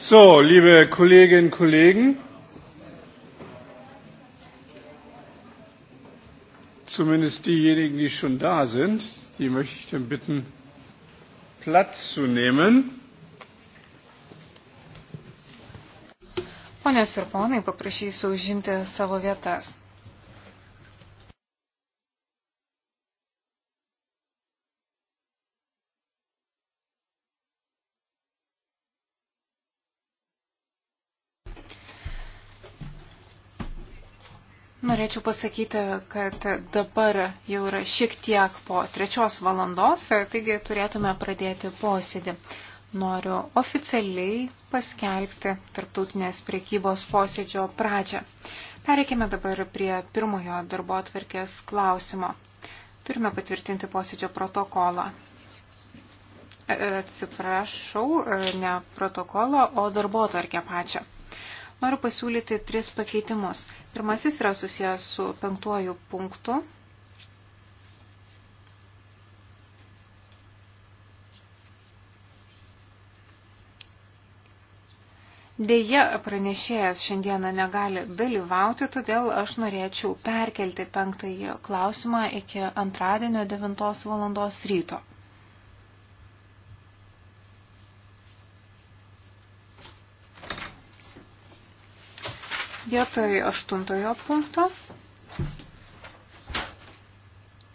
So, liebe Kolleginnen und Kollegen, zumindest diejenigen, die schon da sind, die möchte ich dann bitten, Platz zu nehmen. Ponios ir ponai, paprašysiu užimti savo vietas. Norėčiau pasakyti, kad dabar jau yra šiek tiek po trečios valandos, taigi turėtume pradėti posėdį. Noriu oficialiai paskelbti tarptautinės priekybos posėdžio pradžią. Pereikime dabar prie pirmojo darbo atverkės klausimo. Turime patvirtinti posėdžio protokolą. E, e, atsiprašau, e, ne protokolą, o darbo atverkę pačią. Noriu pasiūlyti tris pakeitimus. Pirmasis yra susijęs su penktuoju punktu. Deja, pranešėjas šiandieną negali dalyvauti, todėl aš norėčiau perkelti penktąjį klausimą iki antradienio 9 valandos ryto. Vietoj aštuntojo punkto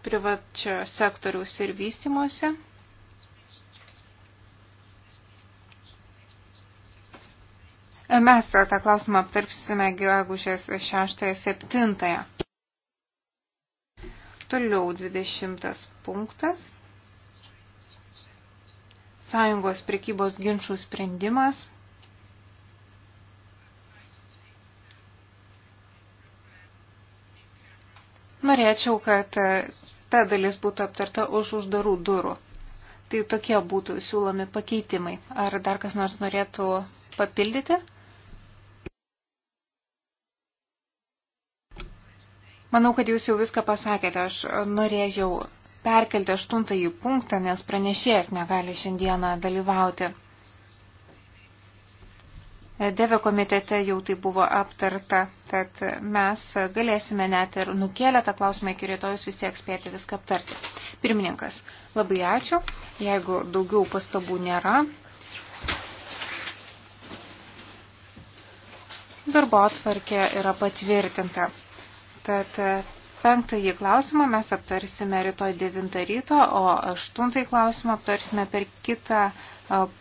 privačio sektoriaus ir vystimuose Mes tą klausimą aptarpsime gegužės 6-7. Toliau 20 punktas. Sąjungos prekybos ginčių sprendimas Norėčiau, kad e, ta dalis būtų aptarta už uždarų durų. Tai tokie būtų siūlomi pakeitimai. Ar dar kas nors norėtų papildyti? Manau, kad jūs jau viską pasakėte. Aš norėjau perkelti aštuntąjį punktą, nes pranešėjas negali šiandieną dalyvauti. Deve komitete jau tai buvo aptarta, tad mes galėsime net ir nukėlę tą klausimą iki rytojus vis tiek spėti viską aptarti. Pirmininkas, labai ačiū. Jeigu daugiau pastabų nėra, darbo atvarkė yra patvirtinta. Tad penktąjį klausimą mes aptarsime rytoj 9 ryto, o aštuntąjį klausimą aptarsime per kitą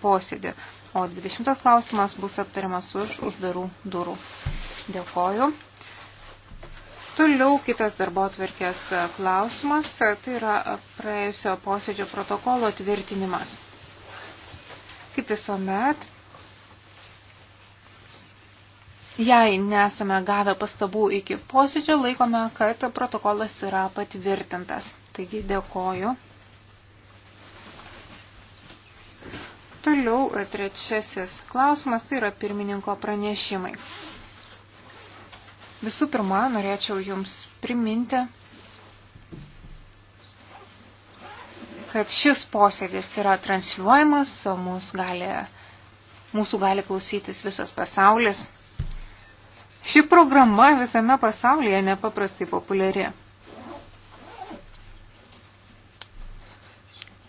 posėdį o 20 klausimas bus aptariamas už uždarų durų. Dėkoju. Toliau kitas darbo atverkės klausimas, tai yra praėjusio posėdžio protokolo tvirtinimas. Kaip visuomet, jei nesame gavę pastabų iki posėdžio, laikome, kad protokolas yra patvirtintas. Taigi dėkoju. Toliau e, trečiasis klausimas tai yra pirmininko pranešimai. Visų pirma, norėčiau Jums priminti, kad šis posėdis yra transliuojamas, o mūsų gali, mūsų gali klausytis visas pasaulis. Ši programa visame pasaulyje nepaprastai populiari.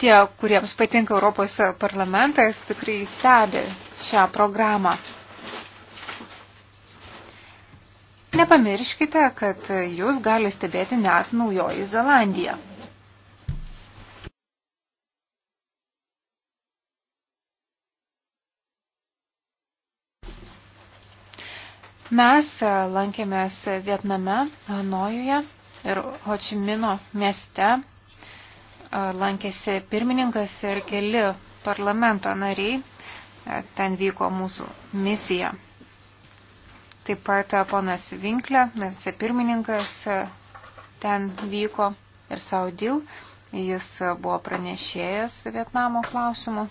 Tie, kuriems patinka Europos parlamentas, tikrai stebi šią programą. Nepamirškite, kad jūs gali stebėti net naujoji Zelandija. Mes lankėmės Vietname, Hanojuje ir Hočimino mieste lankėsi pirmininkas ir keli parlamento nariai. Ten vyko mūsų misija. Taip pat ponas Vinklė, vicepirmininkas, ten vyko ir Saudil. Jis buvo pranešėjęs Vietnamo klausimu.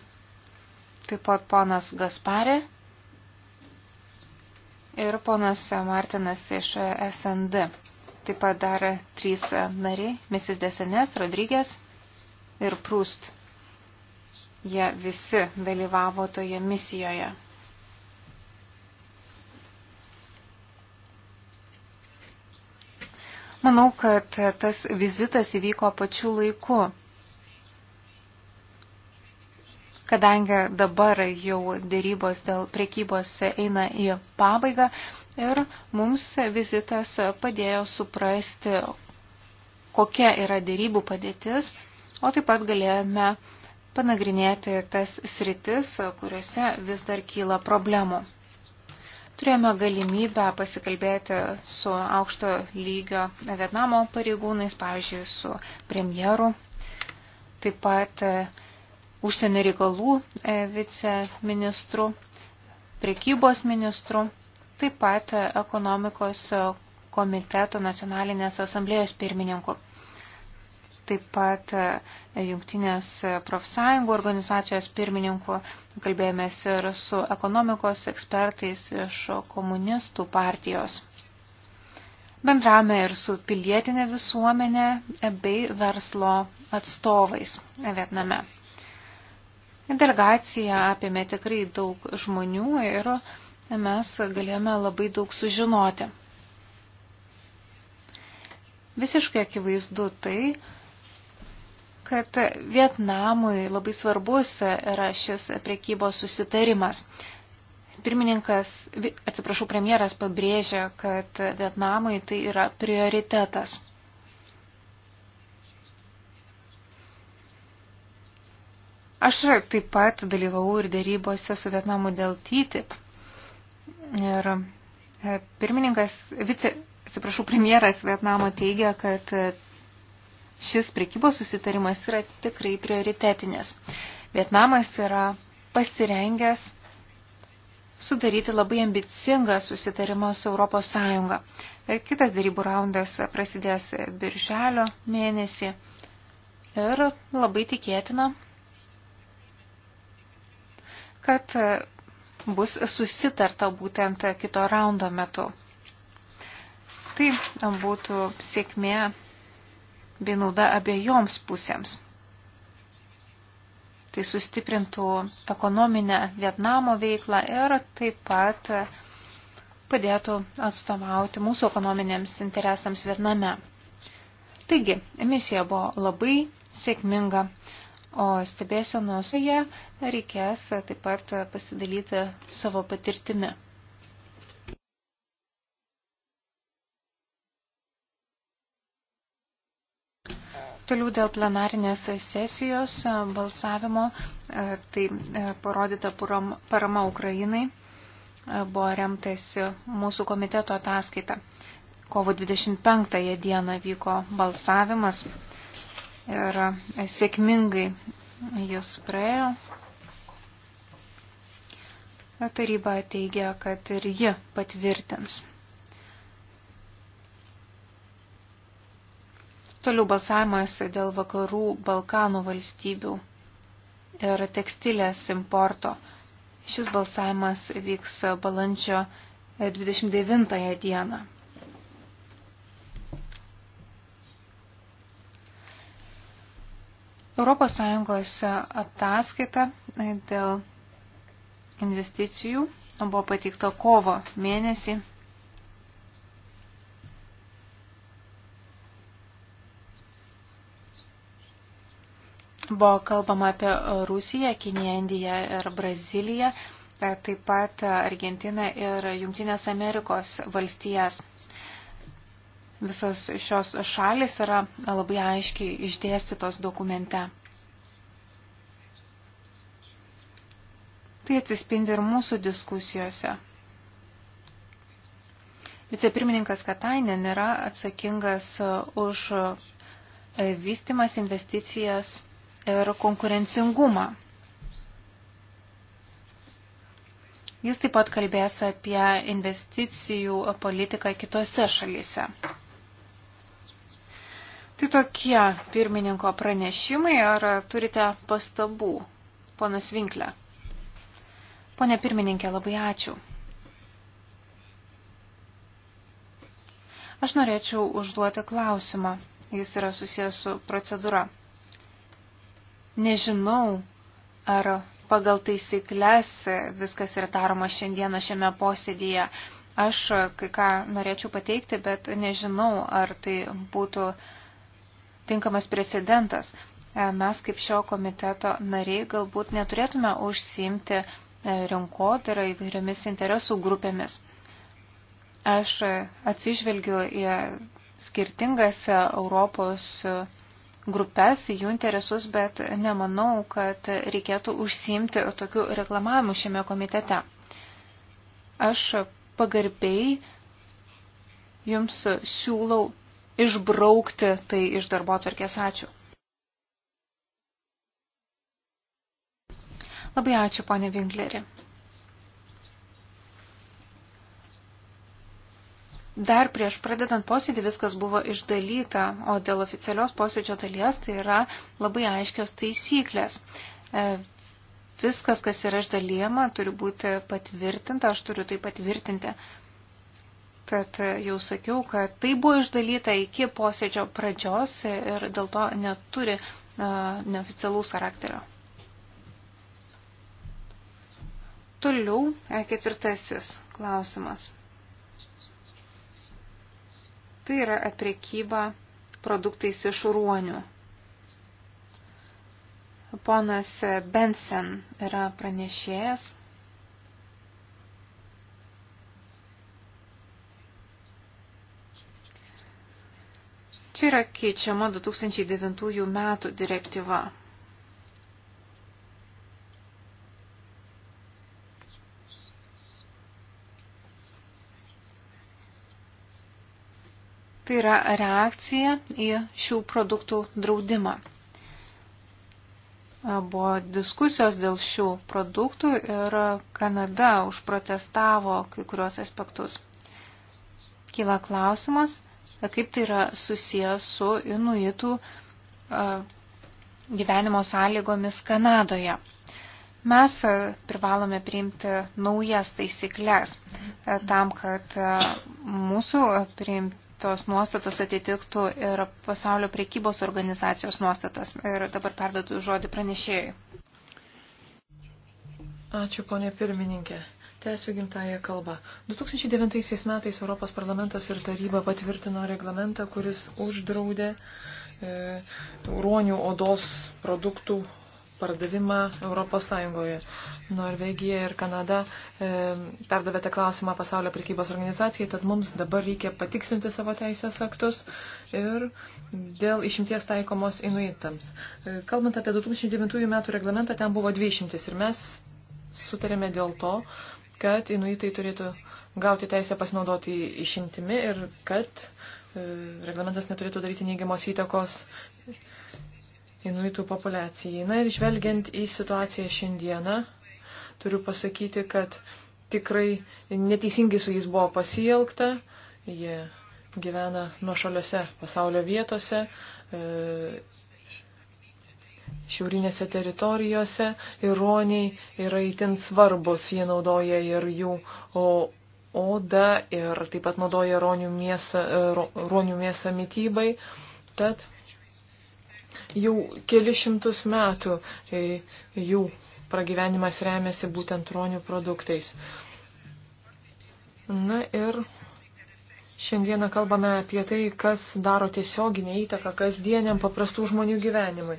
Taip pat ponas Gasparė ir ponas Martinas iš SND. Taip pat dar trys nariai, Mrs. Desenes, Rodrygės ir Prūst. Jie visi dalyvavo toje misijoje. Manau, kad tas vizitas įvyko pačiu laiku, kadangi dabar jau dėrybos dėl priekybos eina į pabaigą ir mums vizitas padėjo suprasti, kokia yra dėrybų padėtis O taip pat galėjome panagrinėti tas sritis, kuriuose vis dar kyla problemų. Turėjome galimybę pasikalbėti su aukšto lygio Vietnamo pareigūnais, pavyzdžiui, su premjeru, taip pat e, užsienio reikalų e, viceministru, prekybos ministru, taip pat e, ekonomikos komiteto nacionalinės asamblėjos pirmininku taip pat e, jungtinės profsąjungų organizacijos pirmininku, kalbėjomės ir su ekonomikos ekspertais iš komunistų partijos. Bendrame ir su pilietinė visuomenė bei verslo atstovais Vietname. Delegacija apėmė tikrai daug žmonių ir mes galėjome labai daug sužinoti. Visiškai akivaizdu tai, kad Vietnamui labai svarbus yra šis prekybos susitarimas. Pirmininkas, atsiprašau, premjeras pabrėžia, kad Vietnamui tai yra prioritetas. Aš taip pat dalyvau ir dėrybose su Vietnamu dėl TTIP. Ir e, pirmininkas, vice, atsiprašau, premjeras Vietnamo teigia, kad šis prekybos susitarimas yra tikrai prioritetinis. Vietnamas yra pasirengęs sudaryti labai ambicingą susitarimą su Europos Sąjunga. Ir kitas darybų raundas prasidės birželio mėnesį. Ir labai tikėtina, kad bus susitarta būtent kito raundo metu. Tai būtų sėkmė bei nauda abiejoms pusėms. Tai sustiprintų ekonominę Vietnamo veiklą ir taip pat padėtų atstovauti mūsų ekonominėms interesams Vietname. Taigi, misija buvo labai sėkminga, o stebėsenos jie reikės taip pat pasidalyti savo patirtimi. Toliau dėl plenarinės sesijos e, balsavimo, e, tai e, parodyta parama Ukrainai, buvo remtasi mūsų komiteto ataskaita. Kovo 25 dieną vyko balsavimas ir sėkmingai jis praėjo. Taryba teigia, kad ir ji patvirtins Toliau balsavimas dėl vakarų Balkanų valstybių ir tekstilės importo. Šis balsavimas vyks balandžio 29 dieną. Europos Sąjungos ataskaita dėl investicijų buvo pateikta kovo mėnesį Buvo kalbama apie Rusiją, Kiniją, Indiją ir Braziliją, e, taip pat Argentiną ir Junktinės Amerikos valstijas. Visos šios šalis yra labai aiškiai išdėstytos dokumente. Tai atsispindi ir mūsų diskusijose. Vicepirmininkas Katainen yra atsakingas už vystimas investicijas ir konkurencingumą. Jis taip pat kalbės apie investicijų politiką kitose šalyse. Tai tokie pirmininko pranešimai, ar turite pastabų, ponas Vinklė? Pone pirmininkė, labai ačiū. Aš norėčiau užduoti klausimą. Jis yra susijęs su procedūra. Nežinau, ar pagal taisyklės viskas yra daroma šiandieną šiame posėdėje. Aš kai ką norėčiau pateikti, bet nežinau, ar tai būtų tinkamas precedentas. E, mes kaip šio komiteto nariai galbūt neturėtume užsiimti e, rinkodarą įvairiomis interesų grupėmis. Aš atsižvelgiu į skirtingas Europos grupės, jų interesus, bet nemanau, kad reikėtų užsiimti tokiu reklamavimu šiame komitete. Aš pagarbiai jums siūlau išbraukti tai iš darbo atvarkės. Ačiū. Labai ačiū, ponė Vingleri. Dar prieš pradedant posėdį viskas buvo išdalyta, o dėl oficialios posėdžio dalies tai yra labai aiškios taisyklės. E, viskas, kas yra išdalyjama, turi būti patvirtinta, aš turiu tai patvirtinti. Tad e, jau sakiau, kad tai buvo išdalyta iki posėdžio pradžios ir dėl to neturi e, neoficialaus charakterio. Toliau ketvirtasis klausimas. Tai yra priekyba produktais iš ruonių. Ponas Benson yra pranešėjas. Čia yra keičiama 2009 metų direktyva. Tai yra reakcija į šių produktų draudimą. Buvo diskusijos dėl šių produktų ir Kanada užprotestavo kai kurios aspektus. Kyla klausimas, kaip tai yra susijęs su inuitų gyvenimo sąlygomis Kanadoje. Mes privalome priimti naujas taisyklės tam, kad mūsų priimti tos nuostatos atitiktų ir pasaulio priekybos organizacijos nuostatas. Ir dabar perduodu žodį pranešėjai. Ačiū, ponė pirmininkė. Tęsiu gimtają kalbą. 2009 metais Europos parlamentas ir taryba patvirtino reglamentą, kuris uždraudė e, ruonių odos produktų pardavimą ES. Norvegija ir Kanada e, perdavėte klausimą pasaulio prekybos organizacijai, tad mums dabar reikia patikslinti savo teisės aktus ir dėl išimties taikomos inuitams. E, kalbant apie 2009 metų reglamentą, ten buvo dvi išimtis ir mes sutarėme dėl to, kad inuitai turėtų gauti teisę pasinaudoti išimtimi ir kad e, reglamentas neturėtų daryti neigiamos įtakos inuitų populiacijai. Na ir žvelgiant į situaciją šiandieną, turiu pasakyti, kad tikrai neteisingai su jais buvo pasielgta. Jie gyvena nuošaliuose pasaulio vietose, e, šiaurinėse teritorijose. Ironiai yra itin svarbus, jie naudoja ir jų odą ir taip pat naudoja ronių mėsą, e, ronių mėsą mytybai. Tad Jau keli šimtus metų tai jų pragyvenimas remiasi būtent tronių produktais. Na ir šiandieną kalbame apie tai, kas daro tiesioginę įtaką kasdieniam paprastų žmonių gyvenimui.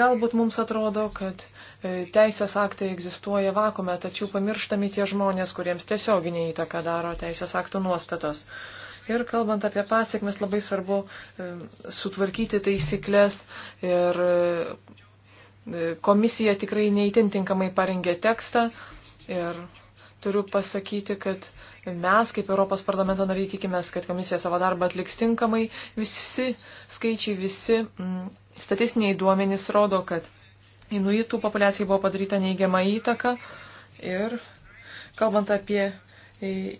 Galbūt mums atrodo, kad e, teisės aktai egzistuoja vakume, tačiau pamirštami tie žmonės, kuriems tiesioginė įtaka daro teisės aktų nuostatos. Ir kalbant apie pasiekmes, labai svarbu e, sutvarkyti taisyklės ir e, komisija tikrai neįtintinkamai parengė tekstą ir turiu pasakyti, kad mes, kaip Europos parlamento nariai, tikimės, kad komisija savo darbą atliks tinkamai. Visi skaičiai, visi m, mm, statistiniai duomenys rodo, kad inuitų populiacijai buvo padaryta neigiama įtaka ir kalbant apie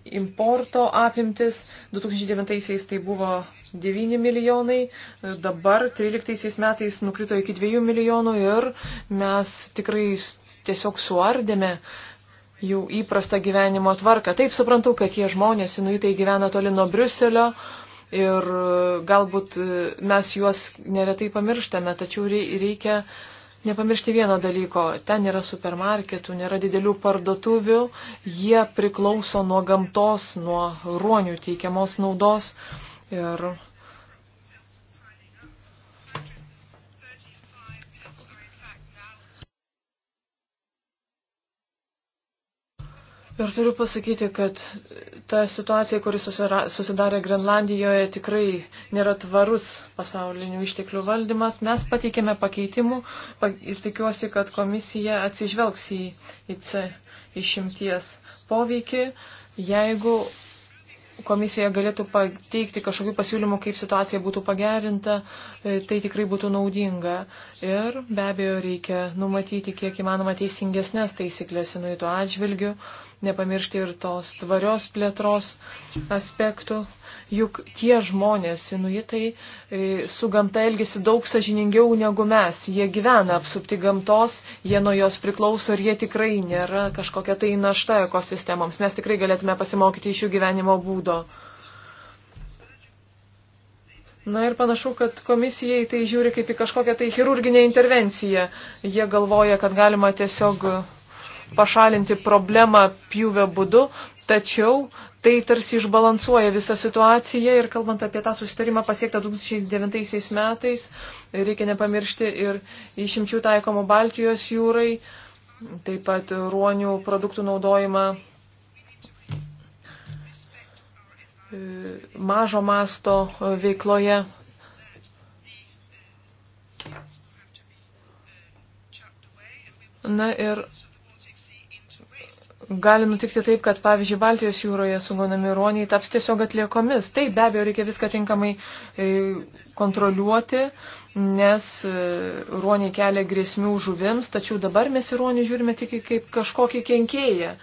importo apimtis. 2009-aisiais tai buvo 9 milijonai, dabar 13 metais nukrito iki 2 milijonų ir mes tikrai tiesiog suardėme jų įprastą gyvenimo tvarką. Taip suprantu, kad tie žmonės, inuitai gyvena toli nuo Briuselio, ir galbūt mes juos neretai pamirštame, tačiau reikia nepamiršti vieno dalyko. Ten nėra supermarketų, nėra didelių parduotuvių, jie priklauso nuo gamtos, nuo ruonių teikiamos naudos. Ir Ir turiu pasakyti, kad ta situacija, kuris susidarė Grenlandijoje, tikrai nėra tvarus pasaulinių išteklių valdymas. Mes pateikėme pakeitimų ir tikiuosi, kad komisija atsižvelgs į IC išimties poveikį, jeigu komisija galėtų pateikti kažkokių pasiūlymų, kaip situacija būtų pagerinta, e, tai tikrai būtų naudinga. Ir be abejo reikia numatyti kiek įmanoma teisingesnės taisyklės inuito atžvilgių, nepamiršti ir tos tvarios plėtros aspektų. Juk tie žmonės, inuitai, e, su gamta elgesi daug sažiningiau negu mes. Jie gyvena apsupti gamtos, jie nuo jos priklauso ir jie tikrai nėra kažkokia tai našta ekosistemams. Mes tikrai galėtume pasimokyti iš jų gyvenimo būdo. Na ir panašu, kad komisijai tai žiūri kaip į kažkokią tai chirurginę intervenciją. Jie galvoja, kad galima tiesiog pašalinti problemą pjūvę būdu, Tačiau tai tarsi išbalansuoja visą situaciją ir kalbant apie tą susitarimą pasiektą 2009 metais, reikia nepamiršti ir išimčių taikomų Baltijos jūrai, taip pat ruonių produktų naudojimą e, mažo masto veikloje. Na ir gali nutikti taip, kad pavyzdžiui Baltijos jūroje sugaunami ruoniai taps tiesiog atliekomis. Taip, be abejo, reikia viską tinkamai e, kontroliuoti, nes e, ruoniai kelia grėsmių žuvims, tačiau dabar mes į ruonį žiūrime tik kaip kažkokį kenkėją.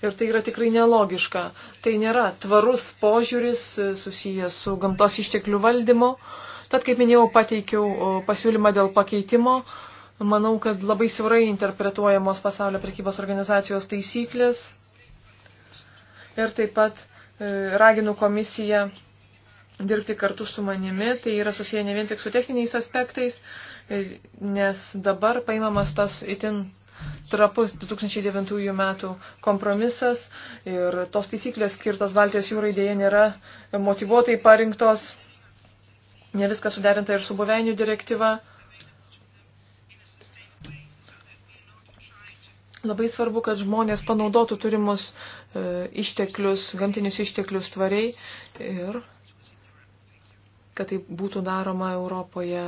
Ir tai yra tikrai nelogiška. Tai nėra tvarus požiūris e, susijęs su gamtos išteklių valdymu. Tad, kaip minėjau, pateikiau pasiūlymą dėl pakeitimo, Manau, kad labai siaurai interpretuojamos pasaulio prekybos organizacijos taisyklės. Ir taip pat e, raginu komisiją dirbti kartu su manimi. Tai yra susiję ne vien tik su techniniais aspektais, e, nes dabar paimamas tas itin trapus 2009 metų kompromisas ir tos taisyklės skirtos Baltijos jūrai dėje nėra motivuotai parinktos, ne viskas suderinta ir su buveinių direktyva. Labai svarbu, kad žmonės panaudotų turimus e, išteklius, gamtinius išteklius tvariai ir kad tai būtų daroma Europoje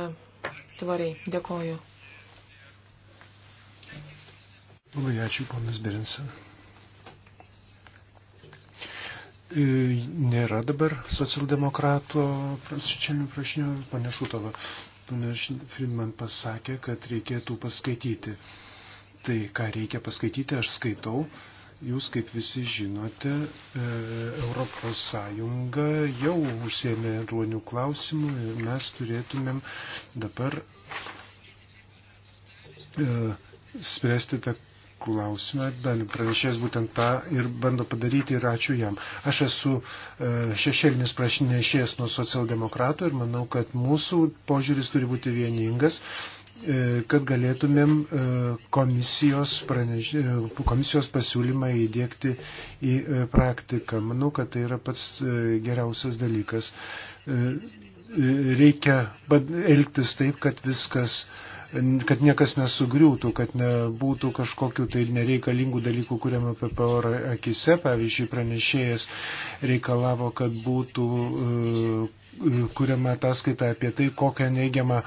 tvariai. Dėkoju. Labai ačiū, ponas Birinsen. E, nėra dabar socialdemokrato prašyčianių prašinio, pane Šutova. Pane Friedman pasakė, kad reikėtų paskaityti Tai, ką reikia paskaityti, aš skaitau. Jūs, kaip visi žinote, e, Europos Sąjunga jau užsėmė ruonių klausimų ir mes turėtumėm dabar e, spręsti tą klausimą, pranešėjas būtent tą ir bando padaryti ir ačiū jam. Aš esu e, šešėlinis prašinėšėjas nuo socialdemokratų ir manau, kad mūsų požiūris turi būti vieningas e, kad galėtumėm e, komisijos, pranež... komisijos pasiūlymą įdėkti į praktiką. Manau, kad tai yra pats geriausias dalykas. Reikia elgtis taip, kad viskas uh, kad niekas nesugriūtų, kad nebūtų kažkokių tai nereikalingų dalykų, kuriam apie porą akise, pavyzdžiui, pranešėjas reikalavo, kad būtų e, e, kuriama ataskaita apie tai, kokią neigiamą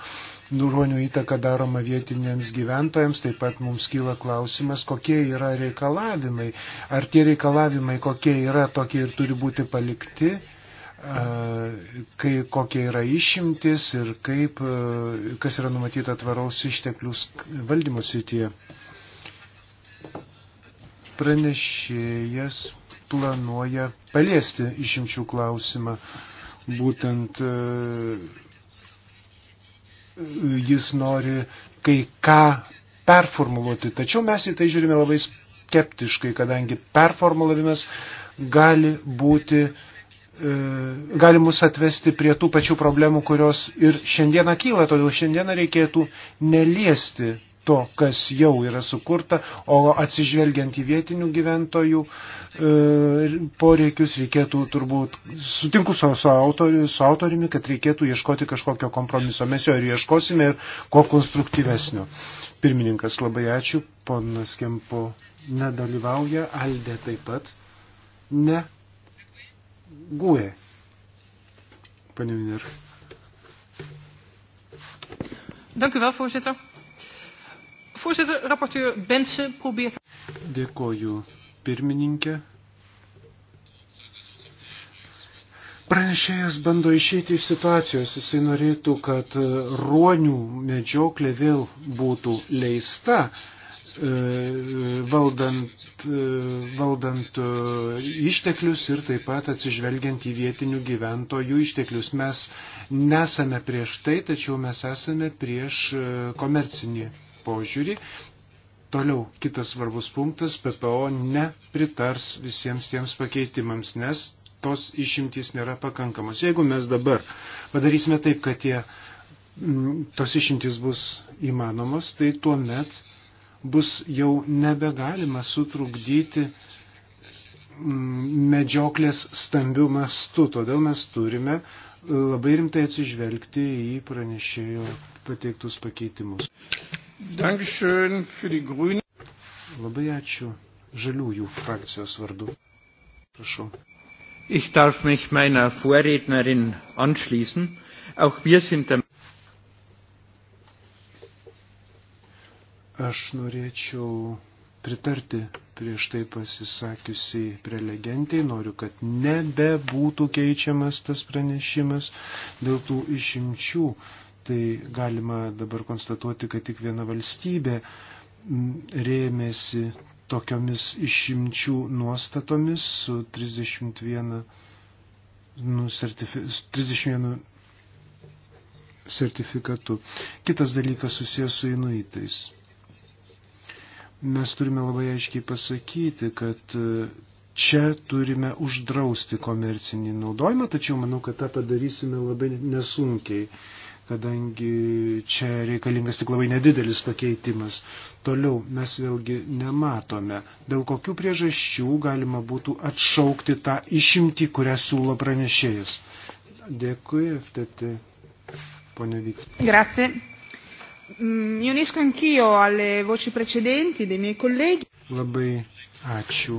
nuruonių įtaką daroma vietiniams gyventojams. Taip pat mums kyla klausimas, kokie yra reikalavimai. Ar tie reikalavimai, kokie yra, tokie ir turi būti palikti E, kai, kokie yra išimtis ir kaip, e, kas yra numatyta tvaraus išteklių valdymo srityje. Pranešėjas planuoja paliesti išimčių klausimą. Būtent e, jis nori kai ką performuluoti. Tačiau mes į tai žiūrime labai skeptiškai, kadangi performulavimas gali būti uh, E, gali mus atvesti prie tų pačių problemų, kurios ir šiandieną kyla, todėl šiandieną reikėtų neliesti to, kas jau yra sukurta, o atsižvelgiant į vietinių gyventojų e, poreikius reikėtų turbūt, sutinku su, su, autori, su autoriumi, kad reikėtų ieškoti kažkokio kompromiso. Mes jo ir ieškosime ir ko konstruktyvesnio. Pirmininkas, labai ačiū. Ponas Kempo nedalyvauja, Aldė taip pat ne Gūė. Pane Viner. Dank u wel, voorzitter. Voorzitter, rapporteur Bensen probeert. Dėkoju, pirmininkė. Pranešėjas bando išeiti iš situacijos, jisai norėtų, kad ruonių medžioklė vėl būtų leista, E, valdant, e, valdant e, išteklius ir taip pat atsižvelgiant į vietinių gyventojų išteklius. Mes nesame prieš tai, tačiau mes esame prieš komercinį požiūrį. Toliau kitas svarbus punktas - PPO nepritars visiems tiems pakeitimams, nes tos išimtys nėra pakankamos. Jeigu mes dabar padarysime taip, kad tie, tos išimtys bus įmanomos, tai tuo met bus jau nebegalima sutrukdyti mm, medžioklės stambių mastų. Todėl mes turime e, labai rimtai atsižvelgti į pranešėjo pateiktus pakeitimus. Labai ačiū žaliųjų frakcijos vardu. Prašau. Ich darf mich meiner Vorrednerin anschließen. Auch wir sind der Aš norėčiau pritarti prieš tai pasisakiusiai prelegentiai, noriu, kad nebebūtų keičiamas tas pranešimas dėl tų išimčių. Tai galima dabar konstatuoti, kad tik viena valstybė rėmėsi tokiomis išimčių nuostatomis su 31, nu, sertifi, 31 sertifikatu. Kitas dalykas susijęs su inuitais mes turime labai aiškiai pasakyti, kad e, čia turime uždrausti komercinį naudojimą, tačiau manau, kad tą padarysime labai nesunkiai, kadangi čia reikalingas tik labai nedidelis pakeitimas. Toliau mes vėlgi nematome, dėl kokių priežasčių galima būtų atšaukti tą išimtį, kurią siūlo pranešėjas. Dėkui, FTT, ponia Vykti. Grazie. Mi mm, unisco anch'io alle voci precedenti dei miei colleghi. Labai ačiū.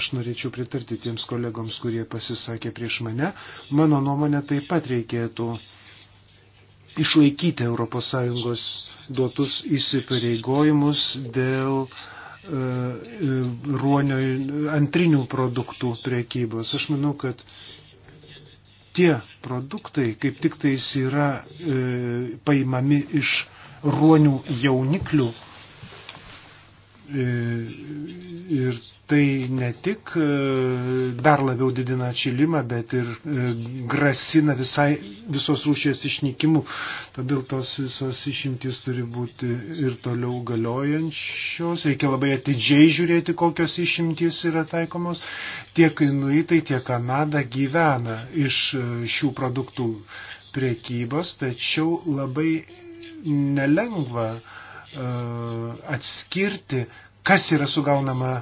Aš norėčiau pritarti tiems kolegoms, kurie pasisakė prieš mane. Mano nuomonė taip pat reikėtų išlaikyti ES duotus įsipareigojimus dėl e, e, ruonio antrinių produktų priekybos. Aš manau, kad tie produktai kaip tik tais yra e, paimami iš ruonių jauniklių E, ir tai ne tik e, dar labiau didina atšilimą, bet ir e, grasina visai, visos rūšies išnykimu. Todėl tos visos išimtis turi būti ir toliau galiojančios. Reikia labai atidžiai žiūrėti, kokios išimtis yra taikomos. Tiek Inuitai, tiek Kanada gyvena iš šių produktų priekybos, tačiau labai nelengva uh, E, atskirti, kas yra sugaunama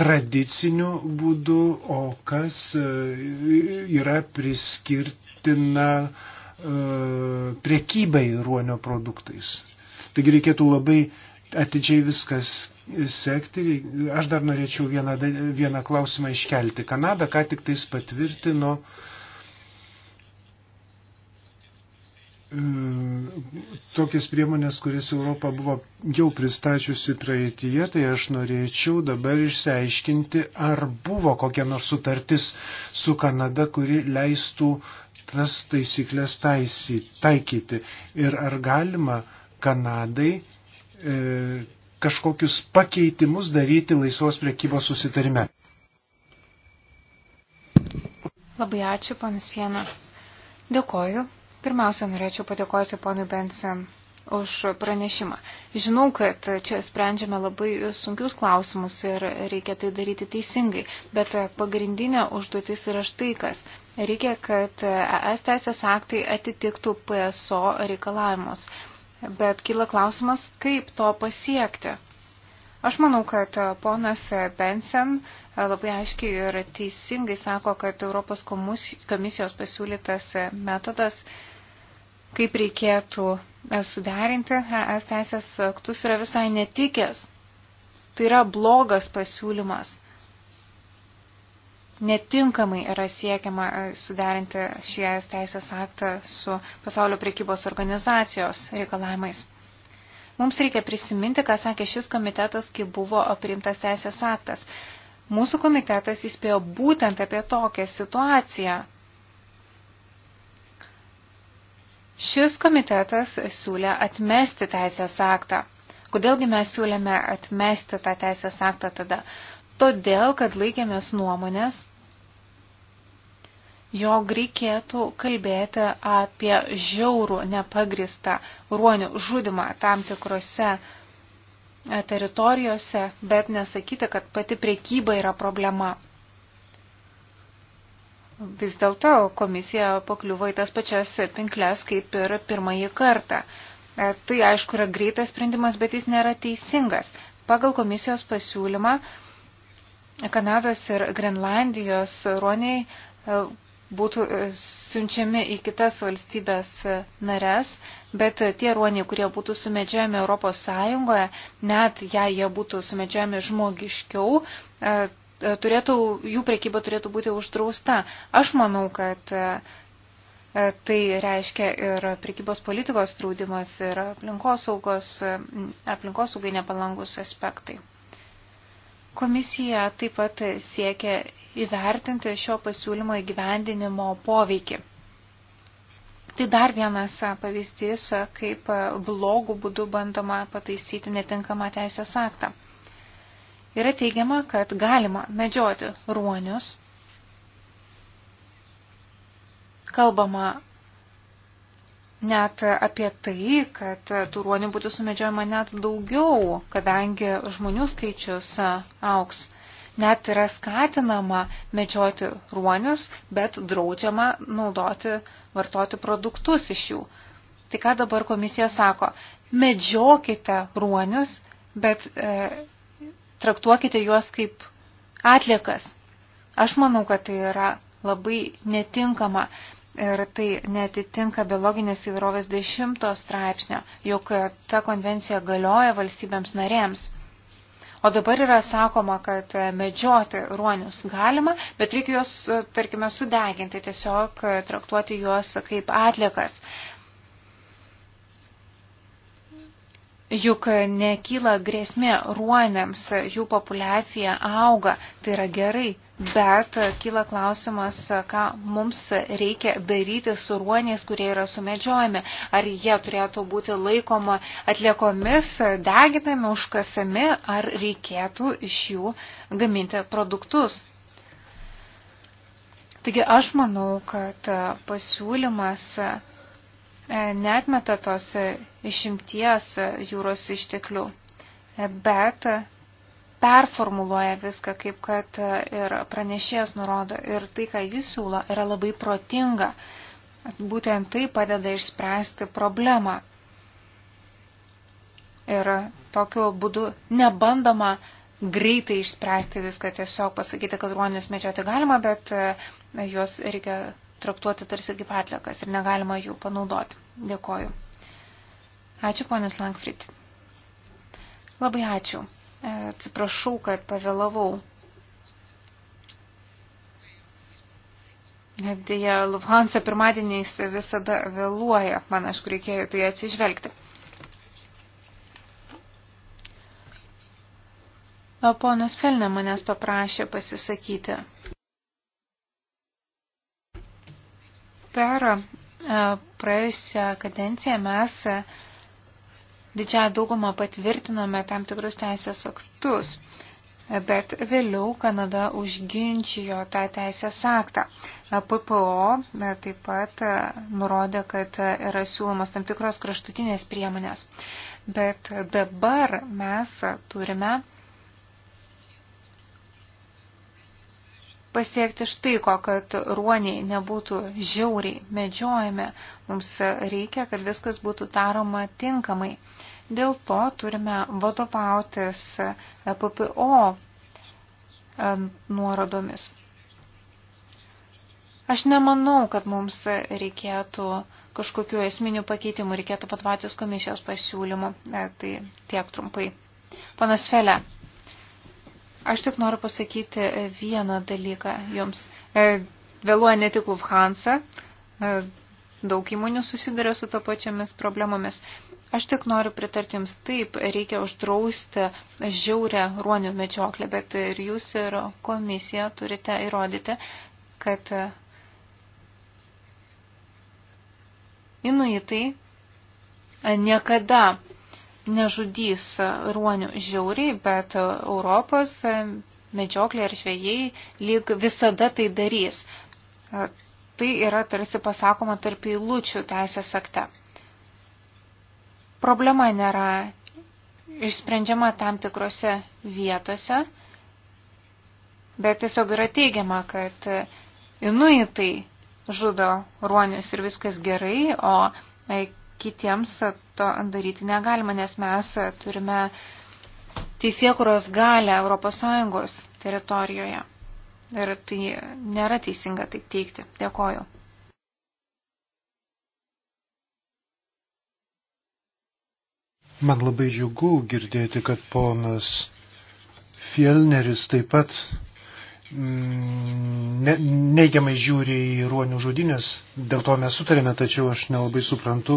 tradiciniu būdu, o kas e, yra priskirtina e, priekybai ruonio produktais. Taigi reikėtų labai atidžiai viskas sekti. Aš dar norėčiau vieną, vieną klausimą iškelti. Kanada ką tik tais patvirtino uh, tokias priemonės, kuris Europą buvo jau pristačiusi praeitie, tai aš norėčiau dabar išsiaiškinti, ar buvo kokia nors sutartis su Kanada, kuri leistų tas taisyklės taisy, taikyti. Ir ar galima Kanadai e, kažkokius pakeitimus daryti laisvos priekybos susitarime. Labai ačiū, panas Fiena. Dėkoju. Pirmiausia, norėčiau padėkoti ponui Bensen už pranešimą. Žinau, kad čia sprendžiame labai sunkius klausimus ir reikia tai daryti teisingai, bet pagrindinė užduotis yra štai kas. Reikia, kad ES teisės aktai atitiktų PSO reikalavimus. Bet kyla klausimas, kaip to pasiekti. Aš manau, kad ponas Bensen labai aiškiai ir teisingai sako, kad Europos komisijos pasiūlytas metodas kaip reikėtų e, suderinti ES teisės aktus, yra visai netikės. Tai yra blogas pasiūlymas. Netinkamai yra siekiama e, suderinti šį ES teisės aktą su pasaulio priekybos organizacijos reikalavimais. Mums reikia prisiminti, ką sakė šis komitetas, kai buvo priimtas teisės aktas. Mūsų komitetas įspėjo būtent apie tokią situaciją, Šis komitetas siūlė atmesti teisės aktą. Kodėlgi mes siūlėme atmesti tą teisės aktą tada? Todėl, kad laikėmės nuomonės, jog reikėtų kalbėti apie žiaurų nepagristą ruonių žudimą tam tikrose e, teritorijose, bet nesakyti, kad pati priekyba yra problema. Vis dėlto komisija pakliuvo į tas pačias pinklės kaip ir pirmąjį kartą. E, tai aišku yra greitas sprendimas, bet jis nėra teisingas. Pagal komisijos pasiūlymą Kanados ir Grenlandijos ruoniai e, būtų e, siunčiami į kitas valstybės nares, bet tie ruoniai, kurie būtų sumedžiami Europos Sąjungoje, net jei jie būtų sumedžiami žmogiškiau, turėtų, jų prekyba turėtų būti uždrausta. Aš manau, kad e, tai reiškia ir prekybos politikos draudimas, ir aplinkosaugos, e, aplinkosaugai nepalangus aspektai. Komisija taip pat siekia įvertinti šio pasiūlymo įgyvendinimo poveikį. Tai dar vienas pavyzdys, kaip blogų būdų bandoma pataisyti netinkamą teisės aktą yra teigiama, kad galima medžioti ruonius. Kalbama net apie tai, kad tų ruonių būtų sumedžiojama net daugiau, kadangi žmonių skaičius auks. Net yra skatinama medžioti ruonius, bet draudžiama naudoti, vartoti produktus iš jų. Tai ką dabar komisija sako? Medžiokite ruonius, bet e, traktuokite juos kaip atliekas. Aš manau, kad tai yra labai netinkama ir tai netitinka biologinės įvairovės dešimto straipsnio, juk ta konvencija galioja valstybėms narėms. O dabar yra sakoma, kad medžioti ruonius galima, bet reikia juos, tarkime, sudeginti, tiesiog traktuoti juos kaip atliekas. Juk nekyla grėsmė ruonėms, jų populiacija auga, tai yra gerai, bet kyla klausimas, ką mums reikia daryti su ruoniais, kurie yra sumedžiojami. Ar jie turėtų būti laikoma atliekomis, deginami, užkasami, ar reikėtų iš jų gaminti produktus. Taigi aš manau, kad pasiūlymas netmeta tos išimties jūros išteklių, bet performuluoja viską, kaip kad ir pranešėjas nurodo. Ir tai, ką jis siūlo, yra labai protinga. Būtent tai padeda išspręsti problemą. Ir tokiu būdu nebandoma greitai išspręsti viską, tiesiog pasakyti, kad ruonius medžioti galima, bet juos reikia traktuoti tarsi kaip atlikas ir negalima jų panaudoti. Dėkoju. Ačiū, ponis Langfrit. Labai ačiū. E, atsiprašau, kad pavėlavau. E, dėja, Lufthansa pirmadieniais visada vėluoja. Man, aišku, reikėjo tai atsižvelgti. O ponas Felne manęs paprašė pasisakyti. Per e, praėjusią kadenciją mes e, didžiąją daugumą patvirtinome tam tikrus teisės aktus, bet vėliau Kanada užginčijo tą teisės aktą. E, PPO taip pat nurodė, kad yra siūlomas tam tikros kraštutinės priemonės. Bet dabar mes turime pasiekti štai ko, kad ruoniai nebūtų žiauriai medžiojami. Mums reikia, kad viskas būtų daroma tinkamai. Dėl to turime vadovautis PPO e, nuorodomis. Aš nemanau, kad mums reikėtų kažkokiu esminiu pakeitimu, reikėtų patvačios komisijos pasiūlymu. E, tai tiek trumpai. Panas Felė. Aš tik noriu pasakyti e, vieną dalyką jums. E, vėluoja ne tik Lufthansa, e, daug įmonių susiduria su to pačiomis problemomis. Aš tik noriu pritarti jums, taip, reikia uždrausti žiaurę ruonių medžioklę, bet ir jūs ir komisija turite įrodyti, kad inuitai niekada nežudys ruonių žiauriai, bet Europos medžioklė ir žvėjai lyg visada tai darys. Tai yra tarsi pasakoma tarp eilučių teisės akte. Problema nėra išsprendžiama tam tikrose vietose, bet tiesiog yra teigiama, kad inuitai žudo ruonius ir viskas gerai, o kitiems to daryti negalima, nes mes turime teisėkuros galę ES teritorijoje. Ir tai nėra teisinga taip teikti. Dėkoju. Man labai džiugu girdėti, kad ponas Fielneris taip pat Mm, ne, neigiamai žiūri į ruonių žudinės, dėl to mes sutarėme, tačiau aš nelabai suprantu,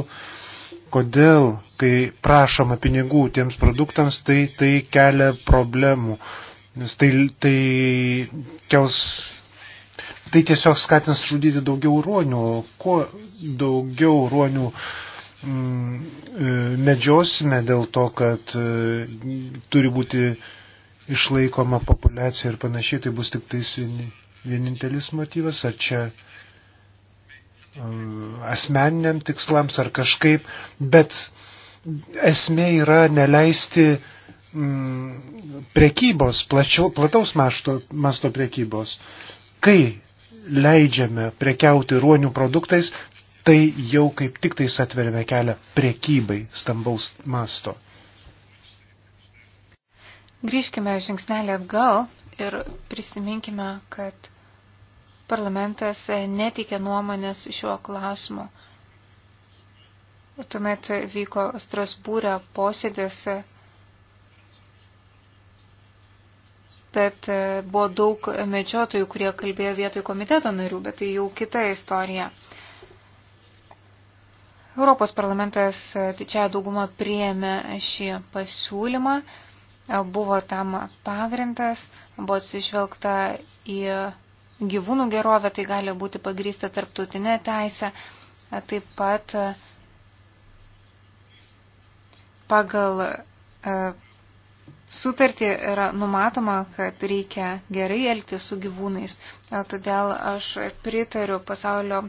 kodėl, kai prašoma pinigų tiems produktams, tai, tai kelia problemų, nes tai, tai kels. Tai tiesiog skatins žudyti daugiau ruonių, kuo daugiau ruonių mm, e, medžiosime dėl to, kad mm, turi būti mm, išlaikoma populiacija ir panašiai, tai bus tik tais vieni, vienintelis motyvas, ar čia e, asmeniniam tikslams ar kažkaip, bet esmė yra neleisti mm, prekybos, plačiau, plataus masto, masto prekybos. Kai leidžiame prekiauti ruonių produktais, tai jau kaip tik tais atverime kelią prekybai stambaus masto. Grįžkime žingsnelį atgal ir prisiminkime, kad parlamentas netikė nuomonės šiuo klausimu. Tuomet vyko Strasbūrė posėdėse, bet buvo daug medžiotojų, kurie kalbėjo vietoj komiteto narių, bet tai jau kita istorija. Europos parlamentas didžiąją tai daugumą priėmė šį pasiūlymą buvo tam pagrindas, buvo atsižvelgta į gyvūnų gerovę, tai gali būti pagrįsta tarptautinė teisė, taip pat pagal sutartį yra numatoma, kad reikia gerai elgtis su gyvūnais, todėl aš pritariu pasaulio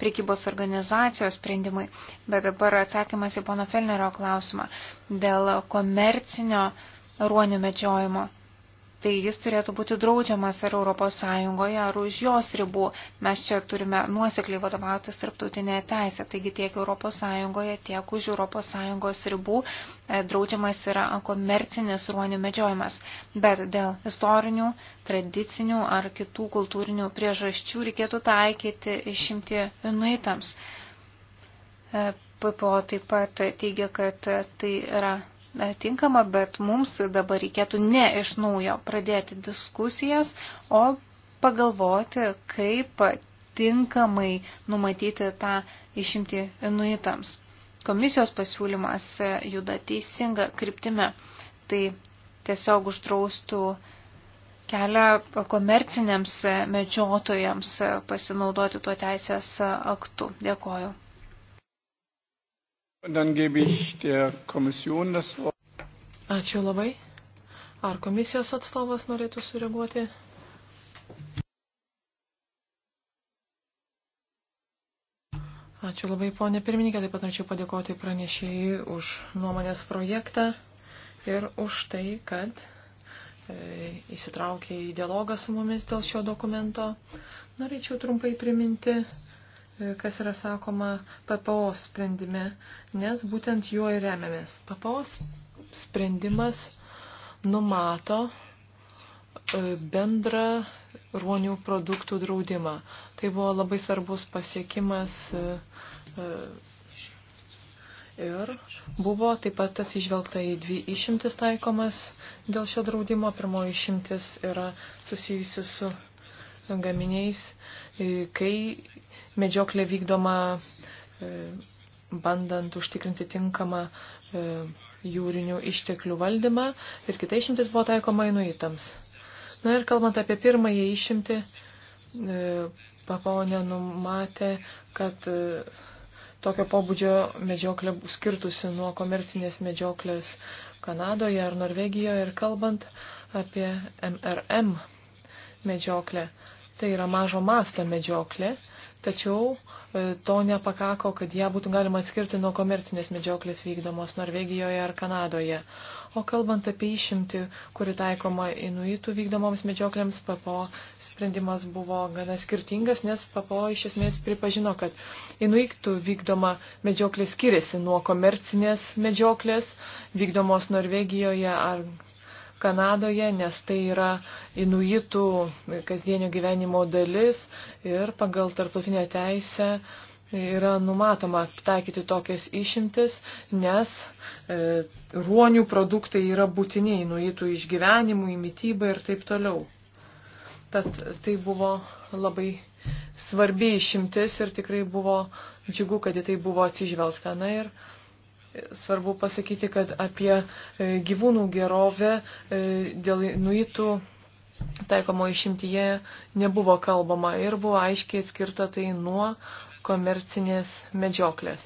prekybos organizacijos sprendimui, bet dabar atsakymas į pono Felnerio klausimą dėl komercinio uh, ruonių medžiojimo. Tai jis turėtų būti draudžiamas ar Europos Sąjungoje, ar už jos ribų. Mes čia turime nuosekliai vadovautis tarptautinė teisė. Taigi tiek Europos Sąjungoje, tiek už Europos Sąjungos ribų e, draudžiamas yra komercinis ruonių medžiojimas. Bet dėl istorinių, tradicinių ar kitų kultūrinių priežasčių reikėtų taikyti išimti inuitams. E, PPO taip pat teigia, kad tai yra tinkama, bet mums dabar reikėtų ne iš naujo pradėti diskusijas, o pagalvoti, kaip tinkamai numatyti tą išimti inuitams. Komisijos pasiūlymas juda teisinga kryptime. Tai tiesiog uždraustų kelią komerciniams medžiotojams pasinaudoti tuo teisės aktu. Dėkoju. Und dann gebe ich der Kommission das Wort. Ačiū labai. Ar komisijos atstovas norėtų sureaguoti? Ačiū labai, ponė pirmininkė. Taip pat norėčiau padėkoti pranešėjai už nuomonės projektą ir už tai, kad e, įsitraukė į dialogą su mumis dėl šio dokumento. Norėčiau trumpai priminti, e, kas yra sakoma PPO sprendime, nes būtent juo ir remiamės. PPO sprendimas numato e, bendrą ruonių produktų draudimą. Tai buvo labai svarbus pasiekimas e, e, ir buvo taip pat atsižvelgta į dvi išimtis taikomas dėl šio draudimo. Pirmoji išimtis yra susijusi su gaminiais, kai medžioklė vykdoma bandant užtikrinti tinkamą e, jūrinių išteklių valdymą ir kita išimtis buvo taikoma inuitams. Na ir kalbant apie pirmąją išimtį, e, papaonė numatė, kad e, tokio pobūdžio medžioklė skirtusi nuo komercinės medžioklės Kanadoje ar Norvegijoje ir kalbant apie MRM medžioklę. Tai yra mažo masto medžioklė tačiau e, to nepakako, kad ją būtų galima atskirti nuo komercinės medžioklės vykdomos Norvegijoje ar Kanadoje. O kalbant apie išimti, kuri taikoma inuitų vykdomoms medžioklėms, PPO sprendimas buvo gana skirtingas, nes PPO iš esmės pripažino, kad inuitų vykdoma medžioklė skiriasi nuo komercinės medžioklės vykdomos Norvegijoje ar Kanadoje, nes tai yra inuitų kasdienio gyvenimo dalis ir pagal tarptautinę teisę yra numatoma taikyti tokias išimtis, nes e, ruonių produktai yra būtiniai nuitų išgyvenimui, mytybai ir taip toliau. Tad tai buvo labai svarbi išimtis ir tikrai buvo džiugu, kad į tai buvo atsižvelgta. Na ir Svarbu pasakyti, kad apie e, gyvūnų gerovę e, dėl nuitų taikomo išimtyje nebuvo kalbama ir buvo aiškiai atskirta tai nuo komercinės medžioklės.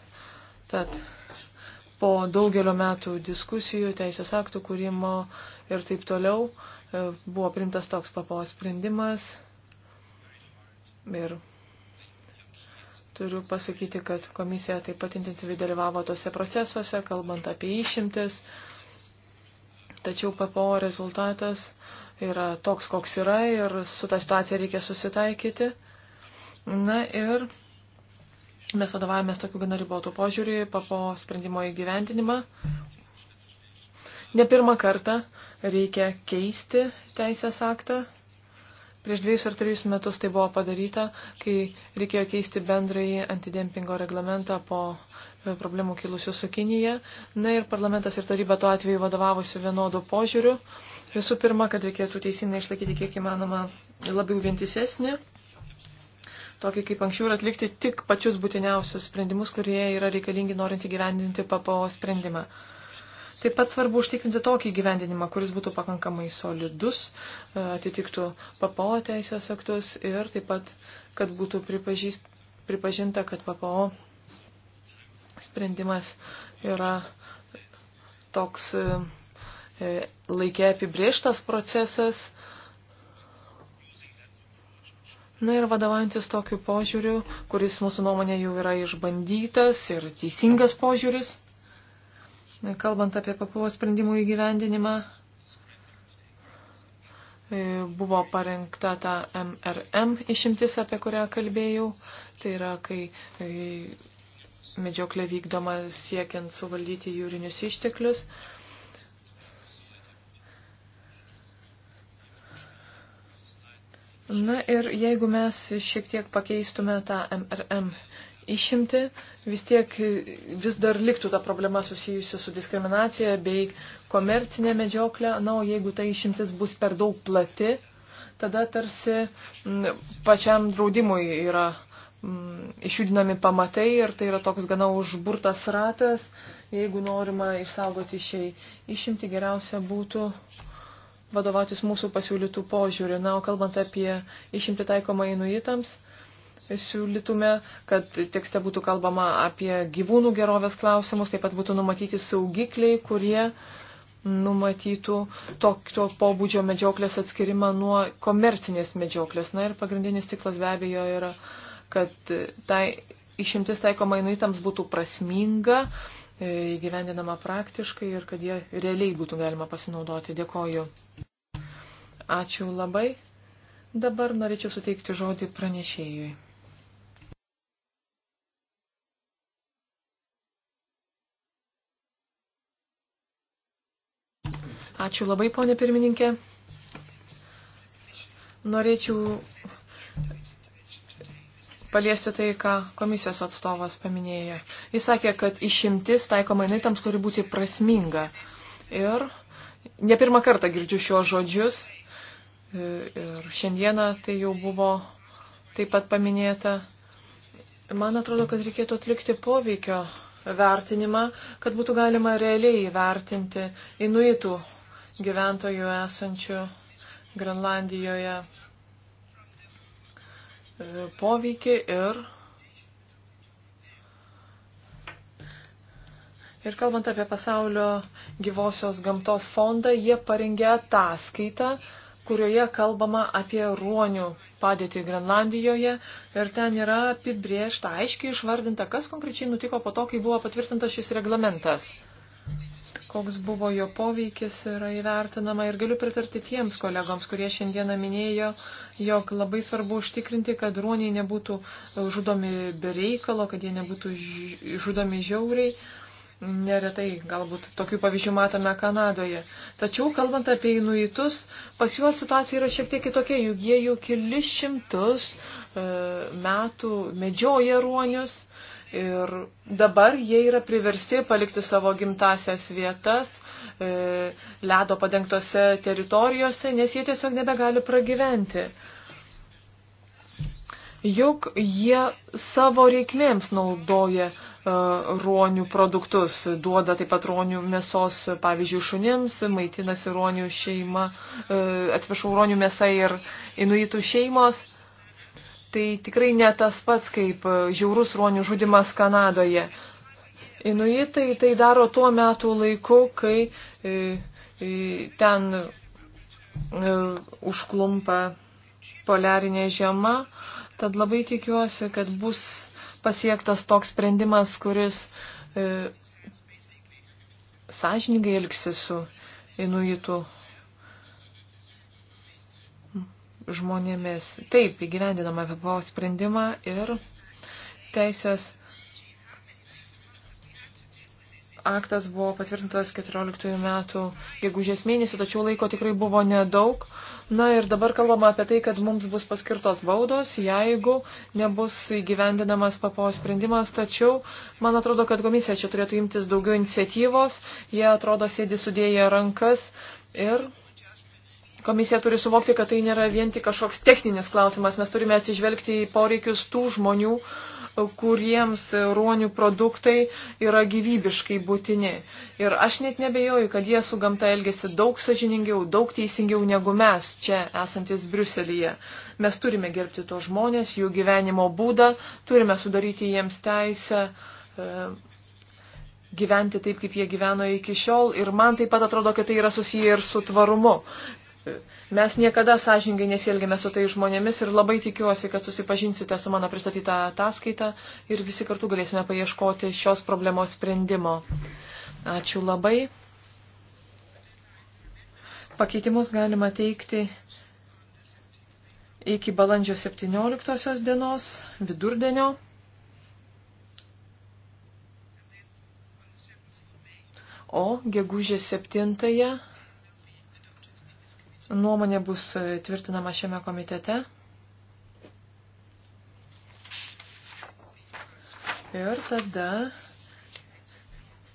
Tad po daugelio metų diskusijų, teisės aktų kūrimo ir taip toliau e, buvo primtas toks papo sprendimas ir Turiu pasakyti, kad komisija taip pat intensyviai dalyvavo tose procesuose, kalbant apie išimtis. Tačiau PPO rezultatas yra toks, koks yra ir su tą situaciją reikia susitaikyti. Na ir mes vadovavomės tokiu gana ribotų požiūrį, PPO sprendimo įgyvendinimą. Ne pirmą kartą reikia keisti teisės aktą Prieš dviejus ar trejus metus tai buvo padaryta, kai reikėjo keisti bendrąjį antidempingo reglamentą po e, problemų kilusių su Kinija. Na ir parlamentas ir taryba tuo atveju vadovavosi vienodu požiūriu. Visų pirma, kad reikėtų teisingai išlaikyti kiek įmanoma labiau vientisesnį, tokį kaip anksčiau ir atlikti tik pačius būtiniausius sprendimus, kurie yra reikalingi norint įgyvendinti PPO sprendimą. Taip pat svarbu užtikrinti tokį gyvendinimą, kuris būtų pakankamai solidus, e, atitiktų PPO teisės aktus ir taip pat, kad būtų pripažinta, kad PPO sprendimas yra toks e, e, laikė apibrieštas procesas. Na ir vadovaujantis tokiu požiūriu, kuris mūsų nuomonė jau yra išbandytas ir teisingas požiūris. Kalbant apie papuvo sprendimų įgyvendinimą, e, buvo parengta ta MRM išimtis, apie kurią kalbėjau. Tai yra, kai e, medžioklė vykdoma siekiant suvaldyti jūrinius išteklius. Na ir jeigu mes šiek tiek pakeistume tą MRM išimti, vis tiek vis dar liktų ta problema susijusi su diskriminacija bei komercinė medžioklė. Na, o jeigu ta išimtis bus per daug plati, tada tarsi m, pačiam draudimui yra m, išjudinami pamatai ir tai yra toks gana užburtas ratas. Jeigu norima išsaugoti šiai išimti, geriausia būtų vadovautis mūsų pasiūlytų požiūrį. Na, o kalbant apie išimti taikomą inuitams, siūlytume, kad tekste būtų kalbama apie gyvūnų gerovės klausimus, taip pat būtų numatyti saugikliai, kurie numatytų tokio pobūdžio medžioklės atskirimą nuo komercinės medžioklės. Na ir pagrindinis tiklas be abejo yra, kad tai išimtis taikoma inuitams būtų prasminga, e, įgyvendinama praktiškai ir kad jie realiai būtų galima pasinaudoti. Dėkoju. Ačiū labai. Dabar norėčiau suteikti žodį pranešėjui. Ačiū labai, ponė pirmininkė. Norėčiau paliesti tai, ką komisijos atstovas paminėjo. Jis sakė, kad išimtis taikoma naitams turi būti prasminga. Ir ne pirmą kartą girdžiu šios žodžius, ir šiandieną tai jau buvo taip pat paminėta. Man atrodo, kad reikėtų atlikti poveikio vertinimą, kad būtų galima realiai įvertinti inuitų gyventojų esančių Grenlandijoje e, poveikį ir Ir kalbant apie pasaulio gyvosios gamtos fondą, jie parengė ataskaitą, kurioje kalbama apie ruonių padėtį Grenlandijoje ir ten yra apibriešta, aiškiai išvardinta, kas konkrečiai nutiko po to, kai buvo patvirtintas šis reglamentas. Koks buvo jo poveikis yra įvertinama ir galiu pritarti tiems kolegoms, kurie šiandieną minėjo, jog labai svarbu užtikrinti, kad ruoniai nebūtų žudomi be reikalo, kad jie nebūtų žudomi žiauriai. Neretai galbūt tokių pavyzdžių matome Kanadoje. Tačiau, kalbant apie inuitus, pas juos situacija yra šiek tiek kitokia, juk jie jau keli šimtus e, metų medžioja ruonius ir dabar jie yra priversti palikti savo gimtasias vietas e, ledo padengtose teritorijose, nes jie tiesiog nebegali pragyventi juk jie savo reikmėms naudoja ruonių produktus, duoda taip pat ruonių mėsos, pavyzdžiui, šunims, maitinasi ruonių šeima, e, atsiprašau, ruonių mėsa ir inuitų šeimos. Tai tikrai ne tas pats kaip e, žiaurus ruonių žudimas Kanadoje. Inuitai tai daro tuo metu laiku, kai e, ten užklumpa poliarinė žiema. Tad labai tikiuosi, kad bus pasiektas toks sprendimas, kuris e, sąžiningai elgsi su inuitų žmonėmis. Taip, įgyvendinama VPO sprendimą ir teisės aktas buvo patvirtintas 14 metų gegužės mėnesį, tačiau laiko tikrai buvo nedaug. Na ir dabar kalbama apie tai, kad mums bus paskirtos baudos, jeigu nebus įgyvendinamas papo sprendimas, tačiau man atrodo, kad komisija čia turėtų imtis daugiau iniciatyvos, jie atrodo sėdi sudėję rankas ir Komisija turi suvokti, kad tai nėra vien tik kažkoks techninis klausimas. Mes turime atsižvelgti į poreikius tų žmonių, kuriems ruonių produktai yra gyvybiškai būtini. Ir aš net nebejoju, kad jie su gamta elgesi daug sažiningiau, daug teisingiau negu mes čia esantis Briuselyje. Mes turime gerbti tos žmonės, jų gyvenimo būdą, turime sudaryti jiems teisę e, gyventi taip, kaip jie gyveno iki šiol. Ir man taip pat atrodo, kad tai yra susiję ir su tvarumu. Mes niekada sąžingai nesielgėme su tai žmonėmis ir labai tikiuosi, kad susipažinsite su mano pristatytą ataskaitą ir visi kartu galėsime paieškoti šios problemos sprendimo. Ačiū labai. Pakeitimus galima teikti iki balandžio 17 dienos vidurdienio. O gegužės 7 nuomonė bus e, tvirtinama šiame komitete. Ir tada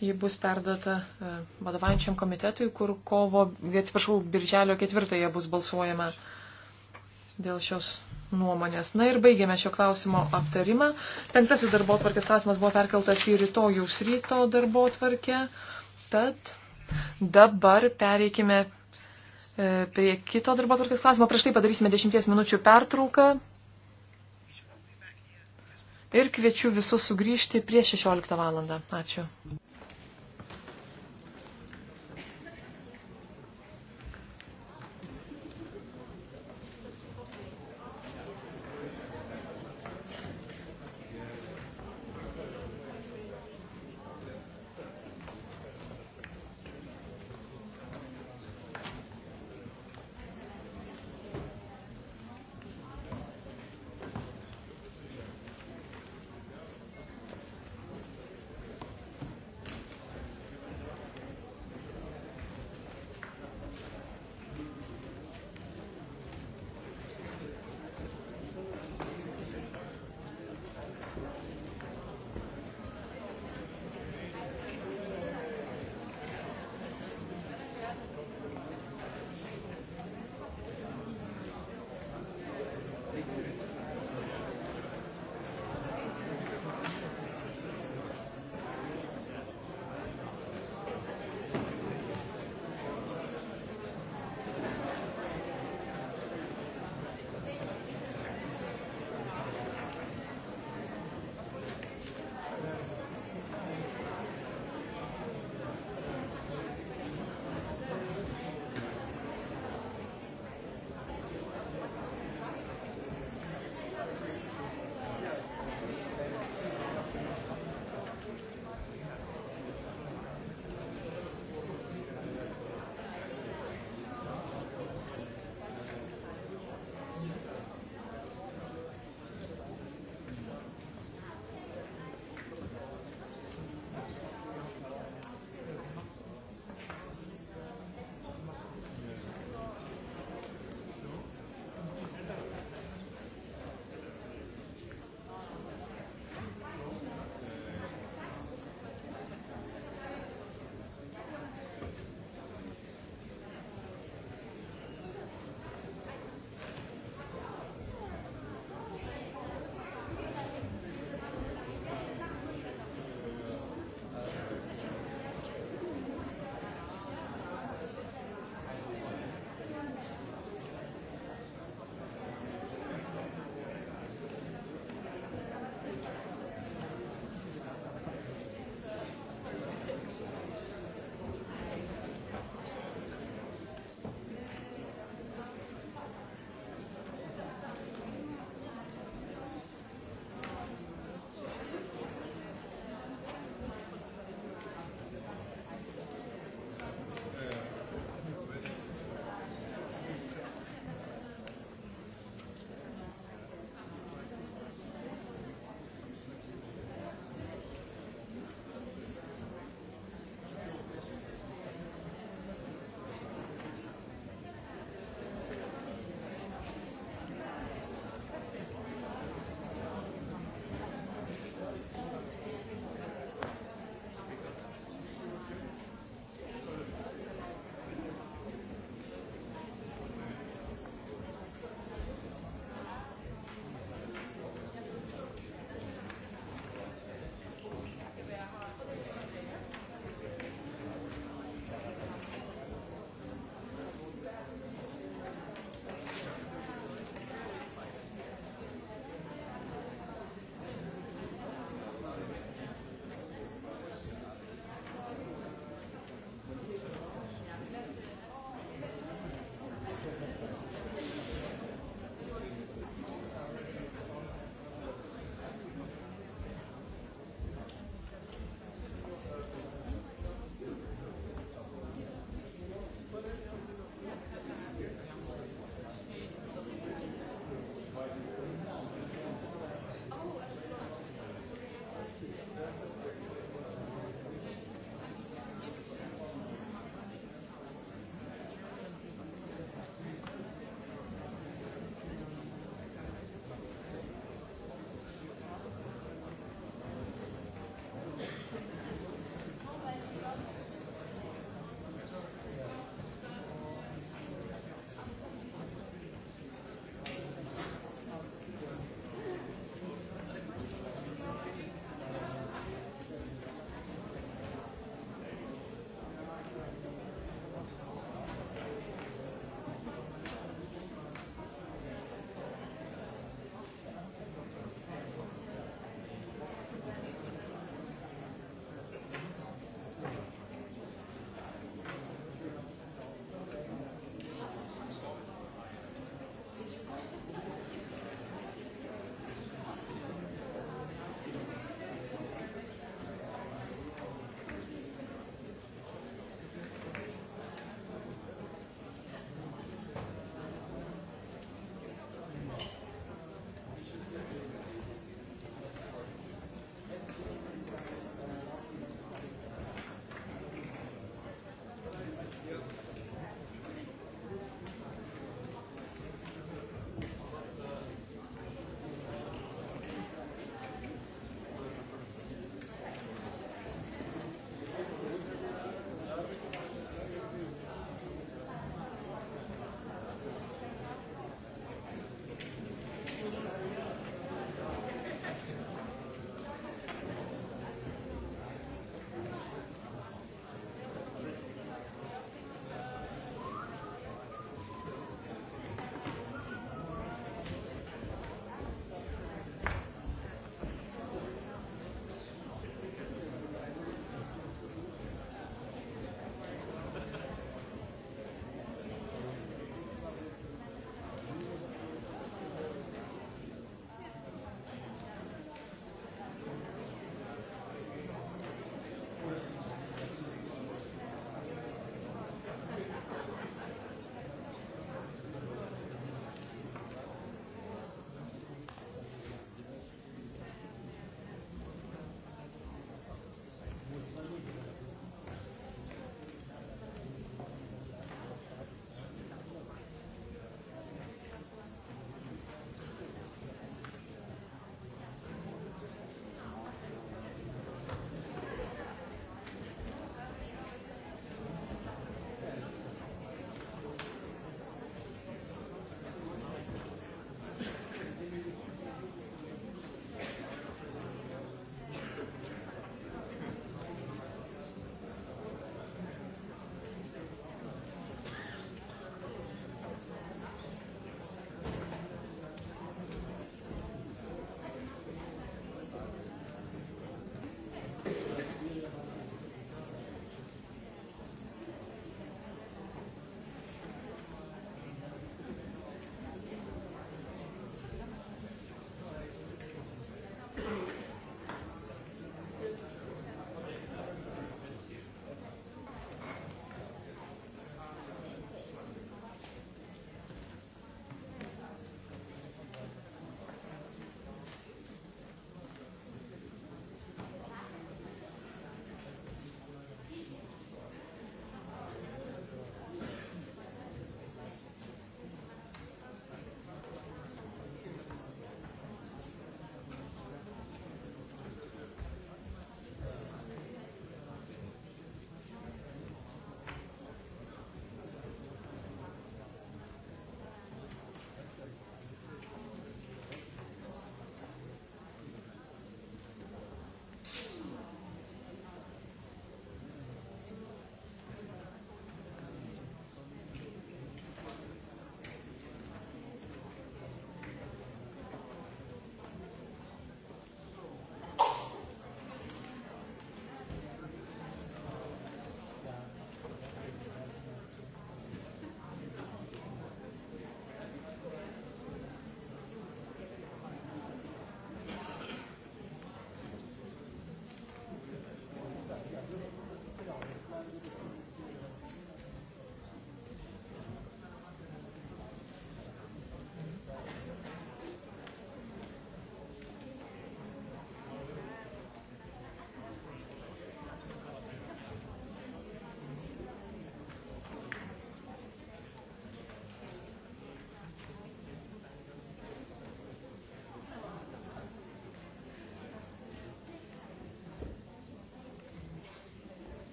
ji bus perduota e, vadovaujančiam komitetui, kur kovo, atsiprašau, birželio ketvirtąją bus balsuojama dėl šios nuomonės. Na ir baigėme šio klausimo aptarimą. Penktasis darbo tvarkės klausimas buvo perkeltas į rytojus ryto darbo tvarkę. Tad dabar pereikime E, prie kito darbo tvarkės klausimo. Prieš tai padarysime dešimties minučių pertrauką. Ir kviečiu visus sugrįžti prie 16 valandą. Ačiū.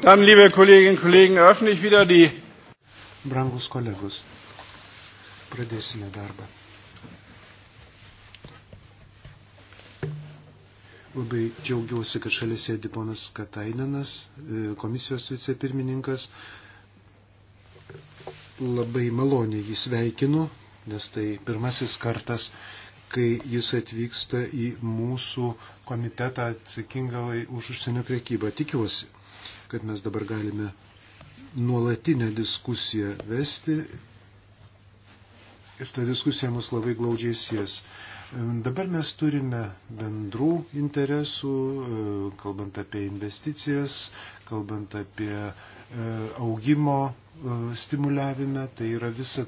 Dann, liebe Kolleginnen und Kollegen, eröffne ich wieder die. Brangus kolegos, pradėsime darbą. Labai džiaugiausi, kad šalia sėdi ponas Katainenas, e, komisijos vicepirmininkas. Labai maloniai jį sveikinu, nes tai pirmasis kartas, kai jis atvyksta į mūsų komitetą atsakingai už užsienio priekybą. Tikiuosi, kad mes dabar galime nuolatinę diskusiją vesti ir ta diskusija mus labai glaudžiai sies. Dabar mes turime bendrų interesų, e, kalbant apie investicijas, kalbant apie e, augimo e, stimuliavimą, tai yra visa,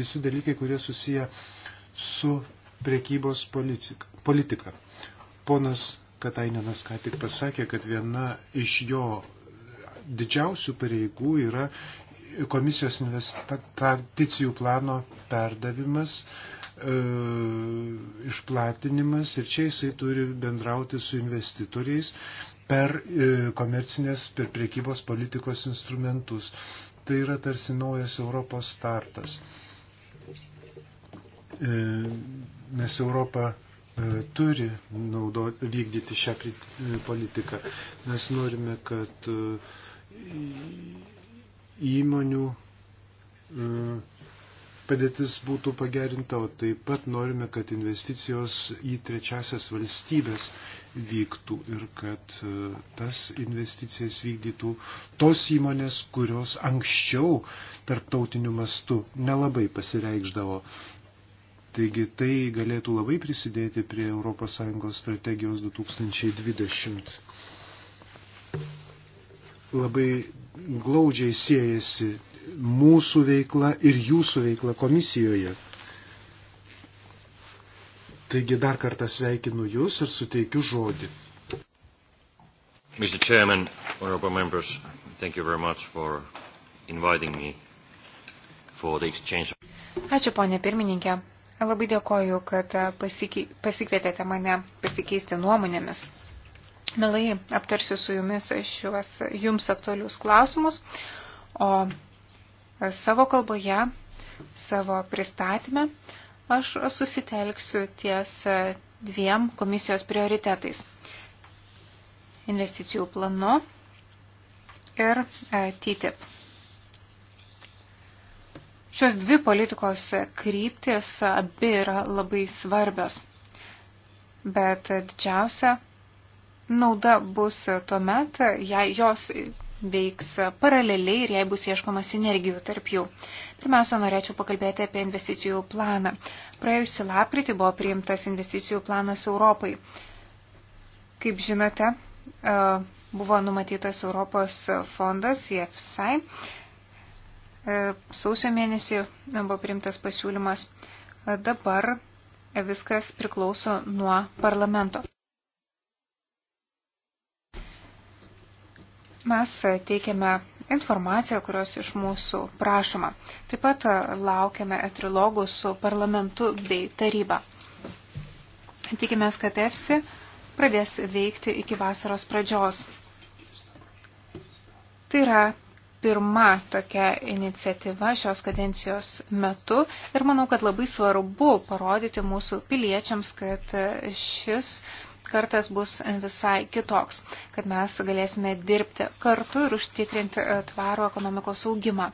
visi dalykai, kurie susiję su priekybos politika. politika. Ponas Katainenas ką tik pasakė, kad viena iš jo didžiausių pareigų yra komisijos investicijų plano perdavimas, e, išplatinimas ir čia jisai turi bendrauti su investitoriais per e, komercinės, per priekybos politikos instrumentus. Tai yra tarsi naujas Europos startas. E, nes Europa e, turi naudoti, vykdyti šią e, politiką. Mes norime, kad e, įmonių e, padėtis būtų pagerinta, o taip pat norime, kad investicijos į trečiasias valstybės vyktų ir kad e, tas investicijas vykdytų tos įmonės, kurios anksčiau tarptautiniu mastu nelabai pasireikždavo. Taigi tai galėtų labai prisidėti prie ES strategijos 2020. Labai glaudžiai siejasi mūsų veikla ir jūsų veikla komisijoje. Taigi dar kartą sveikinu Jūs ir suteikiu žodį. Mr. Chairman, honorable members, thank you very much for inviting me for the exchange. Ačiū, ponė pirmininkė. Labai dėkoju, kad pasikvietėte mane pasikeisti nuomonėmis. Milai aptarsiu su jumis šiuos jums aktualius klausimus, o savo kalboje, savo pristatymę aš susitelksiu ties dviem komisijos prioritetais - investicijų planu ir e, TTIP. Šios dvi politikos kryptis abi yra labai svarbios, bet didžiausia Nauda bus tuo met, jei jos veiks paraleliai ir jei bus ieškoma sinergijų tarp jų. Pirmiausia, norėčiau pakalbėti apie investicijų planą. Praėjusį lapkritį buvo priimtas investicijų planas Europai. Kaip žinote, e, buvo numatytas Europos fondas EFSI. E, sausio mėnesį buvo priimtas pasiūlymas. E, dabar viskas priklauso nuo parlamento. Mes teikiame informaciją, kurios iš mūsų prašoma. Taip pat laukiame trilogų su parlamentu bei taryba. Tikimės, kad EFSI pradės veikti iki vasaros pradžios. Tai yra pirma tokia iniciatyva šios kadencijos metu ir manau, kad labai svarbu parodyti mūsų piliečiams, kad šis kartas bus visai kitoks, kad mes galėsime dirbti kartu ir užtikrinti e, tvarų ekonomikos augimą.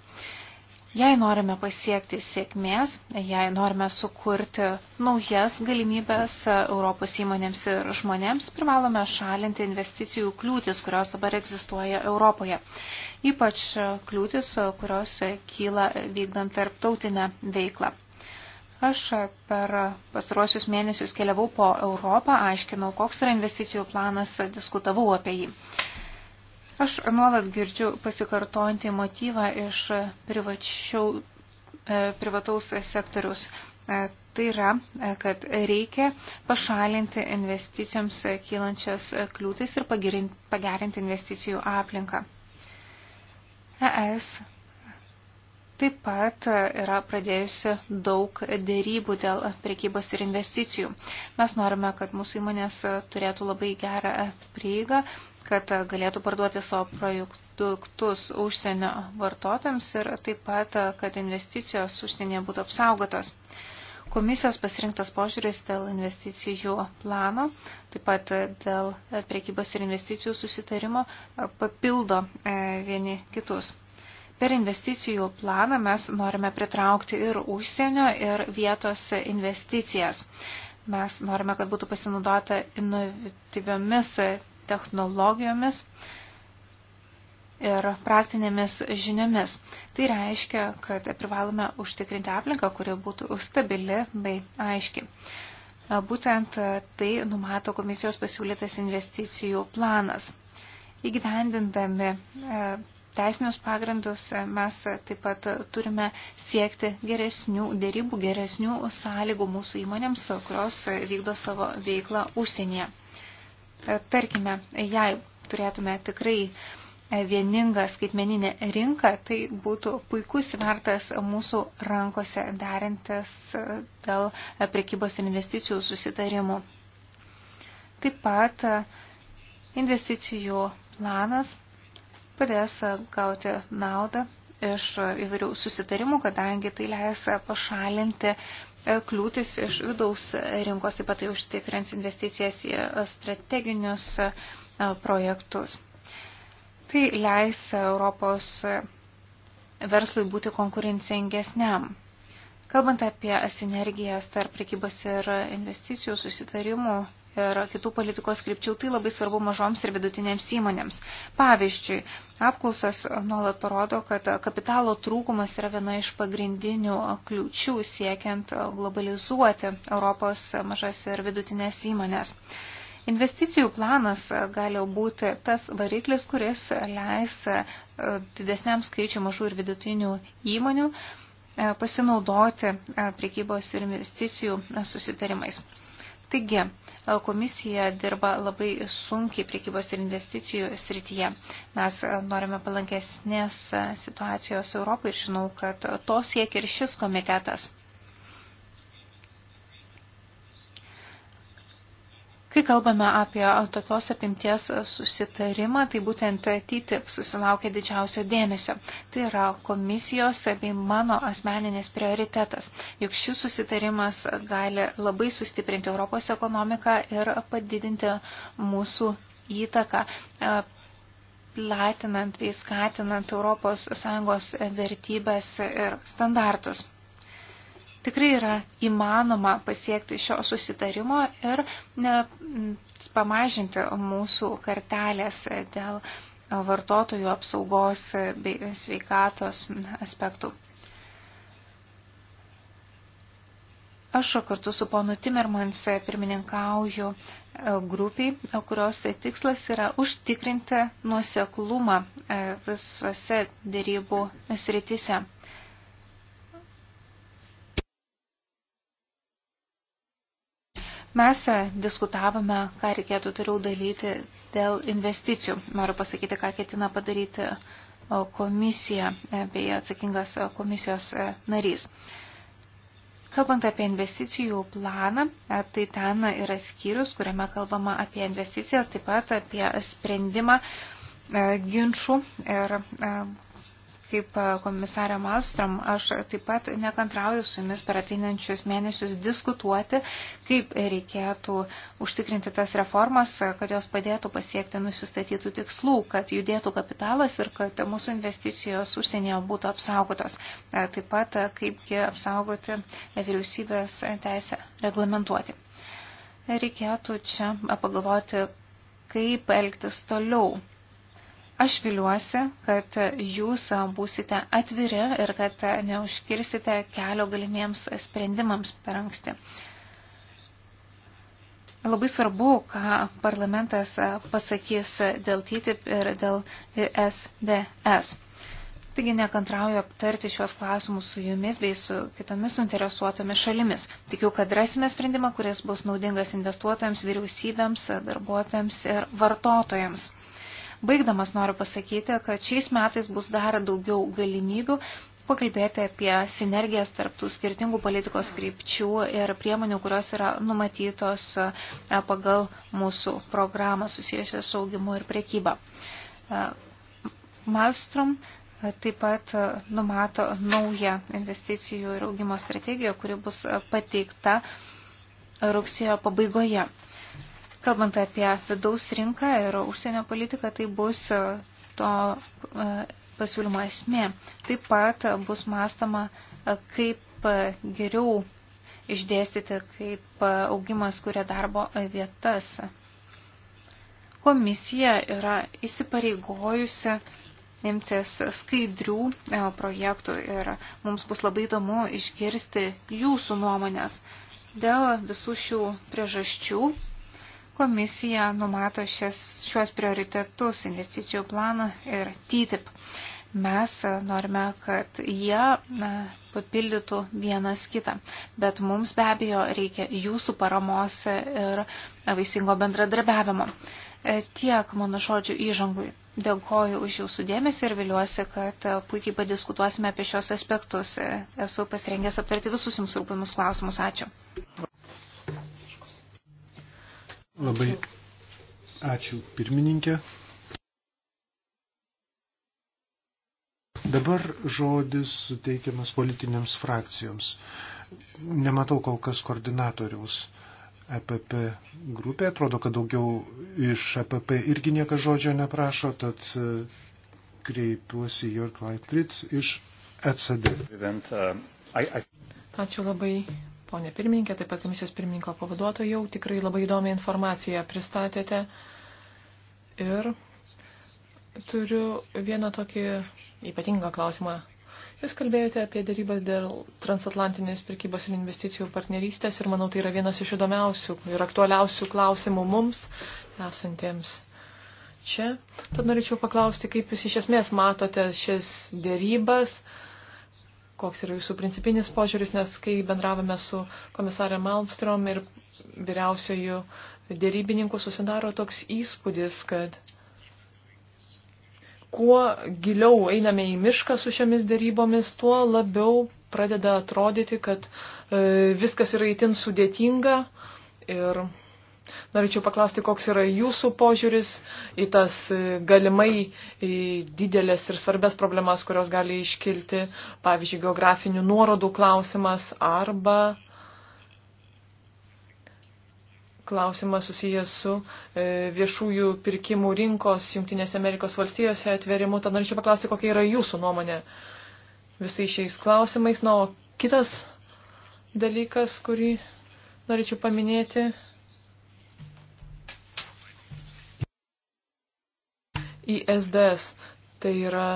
Jei norime pasiekti sėkmės, jei norime sukurti naujas galimybės e, Europos įmonėms ir žmonėms, privalome šalinti investicijų kliūtis, kurios dabar egzistuoja Europoje. Ypač e, kliūtis, kurios kyla vykdant tarptautinę veiklą. Aš e, per pastaruosius mėnesius keliavau po Europą, aiškinau, koks yra investicijų planas, diskutavau apie jį. Aš nuolat girdžiu pasikartojantį motyvą iš privačiau, e, privataus sektoriaus. E, tai yra, kad reikia pašalinti investicijoms kylančias kliūtis ir pagerinti investicijų aplinką. ES taip pat yra pradėjusi daug dėrybų dėl prekybos ir investicijų. Mes norime, kad mūsų įmonės turėtų labai gerą prieigą, kad galėtų parduoti savo produktus užsienio vartotojams ir taip pat, kad investicijos užsienyje būtų apsaugotos. Komisijos pasirinktas požiūris dėl investicijų plano, taip pat dėl prekybos ir investicijų susitarimo papildo e, vieni kitus. Per investicijų planą mes norime pritraukti ir užsienio, ir vietos investicijas. Mes norime, kad būtų pasinaudota inovatyviomis technologijomis ir praktinėmis žiniomis. Tai reiškia, kad privalome užtikrinti aplinką, kuri būtų stabili bei aiški. Būtent tai numato komisijos pasiūlytas investicijų planas. Įgyvendindami e, teisinius pagrindus e, mes e, taip pat e, turime siekti geresnių dėrybų, geresnių sąlygų mūsų įmonėms, kurios vykdo savo veiklą užsienyje. Tarkime, jei turėtume tikrai vieningą skaitmeninę rinką, tai būtų puikus vertas mūsų rankose darintis dėl prekybos ir investicijų susitarimų. Taip pat investicijų planas padės e, gauti naudą iš įvairių susitarimų, kadangi tai leis e, pašalinti e, kliūtis iš vidaus rinkos, taip pat tai užtikrins investicijas į strateginius projektus. Tai leis Europos verslui būti konkurencingesniam. Kalbant apie sinergijas tarp prekybos ir investicijų susitarimų, ir kitų politikos krypčių, tai labai svarbu mažoms ir vidutinėms įmonėms. Pavyzdžiui, apklausos nuolat parodo, kad kapitalo trūkumas yra viena iš pagrindinių kliūčių siekiant globalizuoti Europos mažas ir vidutinės įmonės. Investicijų planas gali būti tas variklis, kuris leis e, didesniam skaičiu mažų ir vidutinių įmonių e, pasinaudoti e, priekybos ir investicijų susitarimais. Taigi, Komisija dirba labai sunkiai priekybos ir investicijų srityje. Mes e, norime palankesnės e, situacijos Europai ir žinau, kad to siekia ir šis komitetas. Kai kalbame apie tokios apimties susitarimą, tai būtent TTIP susilaukia didžiausio dėmesio. Tai yra komisijos bei mano asmeninės prioritetas, juk šis susitarimas gali labai sustiprinti Europos ekonomiką ir padidinti mūsų įtaką, platinant bei skatinant ES vertybės ir standartus tikrai yra įmanoma pasiekti šio susitarimo ir pamažinti mūsų kartelės dėl vartotojų apsaugos bei sveikatos aspektų. Aš kartu su ponu Timmermans pirmininkauju grupiai, kurios tikslas yra užtikrinti nuoseklumą visose dėrybų sritise. Mes diskutavome, ką reikėtų toliau dalyti dėl investicijų. Noriu pasakyti, ką ketina padaryti komisija e, bei atsakingas e, komisijos e, narys. Kalbant apie investicijų planą, tai ten yra skyrius, kuriame kalbama apie investicijas, taip pat apie sprendimą ginčių ir Kaip komisarė Malstrom, aš taip pat nekantrauju su jumis per ateinančius mėnesius diskutuoti, kaip reikėtų užtikrinti tas reformas, kad jos padėtų pasiekti nusistatytų tikslų, kad judėtų kapitalas ir kad mūsų investicijos užsienyje būtų apsaugotos. Taip pat, kaipgi apsaugoti vyriausybės teisę reglamentuoti. Reikėtų čia pagalvoti, kaip elgtis toliau Aš viliuosi, kad jūs būsite atviri ir kad neužkirsite kelio galimiems sprendimams per anksti. Labai svarbu, ką parlamentas pasakys dėl TTIP ir dėl SDS. Taigi nekantrauju aptarti šios klausimus su jumis bei su kitomis suinteresuotomis šalimis. Tikiu, kad rasime sprendimą, kuris bus naudingas investuotojams, vyriausybėms, darbuotojams ir vartotojams. Baigdamas noriu pasakyti, kad šiais metais bus dar daugiau galimybių pakalbėti apie sinergijas tarptų skirtingų politikos krypčių ir priemonių, kurios yra numatytos e, pagal mūsų programą susijusią su augimu ir prekyba. E, Malstrom e, taip pat numato naują investicijų ir augimo strategiją, kuri bus pateikta rugsėjo pabaigoje. Kalbant apie vidaus rinką ir užsienio politiką, tai bus e, to e, pasiūlymo esmė. Taip pat bus mąstama, e, kaip geriau išdėstyti, kaip augimas kuria darbo vietas. Komisija yra įsipareigojusi imtis skaidrių projektų ir mums bus labai įdomu išgirsti jūsų nuomonės. Dėl visų šių priežasčių Komisija numato šias, šios prioritetus investicijų planą ir TTIP. Mes e, norime, kad jie na, papildytų vienas kitą, bet mums be abejo reikia jūsų paramos ir vaisingo bendradarbiavimo. E, tiek mano žodžių įžangui. Dėkoju už jūsų dėmesį ir viliuosi, kad e, puikiai padiskutuosime apie šios aspektus. Esu pasirengęs aptarti visus jums rūpimus klausimus. Ačiū. Labai ačiū pirmininkė. Dabar žodis suteikiamas politinėms frakcijoms. Nematau kol kas koordinatoriaus. EPP grupė, atrodo, kad daugiau iš EPP irgi niekas žodžio neprašo, tad e, kreipiuosi Jörg Leitrit iš ECD. E, ačiū labai ponė pirmininkė, taip pat komisijos pirmininko pavaduotojau. Tikrai labai įdomią informaciją pristatėte. Ir turiu vieną tokį ypatingą klausimą. Jūs kalbėjote apie darybas dėl transatlantinės prekybos ir investicijų partnerystės ir manau tai yra vienas iš įdomiausių ir aktualiausių klausimų mums esantiems čia. Tad norėčiau paklausti, kaip jūs iš esmės matote šias darybas, uh, koks yra jūsų principinis požiūris, nes kai bendravome su komisarė Malmstrom ir vyriausiojų dėrybininkų, susidaro toks įspūdis, kad kuo giliau einame į mišką su šiomis dėrybomis, tuo labiau pradeda atrodyti, kad e, viskas yra įtin sudėtinga ir Norėčiau paklausti, koks yra jūsų požiūris į tas e, galimai didelės ir svarbės problemas, kurios gali iškilti, pavyzdžiui, geografinių nuorodų klausimas arba klausimas susijęs su e, viešųjų pirkimų rinkos Junktinėse Amerikos valstijose atverimu. Tad norėčiau paklausti, kokia yra jūsų nuomonė visais šiais klausimais. Na, o kitas dalykas, kurį norėčiau paminėti. į SDS. Tai yra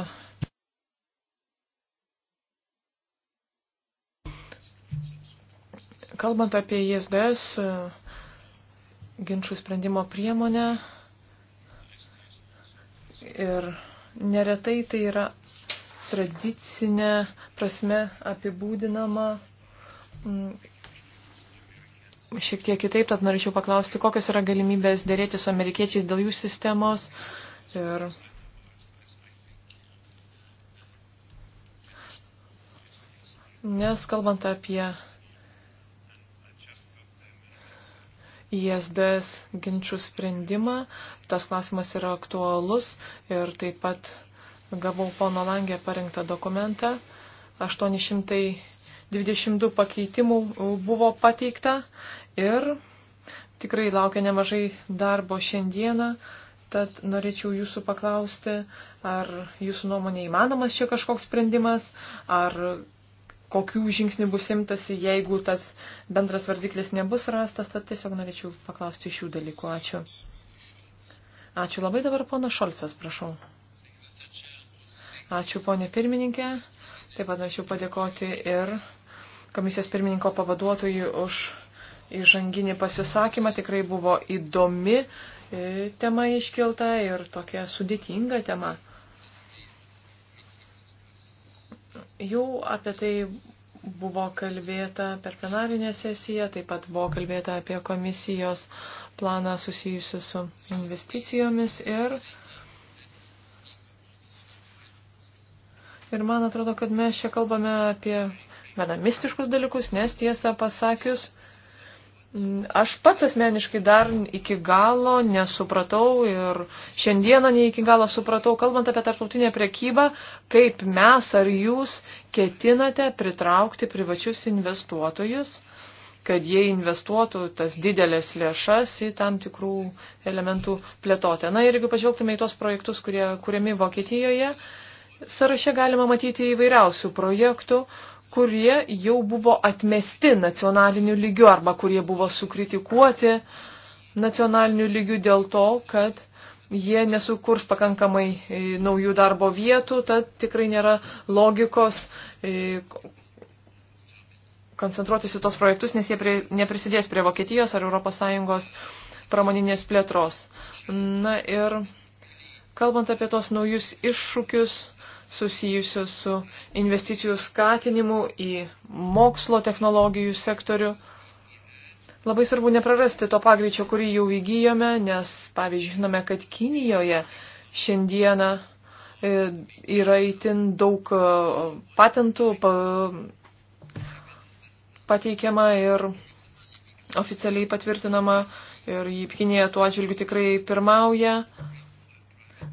kalbant apie ISDS ginčių sprendimo priemonę ir neretai tai yra tradicinė prasme apibūdinama šiek tiek kitaip, tad norėčiau paklausti, kokios yra galimybės dėrėti su amerikiečiais dėl jų sistemos, Ir nes kalbant apie ISDS ginčių sprendimą, tas klausimas yra aktualus ir taip pat gavau pono Langė parengtą dokumentą. 822 pakeitimų buvo pateikta ir tikrai laukia nemažai darbo šiandieną. Tad norėčiau jūsų paklausti, ar jūsų nuomonė įmanomas čia kažkoks sprendimas, ar kokių žingsnių bus imtasi, jeigu tas bendras vardiklis nebus rastas, tad tiesiog norėčiau paklausti šių dalykų. Ačiū. Ačiū labai dabar, pana Šolcas, prašau. Ačiū, ponė pirmininkė. Taip pat norėčiau padėkoti ir komisijos pirmininko pavaduotojui už įžanginį pasisakymą. Tikrai buvo įdomi E, tema iškilta ir tokia sudėtinga tema. Jau apie tai buvo kalbėta per plenarinę sesiją, taip pat buvo kalbėta apie komisijos planą susijusiu su investicijomis ir, ir man atrodo, kad mes čia kalbame apie gana mistiškus dalykus, nes tiesą pasakius, Aš pats asmeniškai dar iki galo nesupratau ir šiandieną ne iki galo supratau, kalbant apie tarptautinę priekybą, kaip mes ar jūs ketinate pritraukti privačius investuotojus, kad jie investuotų tas didelės lėšas į tam tikrų elementų plėtotę. Na ir jeigu pažvelgtume į tos projektus, kurie kuriami Vokietijoje, sąraše galima matyti įvairiausių projektų, uh, kurie jau buvo atmesti nacionaliniu lygiu arba kurie buvo sukritikuoti nacionaliniu lygiu dėl to, kad jie nesukurs pakankamai e, naujų darbo vietų, tad tikrai nėra logikos e, koncentruotis į tos projektus, nes jie prie, neprisidės prie Vokietijos ar ES pramoninės plėtros. Na ir kalbant apie tos naujus iššūkius, susijusios su investicijų skatinimu į mokslo technologijų sektorių. Labai svarbu neprarasti to pagreičio, kurį jau įgyjome, nes, pavyzdžiui, žinome, kad Kinijoje šiandieną e, yra įtin daug e, patentų pateikiama ir oficialiai patvirtinama ir į Kiniją tuo atžvilgiu tikrai pirmauja.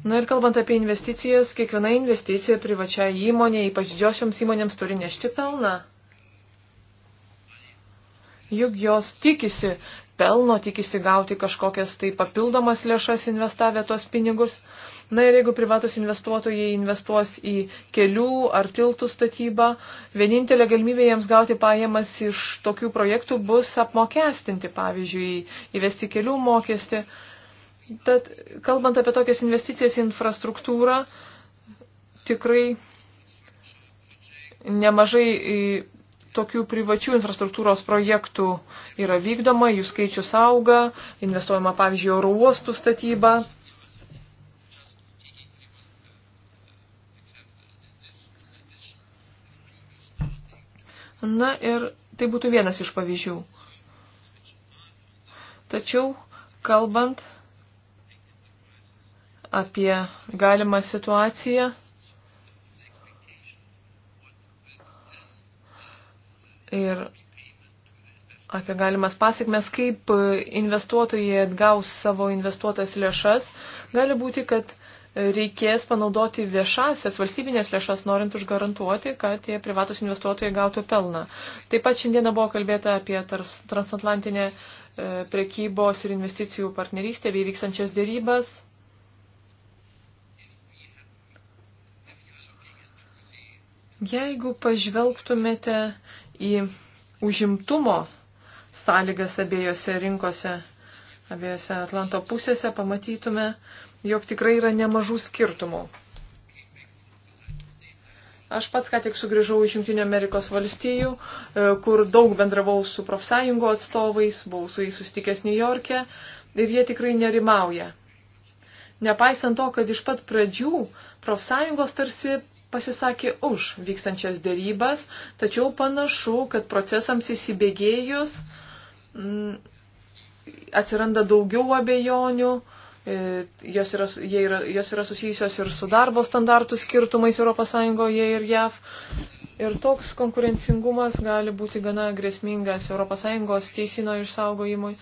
Na ir kalbant apie investicijas, kiekviena investicija privačiai įmonė, ypač didžiosioms įmonėms, turi nešti pelną. Juk jos tikisi pelno, tikisi gauti kažkokias tai papildomas lėšas investavę tos pinigus. Na ir jeigu privatus investuotojai investuos į kelių ar tiltų statybą, vienintelė galimybė jiems gauti pajamas iš tokių projektų bus apmokestinti, pavyzdžiui, įvesti kelių mokestį Tad kalbant apie tokias investicijas į infrastruktūrą, tikrai nemažai tokių privačių infrastruktūros projektų yra vykdoma, jų skaičius auga, investuojama pavyzdžiui oro uostų statybą. Na ir tai būtų vienas iš pavyzdžių. Tačiau, kalbant apie galimą situaciją. Ir apie galimas pasiekmes, kaip investuotojai atgaus savo investuotas lėšas. Gali būti, kad reikės panaudoti viešasias valstybinės lėšas, norint užgarantuoti, kad tie privatus investuotojai gautų pelną. Taip pat šiandieną buvo kalbėta apie transatlantinę e, prekybos ir investicijų partnerystę bei vykstančias dėrybas. Jeigu pažvelgtumėte į užimtumo sąlygas abiejose rinkose, abiejose Atlanto pusėse, pamatytume, jog tikrai yra nemažų skirtumų. Aš pats ką tik sugrįžau iš Junktinio Amerikos valstijų, e, kur daug bendravau su profsąjungo atstovais, buvau su jais susitikęs New York'e ir jie tikrai nerimauja. Nepaisant to, kad iš pat pradžių profsąjungos tarsi pasisakė už vykstančias dėrybas, tačiau panašu, kad procesams įsibėgėjus m, mm, atsiranda daugiau abejonių, e, jos yra, yra, jos yra susijusios ir su darbo standartų skirtumais ES ir JAV. Ir toks konkurencingumas gali būti gana grėsmingas ES teisino išsaugojimui.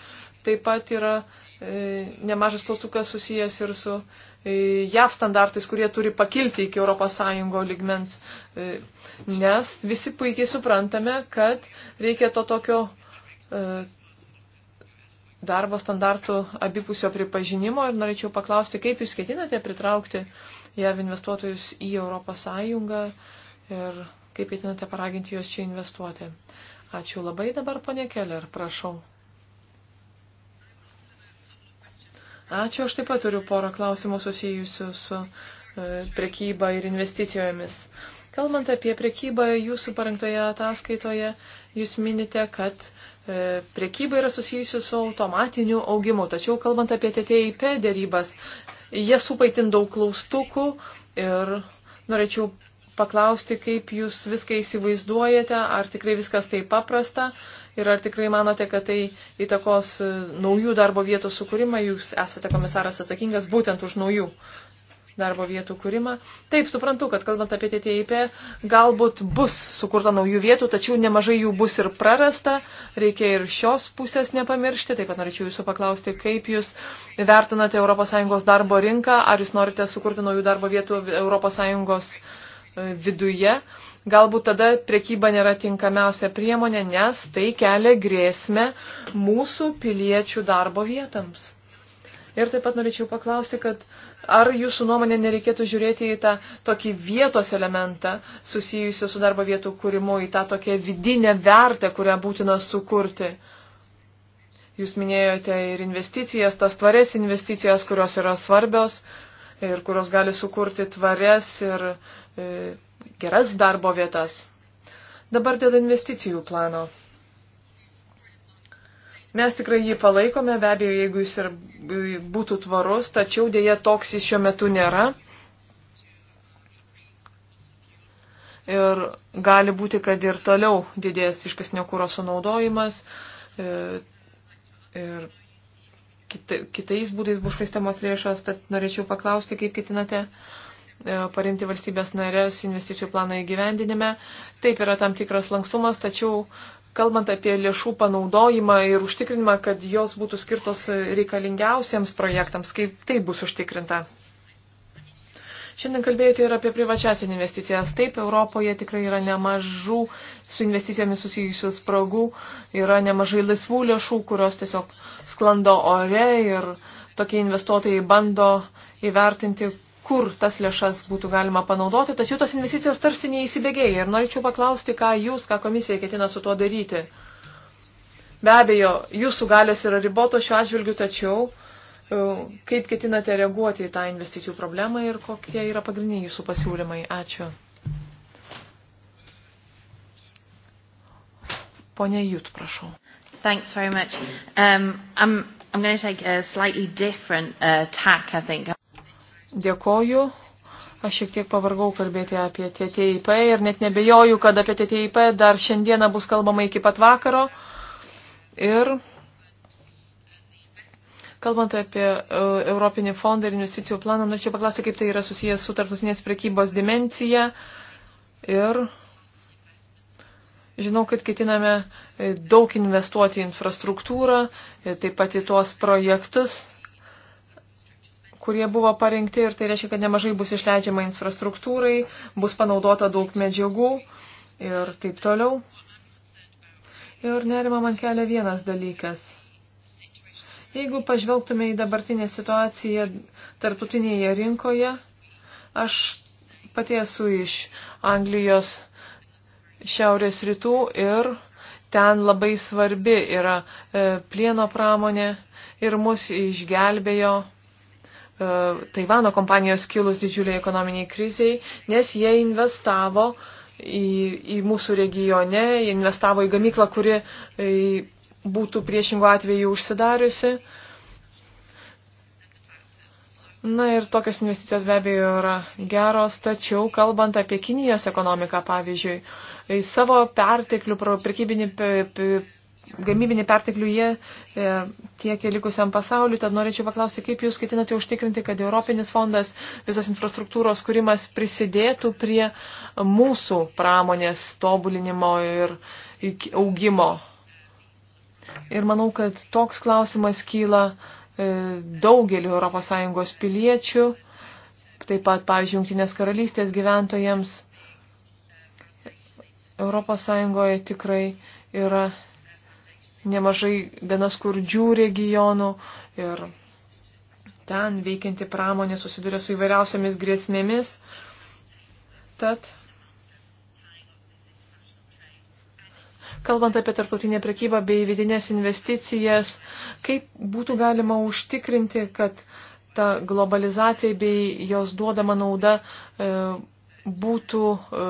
Taip pat yra e, nemažas klaustukas susijęs ir su E, JAV standartais, kurie turi pakilti iki ES ligmens. E, nes visi puikiai suprantame, kad reikia to tokio e, darbo standartų abipusio pripažinimo ir norėčiau paklausti, kaip jūs ketinate pritraukti JAV investuotojus į ES ir kaip ketinate paraginti juos čia investuoti. Ačiū labai dabar, ponė Keller, prašau. Ačiū, aš taip pat turiu porą klausimų susijusių su e, prekyba ir investicijomis. Kalbant apie prekybą, jūsų parengtoje ataskaitoje jūs minite, kad e, prekyba yra susijusi su automatiniu augimu. Tačiau kalbant apie TTIP dėrybas, jie supaitin daug klaustukų ir norėčiau paklausti, kaip jūs viską įsivaizduojate, ar tikrai viskas taip paprasta Ir ar tikrai manote, kad tai įtakos e, naujų darbo vietų sukūrimą? Jūs esate komisaras atsakingas būtent už naujų darbo vietų kūrimą. Taip, suprantu, kad kalbant apie TTIP, galbūt bus sukurta naujų vietų, tačiau nemažai jų bus ir prarasta. Reikia ir šios pusės nepamiršti. Taip pat norėčiau jūsų paklausti, kaip jūs vertinate ES darbo rinką, ar jūs norite sukurti naujų darbo vietų ES e, viduje. Galbūt tada priekyba nėra tinkamiausia priemonė, nes tai kelia grėsmę mūsų piliečių darbo vietams. Ir taip pat norėčiau paklausti, kad ar jūsų nuomonė nereikėtų žiūrėti į tą tokį vietos elementą susijusią su darbo vietų kūrimu, į tą tokią vidinę vertę, kurią būtina sukurti. Jūs minėjote ir investicijas, tas tvarias investicijas, kurios yra svarbios ir kurios gali sukurti tvarias ir e, geras darbo vietas. Dabar dėl investicijų plano. Mes tikrai jį palaikome, be abejo, jeigu jis ir būtų tvarus, tačiau dėja toks jis šiuo metu nėra. Ir gali būti, kad ir toliau didės iškasnio kūro sunaudojimas e, ir kitais būdais bus švaistamos lėšos, tad norėčiau paklausti, kaip ketinate E, paremti valstybės narės investicijų plano įgyvendinime. Taip yra tam tikras lankstumas, tačiau kalbant apie lėšų panaudojimą ir užtikrinimą, kad jos būtų skirtos reikalingiausiems projektams, kaip tai bus užtikrinta. Šiandien kalbėjote ir apie privačias investicijas. Taip, Europoje tikrai yra nemažų su investicijomis susijusių spragų, yra nemažai laisvų lėšų, kurios tiesiog sklando ore ir tokie investuotojai bando įvertinti, kur tas lėšas būtų galima panaudoti, tačiau tas investicijos tarsi neįsibėgėja ir norėčiau paklausti, ką jūs, ką komisija ketina su tuo daryti. Be abejo, jūsų galios yra ribotos šiuo atžvilgiu, tačiau e, kaip ketinate reaguoti į tą investicijų problemą ir kokie yra pagrindiniai jūsų pasiūlymai. Ačiū. Pone Jut, prašau. Thanks very much. Um, I'm, I'm going to take a slightly different uh, tack, I think. Dėkoju. Aš šiek tiek pavargau kalbėti apie TTIP ir net nebejoju, kad apie TTIP dar šiandieną bus kalbama iki pat vakaro. Ir kalbant apie uh, Europinį fondą ir investicijų planą, norėčiau paklausti, kaip tai yra susijęs su tarptautinės prekybos dimencija. Ir žinau, kad ketiname e, daug investuoti į infrastruktūrą, e, taip pat į tuos projektus kurie buvo parinkti ir tai reiškia, kad nemažai bus išleidžiama infrastruktūrai, bus panaudota daug medžiagų ir taip toliau. Ir nerima man kelia vienas dalykas. Jeigu pažvelgtume į dabartinę situaciją tarptautinėje rinkoje, aš pati esu iš Anglijos šiaurės rytų ir ten labai svarbi yra e, plieno pramonė ir mus išgelbėjo E, Taivano kompanijos kilus didžiuliai ekonominiai kriziai, nes jie investavo į, į mūsų regione, jie investavo į gamyklą, kuri e, būtų priešingų atveju užsidariusi. Na ir tokios investicijos be abejo yra geros, tačiau kalbant apie Kinijos ekonomiką, pavyzdžiui, savo perteklių, prekybinį gamybinį perteklių jie e, tiekia likusiam pasauliu. Tad norėčiau paklausti, kaip jūs ketinate užtikrinti, kad Europinis fondas visas infrastruktūros kūrimas prisidėtų prie mūsų pramonės tobulinimo ir augimo. Ir manau, kad toks klausimas kyla e, daugeliu ES piliečių, taip pat, pavyzdžiui, Junktinės karalystės gyventojams. ES tikrai yra nemažai gana skurdžių regionų ir ten veikianti pramonė susiduria su įvairiausiamis grėsmėmis. Tad, kalbant apie tarptautinę prekybą bei vidinės investicijas, kaip būtų galima užtikrinti, kad ta globalizacija bei jos duodama nauda e, būtų e,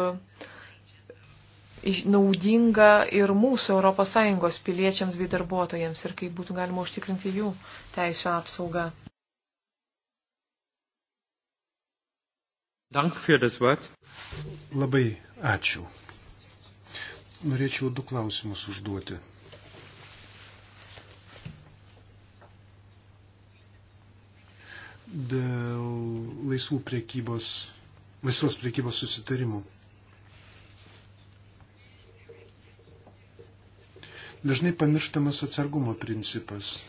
naudinga ir mūsų ES piliečiams bei darbuotojams ir kaip būtų galima užtikrinti jų teisų apsaugą. Labai ačiū. Norėčiau du klausimus užduoti. Dėl laisvų priekybos, laisvos priekybos susitarimų. Dažnai pamirštamas atsargumo principas.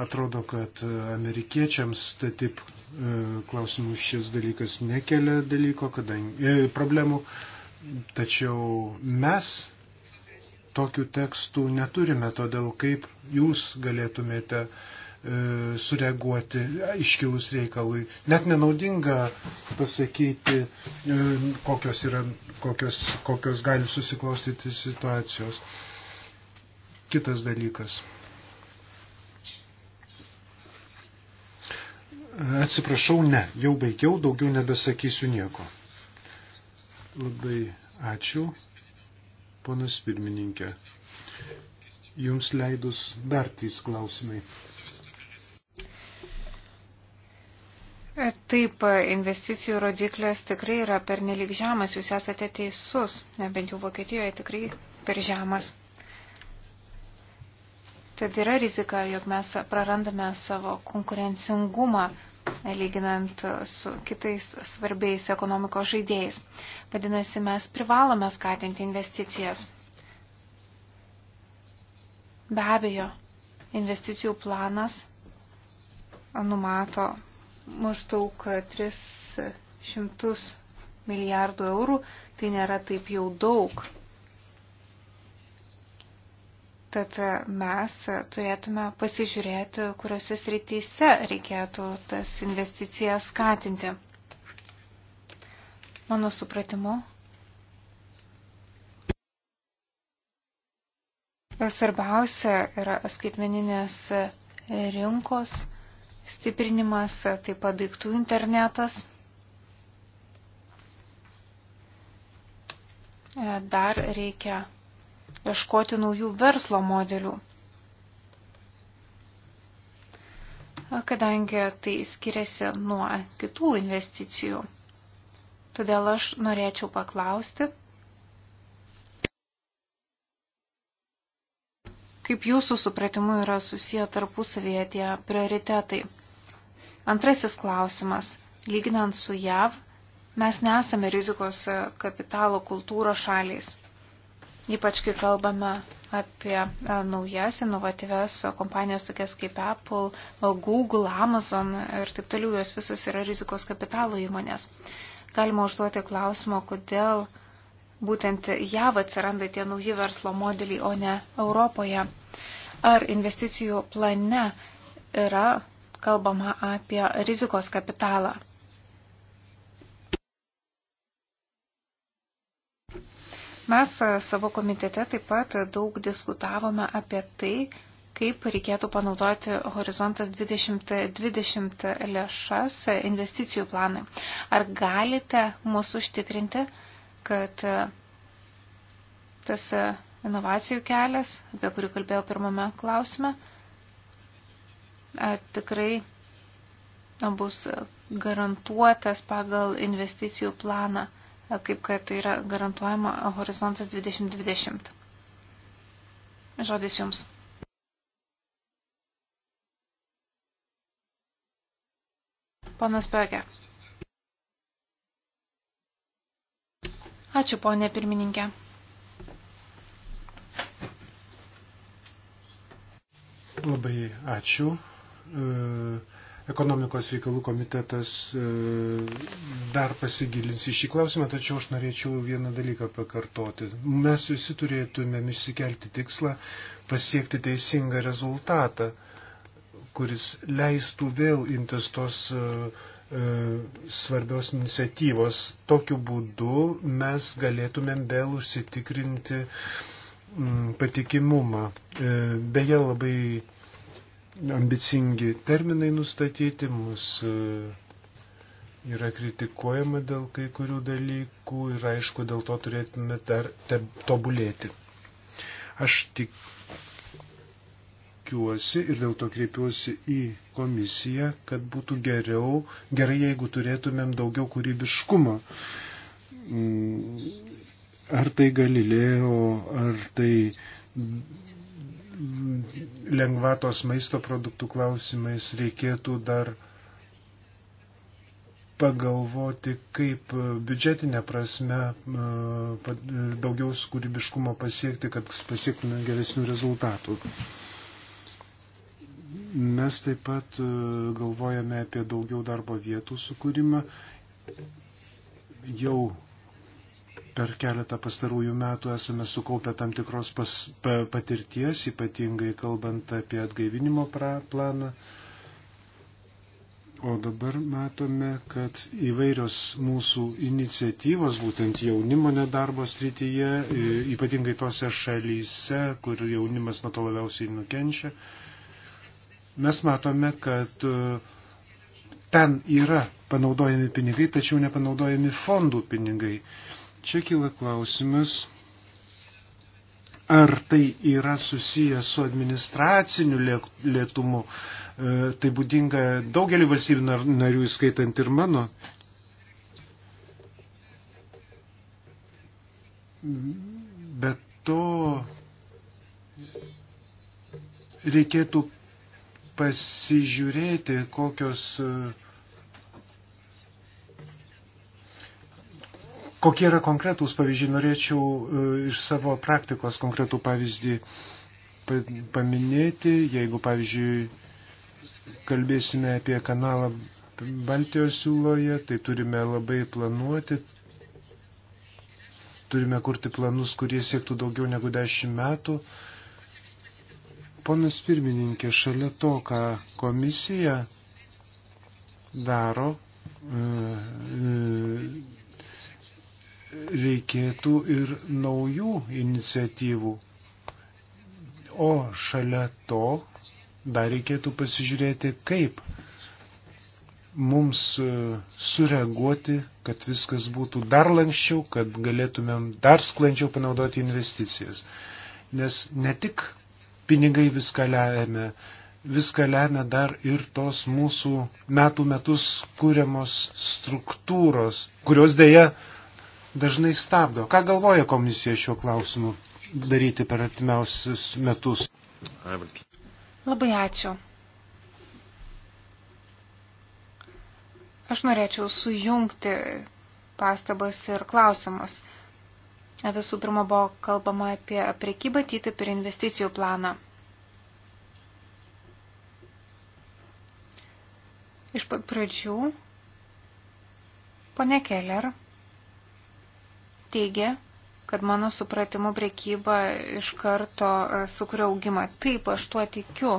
Atrodo, kad e, amerikiečiams tai taip e, klausimų šis dalykas nekelia dalyko, kadangi e, problemų, tačiau mes tokių tekstų neturime, todėl kaip jūs galėtumėte e, sureaguoti iškilus reikalui. Net nenaudinga pasakyti, kokios, yra, kokios, kokios gali susiklostyti situacijos. Kitas dalykas. Atsiprašau, ne, jau baigiau, daugiau nebesakysiu nieko. Labai ačiū, ponas pirmininkė. Jums leidus dar trys klausimai. Taip, investicijų rodiklės tikrai yra pernelyg žemas, jūs esate teisus, bent jau Vokietijoje tikrai per žemas. Tad yra rizika, jog mes prarandame savo konkurencingumą lyginant su kitais svarbiais ekonomikos žaidėjais. Vadinasi, mes privalome skatinti investicijas. Be abejo, investicijų planas numato maždaug 300 milijardų eurų, tai nėra taip jau daug. Tad mes turėtume pasižiūrėti, kuriuose srityse reikėtų tas investicijas skatinti. Mano supratimu. Svarbiausia yra skaitmeninės rinkos stiprinimas, taip pat daiktų internetas. Dar reikia ieškoti naujų verslo modelių. Kadangi tai skiriasi nuo kitų investicijų. Todėl aš norėčiau paklausti, kaip jūsų supratimu yra susiję tarpusavėje tie prioritetai. Antrasis klausimas. Lyginant su JAV, mes nesame rizikos kapitalo kultūros šaliais ypač kai kalbame apie e, naujas inovatyves kompanijas, tokias kaip Apple, e, Google, Amazon ir taip toliau, jos visos yra rizikos kapitalo įmonės. Galima užduoti klausimą, kodėl būtent JAV atsiranda tie nauji verslo modeliai, o ne Europoje. Ar investicijų plane yra kalbama apie rizikos kapitalą? Mes e, savo komitete taip pat daug diskutavome apie tai, kaip reikėtų panaudoti Horizontas 2020 lėšas investicijų planai. Ar galite mūsų užtikrinti, kad e, tas e, inovacijų kelias, apie kurį kalbėjau pirmame klausime, tikrai bus garantuotas pagal investicijų planą kaip kad tai yra garantuojama horizontas 2020. Žodis jums. Panas Pekė. Ačiū, ponė pirmininkė. Labai ačiū. E Ekonomikos reikalų komitetas e, dar pasigilins į šį klausimą, tačiau aš norėčiau vieną dalyką pakartoti. Mes visi turėtumėm išsikelti tikslą pasiekti teisingą rezultatą, kuris leistų vėl imtis tos e, e, svarbios iniciatyvos. Tokiu būdu mes galėtumėm vėl užsitikrinti mm, patikimumą. Beje, labai ambicingi terminai nustatyti, mus e, yra kritikuojama dėl kai kurių dalykų ir aišku, dėl to turėtume dar tobulėti. Aš tikiuosi ir dėl to kreipiuosi į komisiją, kad būtų geriau, gerai, jeigu turėtumėm daugiau kūrybiškumo. Mm, ar tai Galilėjo, ar tai lengvatos maisto produktų klausimais reikėtų dar pagalvoti, kaip biudžetinė prasme e, daugiau kūrybiškumo pasiekti, kad pasiektume geresnių rezultatų. Mes taip pat e, galvojame apie daugiau darbo vietų sukūrimą. Jau Per keletą pastarųjų metų esame sukaupę tam tikros pas, pa, patirties, ypatingai kalbant apie atgaivinimo pra, planą. O dabar matome, kad įvairios mūsų iniciatyvos, būtent jaunimo nedarbo srityje, ypatingai tose šalyse, kur jaunimas nuo to labiausiai nukenčia, mes matome, kad e, ten yra panaudojami pinigai, tačiau nepanaudojami fondų pinigai. Čia kyla klausimas, ar tai yra susijęs su administraciniu lėtumu. E, tai būdinga daugelį valstybių narių, įskaitant ir mano. Bet to reikėtų pasižiūrėti, kokios Kokie yra konkretūs pavyzdžiai? Norėčiau e, iš savo praktikos konkretų pavyzdį paminėti. Jeigu, pavyzdžiui, kalbėsime apie kanalą Baltijos siūloje, tai turime labai planuoti, turime kurti planus, kurie siektų daugiau negu 10 metų. Ponas pirmininkė, šalia to, ką komisija daro, e, e, reikėtų ir naujų iniciatyvų. O šalia to dar reikėtų pasižiūrėti, kaip mums e, sureaguoti, kad viskas būtų dar lankščiau, kad galėtumėm dar sklandžiau panaudoti investicijas. Nes ne tik pinigai viską lemia, viską lemia dar ir tos mūsų metų metus kūriamos struktūros, kurios dėja dažnai stabdo. Ką galvoja komisija šiuo klausimu daryti per artimiausius metus? Labai ačiū. Aš norėčiau sujungti pastabas ir klausimus. Visų pirma buvo kalbama apie priekybą, TTIP ir investicijų planą. Iš pat pradžių, pone Keller teigia, kad mano supratimu priekyba iš karto e, sukuria augimą. Taip, aš tuo tikiu.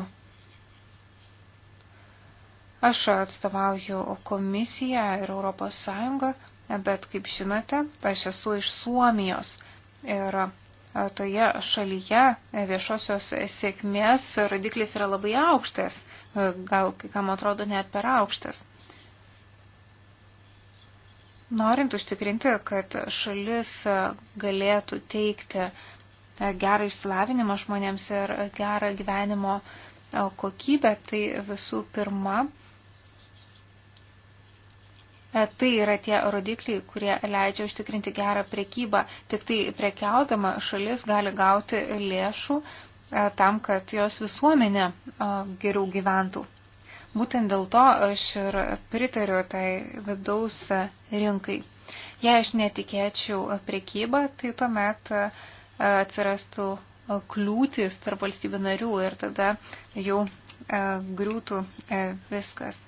Aš atstovauju komisiją ir Europos Sąjungą, bet kaip žinote, aš esu iš Suomijos ir e, toje šalyje e, viešosios sėkmės rodiklis yra labai aukštas, gal kam atrodo net per aukštas. Norint užtikrinti, kad šalis galėtų teikti gerą išsilavinimą žmonėms ir gerą gyvenimo kokybę, tai visų pirma, tai yra tie rodikliai, kurie leidžia užtikrinti gerą prekybą. Tik tai prekiaudama šalis gali gauti lėšų e, tam, kad jos visuomenė e, geriau gyventų. Būtent dėl to aš ir pritariu tai vidaus rinkai. Jei aš netikėčiau priekybą, tai tuomet e, atsirastų e, kliūtis tarp valstybių narių ir tada jau e, griūtų viskas.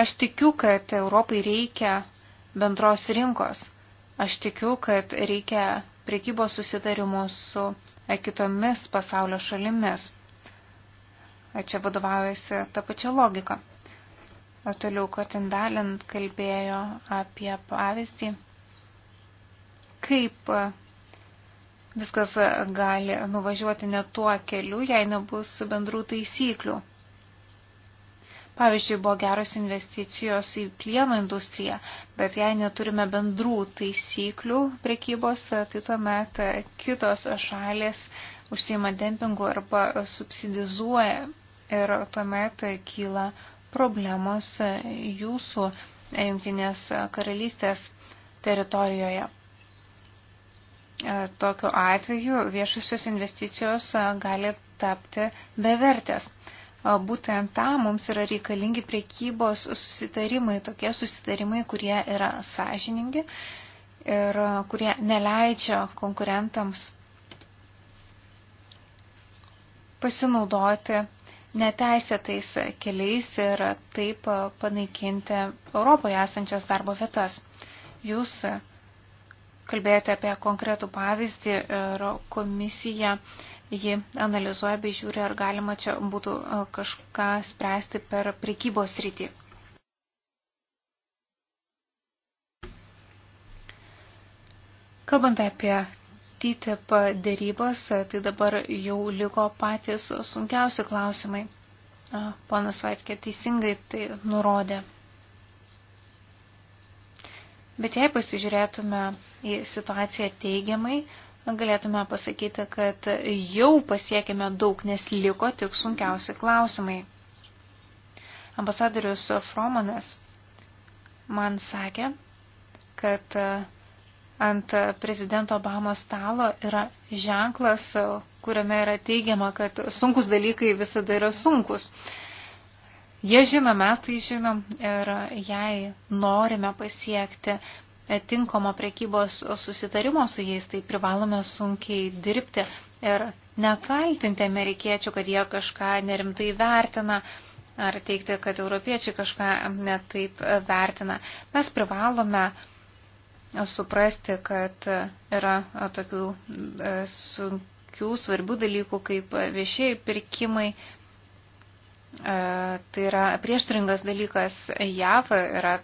Aš tikiu, kad Europai reikia bendros rinkos. Aš tikiu, kad reikia priekybos susitarimų su kitomis pasaulio šalimis čia vadovaujasi tą pačią logiką. Toliau, kad Indalin kalbėjo apie pavyzdį, kaip viskas gali nuvažiuoti ne tuo keliu, jei nebus bendrų taisyklių. Pavyzdžiui, buvo geros investicijos į plieno industriją, bet jei neturime bendrų taisyklių prekybos, tai tuomet kitos šalės užsima dempingu arba subsidizuoja ir tuomet kyla problemos jūsų e, Junktinės karalystės teritorijoje. E, tokiu atveju viešusios investicijos e, gali tapti bevertės. Būtent tam mums yra reikalingi priekybos susitarimai, tokie susitarimai, kurie yra sąžiningi ir kurie neleidžia konkurentams pasinaudoti neteisėtais keliais ir taip panaikinti Europoje esančias darbo vietas. Jūs kalbėjote apie konkretų pavyzdį ir komisija ji analizuoja bei žiūri, ar galima čia būtų kažką spręsti per prekybos rytį. Kalbant apie TTIP dėrybos, tai dabar jau liko patys sunkiausi klausimai. Ponas Vaitkė teisingai tai nurodė. Bet jei pasižiūrėtume į situaciją teigiamai, galėtume pasakyti, kad jau pasiekime daug, nes liko tik sunkiausi klausimai. Ambasadorius Fromanas man sakė, kad ant prezidento Obamos stalo yra ženklas, kuriame yra teigiama, kad sunkus dalykai visada yra sunkus. Jie žino, mes tai žinom ir jei norime pasiekti tinkamo prekybos susitarimo su jais, tai privalome sunkiai dirbti ir nekaltinti amerikiečių, kad jie kažką nerimtai vertina ar teikti, kad europiečiai kažką netaip vertina. Mes privalome uh, suprasti, kad yra e, tokių e, sunkių, svarbių dalykų kaip viešieji pirkimai. E, tai yra prieštaringas dalykas JAV, yra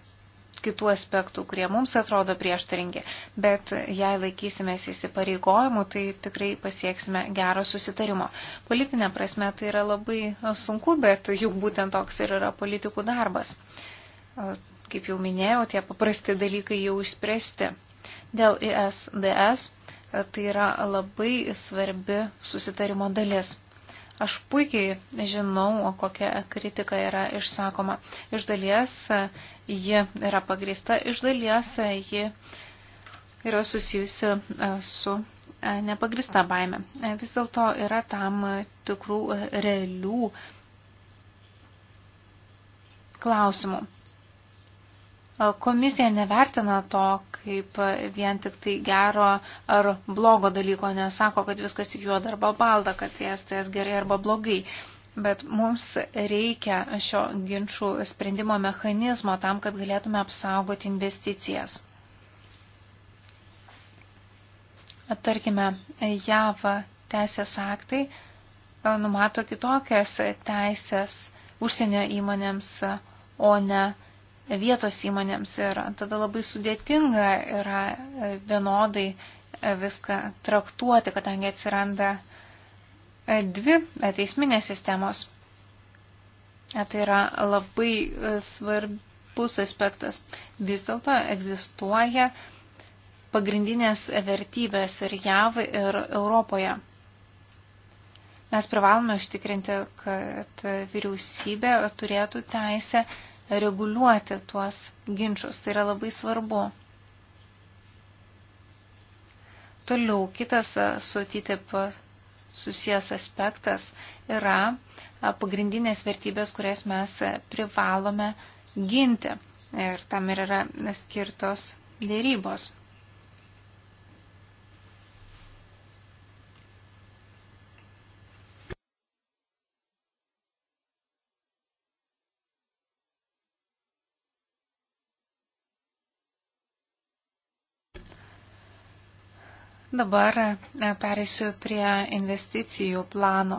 kitų aspektų, kurie mums atrodo prieštaringi, bet jei laikysimės įsipareigojimų, tai tikrai pasieksime gero susitarimo. Politinė prasme tai yra labai sunku, bet juk būtent toks ir yra politikų darbas kaip jau minėjau, tie paprasti dalykai jau išspręsti. Dėl ISDS e, tai yra labai svarbi susitarimo dalis. Aš puikiai žinau, kokia kritika yra išsakoma. Iš dalies e, ji yra pagrįsta, iš dalies e, ji yra susijusi su nepagrįsta baime. Vis dėlto yra tam tikrų realių klausimų. Komisija nevertina to kaip vien tik tai gero ar blogo dalyko, nesako, kad viskas tik juoda arba balda, kad ESTS tai tai gerai arba blogai. Bet mums reikia šio ginčių sprendimo mechanizmo tam, kad galėtume apsaugoti investicijas. Tarkime, JAV teisės aktai e, numato kitokias teisės užsienio įmonėms, o ne vietos įmonėms ir tada labai sudėtinga yra e, vienodai e, viską traktuoti, kadangi atsiranda e, dvi teisminės sistemos. Tai yra labai svarbus aspektas. Vis dėlto egzistuoja pagrindinės vertybės ir JAV ir Europoje. Mes privalome užtikrinti, kad vyriausybė turėtų teisę reguliuoti tuos ginčius. Tai yra labai svarbu. Toliau kitas su TTIP susijęs aspektas yra pagrindinės vertybės, kurias mes privalome ginti. Ir tam ir yra skirtos dėrybos. Dabar e, pereisiu prie investicijų plano.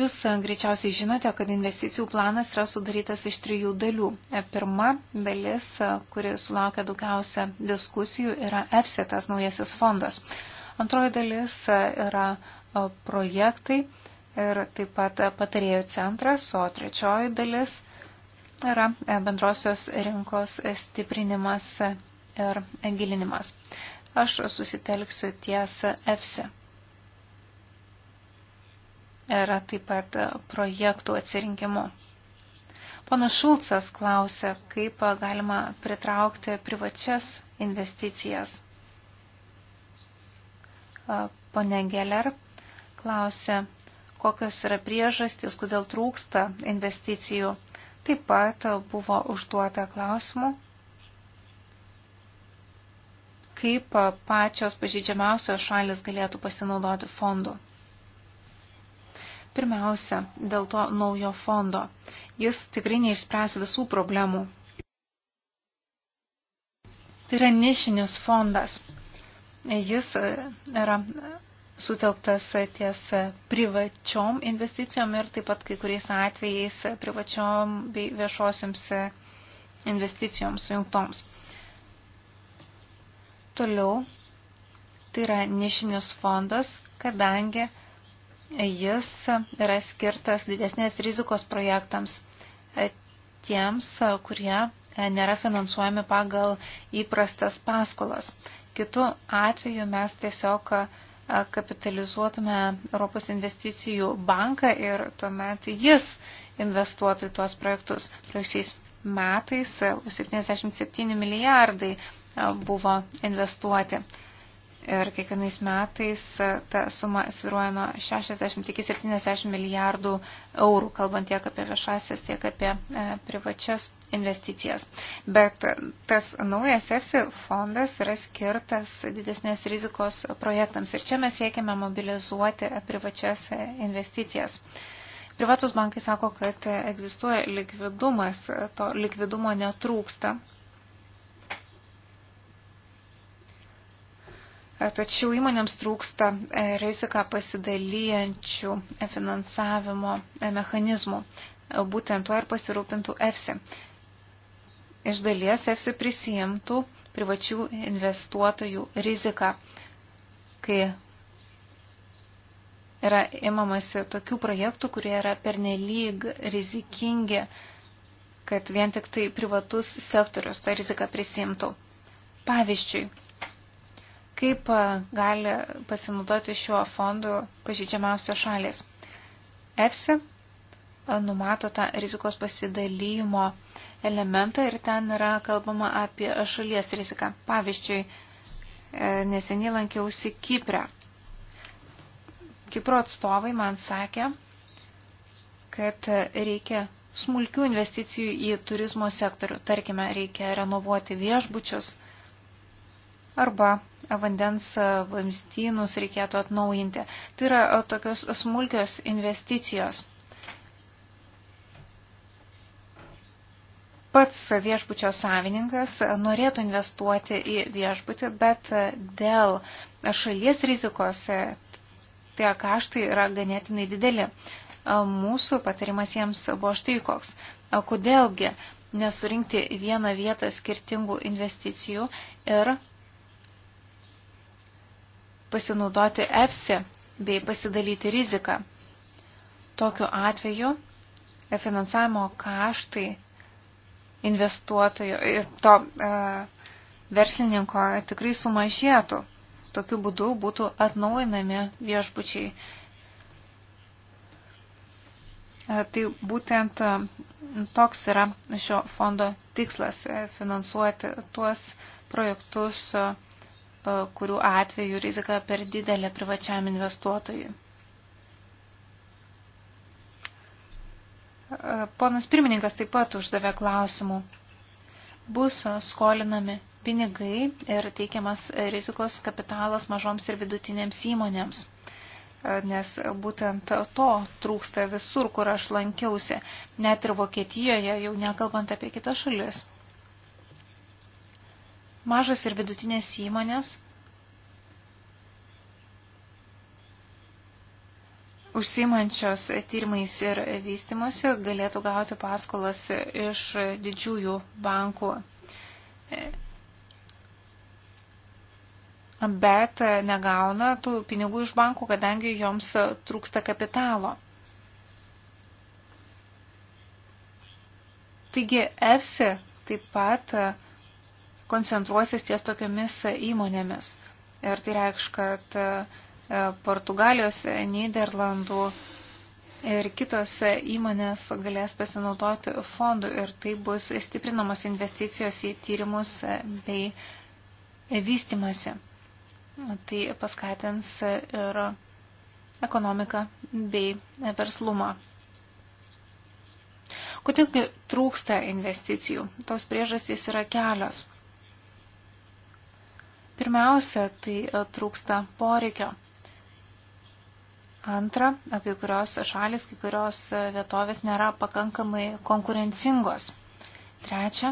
Jūs e, greičiausiai žinote, kad investicijų planas yra sudarytas iš trijų dalių. E, pirma dalis, kuri sulaukia daugiausia diskusijų, yra EFSI, tas naujasis fondas. Antroji dalis yra projektai ir taip pat patarėjų centras, o trečioji dalis yra e, bendrosios rinkos stiprinimas ir gilinimas. Aš susitelksiu ties EFSI. Ir taip pat projektų atsirinkimu. Ponas Šulcas klausė, kaip galima pritraukti privačias investicijas. Pone Geller klausė, kokios yra priežastys, kodėl trūksta investicijų Taip pat buvo užduota klausimų, kaip pačios pažydžiamiausios šalis galėtų pasinaudoti fondu. Pirmiausia, dėl to naujo fondo. Jis tikrai neišspręs visų problemų. Tai yra nišinis fondas. Jis yra sutelktas ties privačiom investicijom ir taip pat kai kuriais atvejais privačiom bei viešosiams investicijoms sujungtoms. Toliau tai yra nišinis fondas, kadangi jis yra skirtas didesnės rizikos projektams e, tiems, kurie e, nėra finansuojami pagal įprastas paskolas. Kitu atveju mes tiesiog kapitalizuotume Europos investicijų banką ir tuomet jis investuotų į tuos projektus. Praėjusiais metais 77 milijardai buvo investuoti ir kiekvienais metais e, ta suma sviruoja nuo 60 iki 70 milijardų eurų, kalbant tiek apie viešasias, tiek apie e, privačias investicijas. Bet tas naujas EFSI fondas yra skirtas didesnės rizikos projektams ir čia mes siekiame mobilizuoti privačias e, investicijas. Privatus bankai sako, kad egzistuoja likvidumas, to likvidumo netrūksta tačiau įmonėms trūksta e, riziką pasidalyjančių e, finansavimo e, mechanizmų. Būtent tuo ir pasirūpintų EFSI. Iš dalies EFSI prisijimtų privačių investuotojų riziką, kai yra imamasi tokių projektų, kurie yra pernelyg rizikingi, kad vien tik tai privatus sektorius tą riziką prisimtų. Pavyzdžiui, kaip gali pasinaudoti šiuo fondu pažydžiamiausios šalis. EFSI numato tą rizikos pasidalymo elementą ir ten yra kalbama apie šalies riziką. Pavyzdžiui, e, neseniai lankiausi Kiprę. Kipro atstovai man sakė, kad reikia smulkių investicijų į turizmo sektorių. Tarkime, reikia renovuoti viešbučius arba vandens e, vamstynus reikėtų atnaujinti. Tai yra e, tokios smulkios investicijos. Pats viešbučio savininkas e, norėtų investuoti į viešbutį, bet dėl šalies rizikos tie kaštai yra ganėtinai dideli. Mūsų patarimas jiems buvo štai koks. Kodėlgi nesurinkti į vieną vietą skirtingų investicijų ir pasinaudoti EFSI bei pasidalyti riziką. Tokiu atveju finansavimo kaštai investuotojo, to e, verslininko tikrai sumažėtų. Tokiu būdu būtų atnaujinami viešbučiai. E, tai būtent e, toks yra šio fondo tikslas e, - finansuoti tuos projektus. E, E, kurių atveju rizika per didelė privačiam investuotojui. E, ponas pirmininkas taip pat uždavė klausimų. Bus skolinami pinigai ir teikiamas rizikos kapitalas mažoms ir vidutinėms įmonėms. E, nes būtent to trūksta visur, kur aš lankiausi, net ir Vokietijoje, jau nekalbant apie kitas šalis. Mažos ir vidutinės įmonės užsimančios tyrimais ir vystimuose galėtų gauti paskolas iš didžiųjų bankų, bet negauna tų pinigų iš bankų, kadangi joms trūksta kapitalo. Taigi EFSI taip pat koncentruosis ties tokiamis įmonėmis. Ir tai reikš, kad e, Portugalijos, Niderlandų ir kitos įmonės galės pasinaudoti fondų ir tai bus stiprinamos investicijos į tyrimus bei vystimasi. Tai paskatins ir ekonomiką bei verslumą. Kodėl trūksta investicijų? Tos priežastys yra kelios. Pirmiausia, tai e, trūksta poreikio. Antra, e, kai kurios šalis, kai kurios e, vietovės nėra pakankamai konkurencingos. Trečia,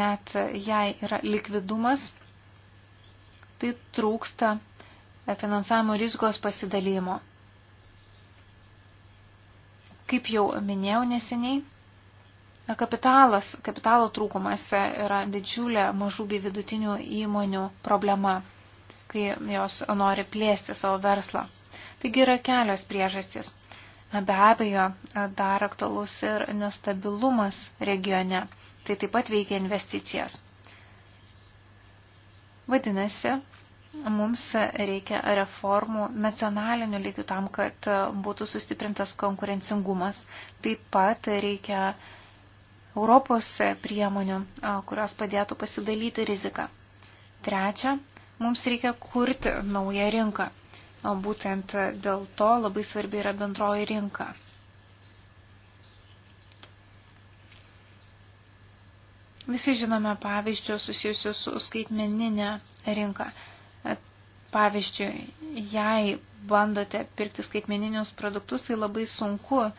net jei yra likvidumas, tai trūksta finansavimo rizikos pasidalymo. Kaip jau minėjau neseniai, Kapitalas, kapitalo trūkumas yra didžiulė mažų bei vidutinių įmonių problema, kai jos nori plėsti savo verslą. Taigi yra kelios priežastys. Be abejo, dar aktualus ir nestabilumas regione. Tai taip pat veikia investicijas. Vadinasi, mums reikia reformų nacionaliniu lygiu tam, kad būtų sustiprintas konkurencingumas. Taip pat reikia Europos priemonių, kurios padėtų pasidalyti riziką. Trečia, mums reikia kurti naują rinką. O būtent dėl to labai svarbi yra bendroji rinka. Visi žinome pavyzdžių susijusių su skaitmeninė rinka. E, pavyzdžiui, jei bandote pirkti skaitmeninius produktus, tai labai sunku e,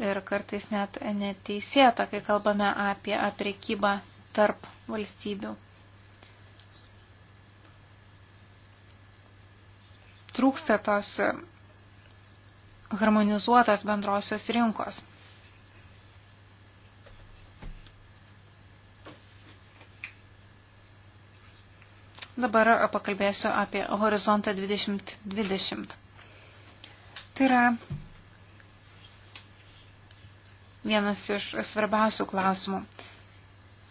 ir kartais net neteisėta, kai kalbame apie prekybą tarp valstybių. Trūksta tos harmonizuotas bendrosios rinkos. Dabar pakalbėsiu apie horizontą 2020. Tai yra vienas iš svarbiausių klausimų.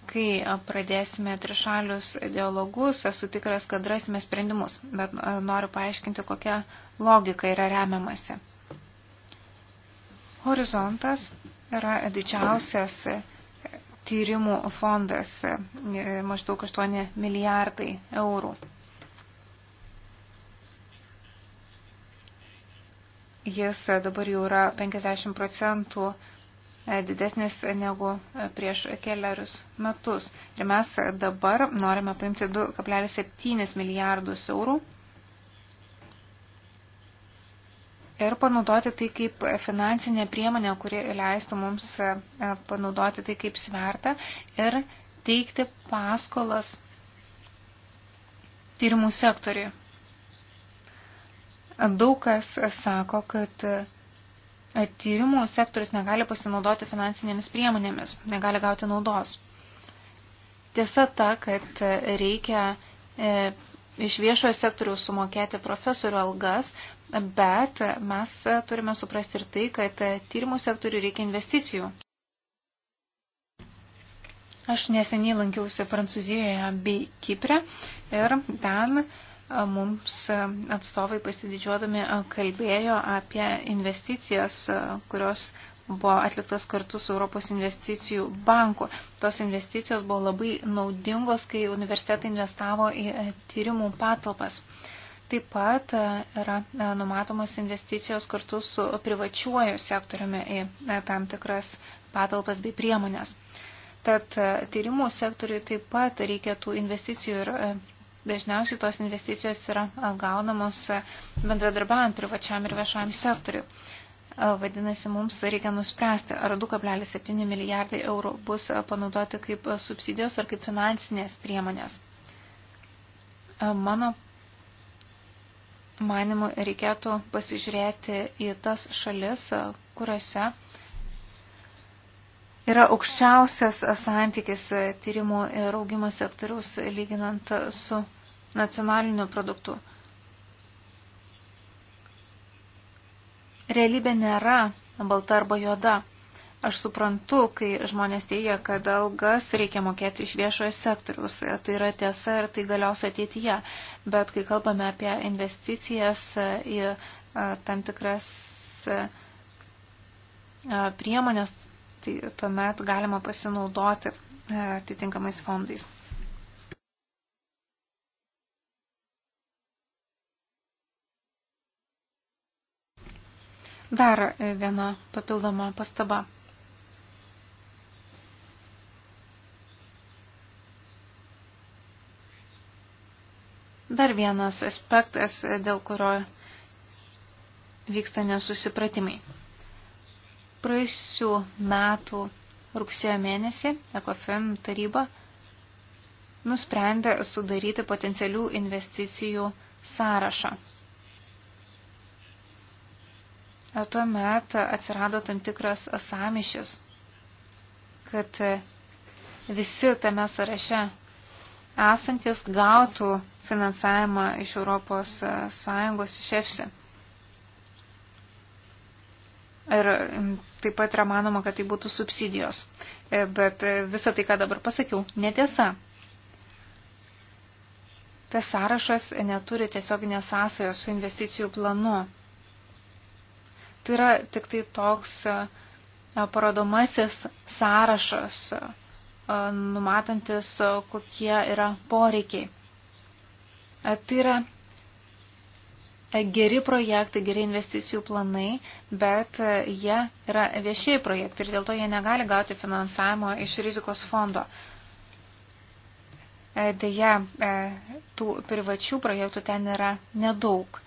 Kai pradėsime trišalius dialogus, esu tikras, kad rasime sprendimus, bet e, noriu paaiškinti, kokia logika yra remiamasi. Horizontas yra didžiausias tyrimų fondas, e, maždaug 8 milijardai eurų. Jis dabar jau yra 50 procentų didesnis negu prieš keliarius metus. Ir mes dabar norime paimti 2,7 milijardus eurų ir panaudoti tai kaip finansinė priemonė, kuri leistų mums e, panaudoti tai kaip svertą ir teikti paskolas tyrimų sektoriui. Daug kas sako, kad tyrimų sektorius negali pasinaudoti finansinėmis priemonėmis, negali gauti naudos. Tiesa ta, kad reikia e, iš viešojo sektoriaus sumokėti profesorių algas, bet mes turime suprasti ir tai, kad tyrimų sektoriui reikia investicijų. Aš neseniai lankiausi Prancūzijoje bei Kiprė ir ten mums atstovai pasididžiuodami kalbėjo apie investicijas, kurios buvo atliktas kartu su Europos investicijų banku. Tos investicijos buvo labai naudingos, kai universitetai investavo į tyrimų patalpas. Taip pat yra numatomos investicijos kartu su privačiuoju sektoriumi į tam tikras patalpas bei priemonės. Tad tyrimų sektoriui taip pat reikia tų investicijų ir dažniausiai tos investicijos yra gaunamos bendradarbiavant privačiam ir viešajam sektoriu. Vadinasi, mums reikia nuspręsti, ar 2,7 milijardai eurų bus panaudoti kaip subsidijos ar kaip finansinės priemonės. Mano manimu reikėtų pasižiūrėti į tas šalis, kuriuose yra aukščiausias santykis tyrimų ir augimo sektoriaus lyginant su nacionaliniu produktu. Realybė nėra balta arba juoda. Aš suprantu, kai žmonės teigia, kad algas reikia mokėti iš viešojo sektoriaus. Tai yra tiesa ir tai galiausiai ateityje. Bet kai kalbame apie investicijas į tam tikras priemonės, tai tuomet galima pasinaudoti e, atitinkamais fondais. Dar e, viena papildoma pastaba. Dar vienas aspektas, e, dėl kurio vyksta nesusipratimai. Praėjusių metų rugsėjo mėnesį ECOFIN taryba nusprendė sudaryti potencialių investicijų sąrašą. Tuomet atsirado tam tikras samišis, kad visi tame sąraše esantis gautų finansavimą iš Europos Sąjungos iš EFSI. Ir taip pat yra manoma, kad tai būtų subsidijos. E, bet e, visa tai, ką dabar pasakiau, netiesa. Tas sąrašas neturi tiesioginės sąsajos su investicijų planu. Tai yra tik tai toks e, parodomasis sąrašas, numatantis, kokie yra poreikiai. Tai yra E, geri projektai, geri investicijų planai, bet e, jie yra viešiai projektai ir dėl to jie negali gauti finansavimo iš rizikos fondo. E, deja, tų privačių projektų ten yra nedaug.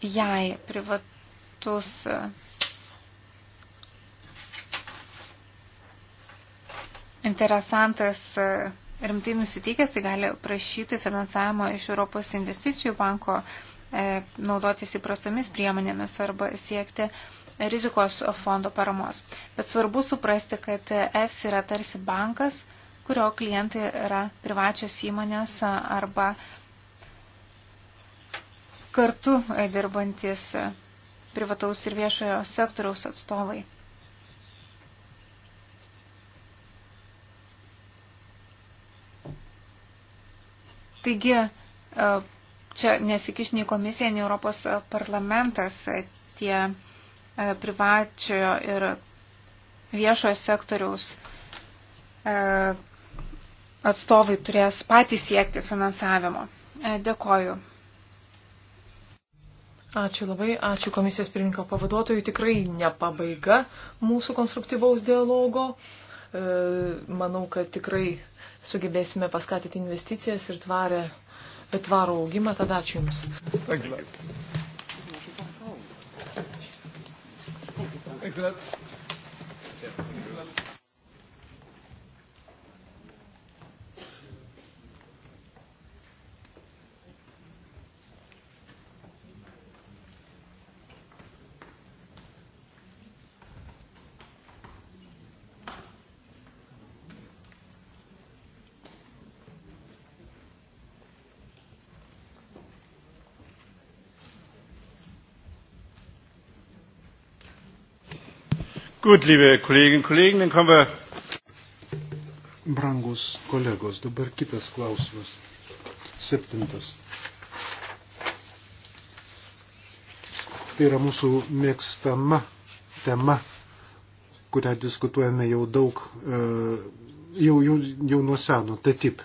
Jei privatus interesantas rimtai nusiteikęs, tai gali prašyti finansavimo iš Europos investicijų banko, e, naudotis įprastomis priemonėmis arba siekti rizikos fondo paramos. Bet svarbu suprasti, kad EFS yra tarsi bankas, kurio klientai yra privačios įmonės arba kartu dirbantis privataus ir viešojo sektoriaus atstovai. Taigi, e, čia nesikiš nei komisija, nei Europos parlamentas e, tie e, privačiojo ir viešojo sektoriaus atstovai turės patys siekti finansavimo. Dėkoju. Ačiū labai, ačiū komisijos pirmininko pavaduotojų. Tikrai nepabaiga mūsų konstruktyvaus dialogo. Manau, kad tikrai sugebėsime paskatyti investicijas ir tvarę, tvarų augimą, tada ačiū Jums. Thank you. Thanks a lot. Gut, liebe Kolleginnen und Kollegen, dann kommen wir. Brangus kolegos, dabar kitas klausimas. Septintas. Tai yra mūsų mėgstama tema, kurią diskutuojame jau daug, e, jau, jau, jau nuo seno, tai tip.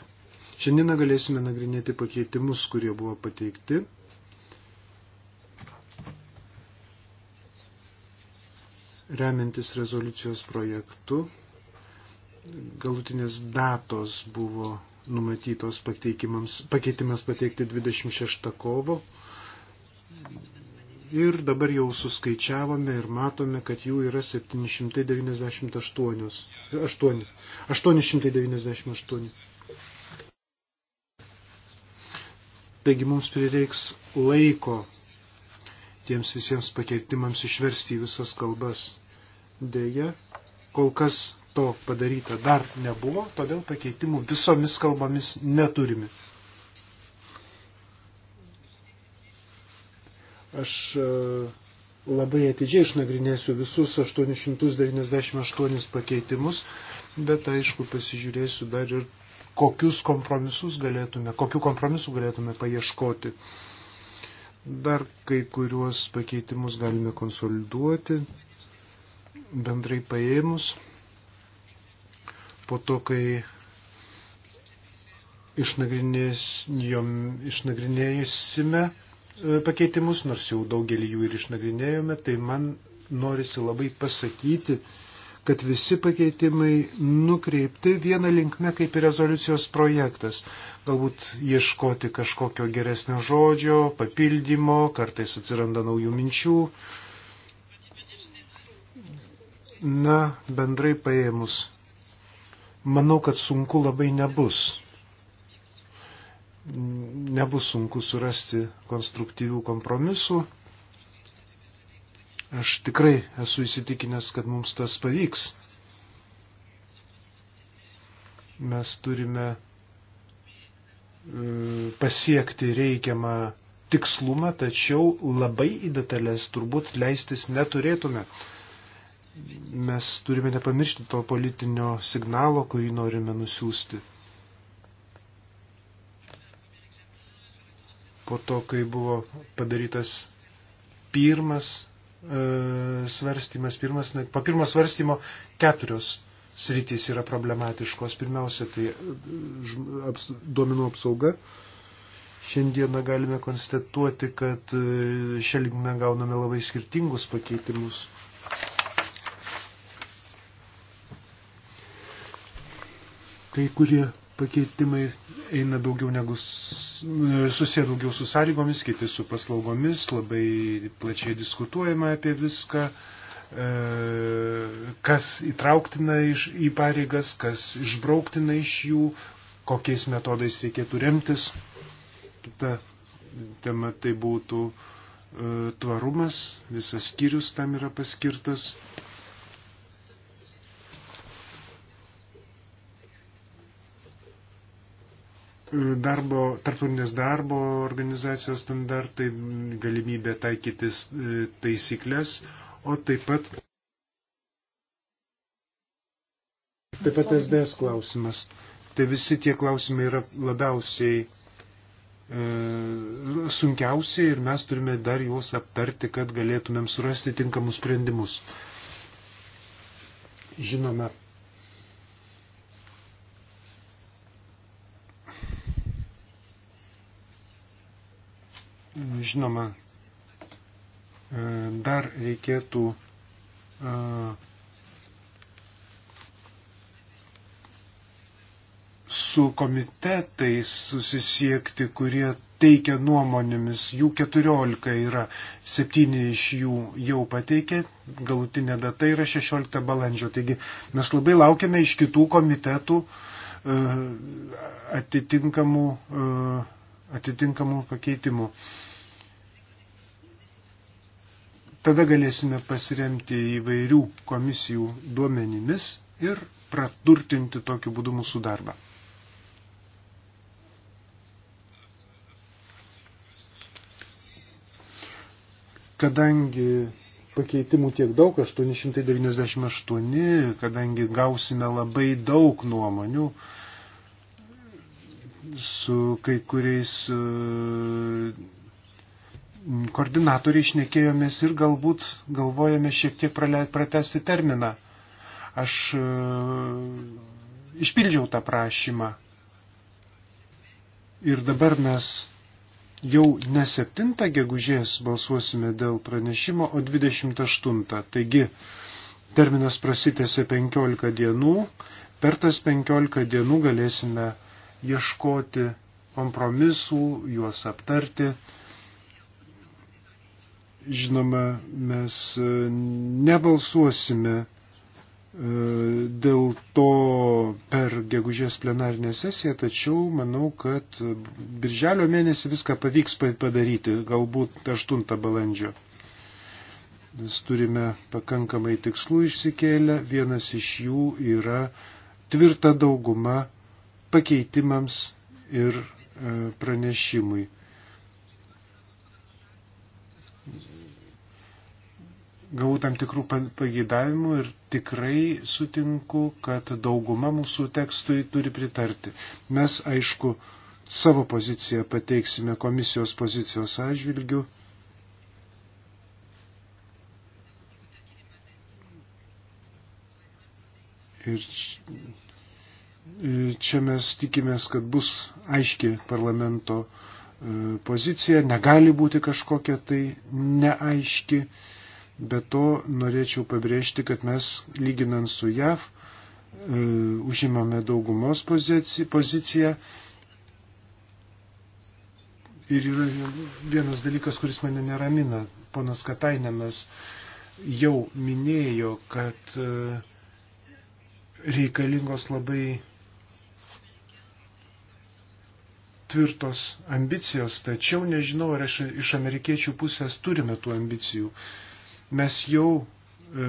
Šiandieną galėsime nagrinėti pakeitimus, kurie buvo pateikti Remiantis rezoliucijos projektu, galutinės datos buvo numatytos pakeitimas pateikti 26 kovo. Ir dabar jau suskaičiavome ir matome, kad jų yra 798. 8, 898. Taigi mums prireiks laiko tiems visiems pakeitimams išversti į visas kalbas. Deja, kol kas to padaryta dar nebuvo, todėl pakeitimų visomis kalbomis neturime. Aš e, labai atidžiai išnagrinėsiu visus 898 pakeitimus, bet aišku pasižiūrėsiu dar ir kokius kompromisus galėtume, kokiu kompromisu galėtume paieškoti. Dar kai kuriuos pakeitimus galime konsoliduoti, bendrai paėmus, po to, kai išnagrinėsime e, pakeitimus, nors jau daugelį jų ir išnagrinėjome, tai man norisi labai pasakyti, kad visi pakeitimai nukreipti vieną linkme kaip ir rezoliucijos projektas. Galbūt ieškoti kažkokio geresnio žodžio, papildymo, kartais atsiranda naujų minčių, Na, bendrai paėmus, manau, kad sunku labai nebus. Nebus sunku surasti konstruktyvių kompromisų. Aš tikrai esu įsitikinęs, kad mums tas pavyks. Mes turime e, pasiekti reikiamą tikslumą, tačiau labai į detalės turbūt leistis neturėtume mes turime nepamiršti to politinio signalo, kurį norime nusiųsti. Po to, kai buvo padarytas pirmas e, svarstymas, pirmas, po pirmo svarstymo keturios sritys yra problematiškos. Pirmiausia, tai e, aps, duomenų apsauga. Šiandieną galime konstatuoti, kad e, šią lygmę gauname labai skirtingus pakeitimus. Kai kurie pakeitimai eina daugiau negu e, susiję daugiau su sąlygomis, kiti su paslaugomis, labai plačiai diskutuojama apie viską, e, kas įtrauktina iš, į pareigas, kas išbrauktina iš jų, kokiais metodais reikėtų remtis. Kita tema tai būtų e, tvarumas, visas skyrius tam yra paskirtas. darbo, tarptautinės darbo organizacijos standartai, galimybė taikytis e, taisyklės, o taip pat, taip pat SDS klausimas. Tai visi tie klausimai yra labiausiai e, sunkiausiai ir mes turime dar juos aptarti, kad galėtumėm surasti tinkamus sprendimus. Žinome, Žinoma, e, dar reikėtų e, su komitetais susisiekti, kurie teikia nuomonėmis. Jų 14 yra, 7 iš jų jau pateikė, galutinė data yra 16 balandžio. Taigi mes labai laukiame iš kitų komitetų e, atitinkamų, atitinkamų pakeitimų. Tada galėsime pasiremti įvairių komisijų duomenimis ir praturtinti tokiu būdu mūsų darbą. Kadangi pakeitimų tiek daug, 898, kadangi gausime labai daug nuomonių su kai kuriais koordinatoriai išnekėjomės ir galbūt galvojame šiek tiek pratesti terminą. Aš e, išpildžiau tą prašymą. Ir dabar mes jau ne 7 gegužės balsuosime dėl pranešimo, o 28. Taigi terminas prasitėse 15 dienų. Per tas 15 dienų galėsime ieškoti kompromisų, juos aptarti Žinoma, mes e, nebalsuosime e, dėl to per gegužės plenarinę sesiją, tačiau manau, kad birželio mėnesį viską pavyks padaryti, galbūt 8 balandžio. Mes turime pakankamai tikslų išsikėlę, vienas iš jų yra tvirta dauguma pakeitimams ir e, pranešimui. gavau tam tikrų pagėdavimų ir tikrai sutinku, kad dauguma mūsų tekstui turi pritarti. Mes, aišku, savo poziciją pateiksime komisijos pozicijos atžvilgių. Ir čia mes tikimės, kad bus aiški parlamento e, pozicija, negali būti kažkokia tai neaiški. Be to norėčiau pabrėžti, kad mes, lyginant su JAV, e, užimame daugumos poziciją. Ir yra vienas dalykas, kuris mane neramina. Ponas Katainenas jau minėjo, kad e, reikalingos labai tvirtos ambicijos, tačiau nežinau, ar iš amerikiečių pusės turime tų ambicijų. Uh, Mes jau e,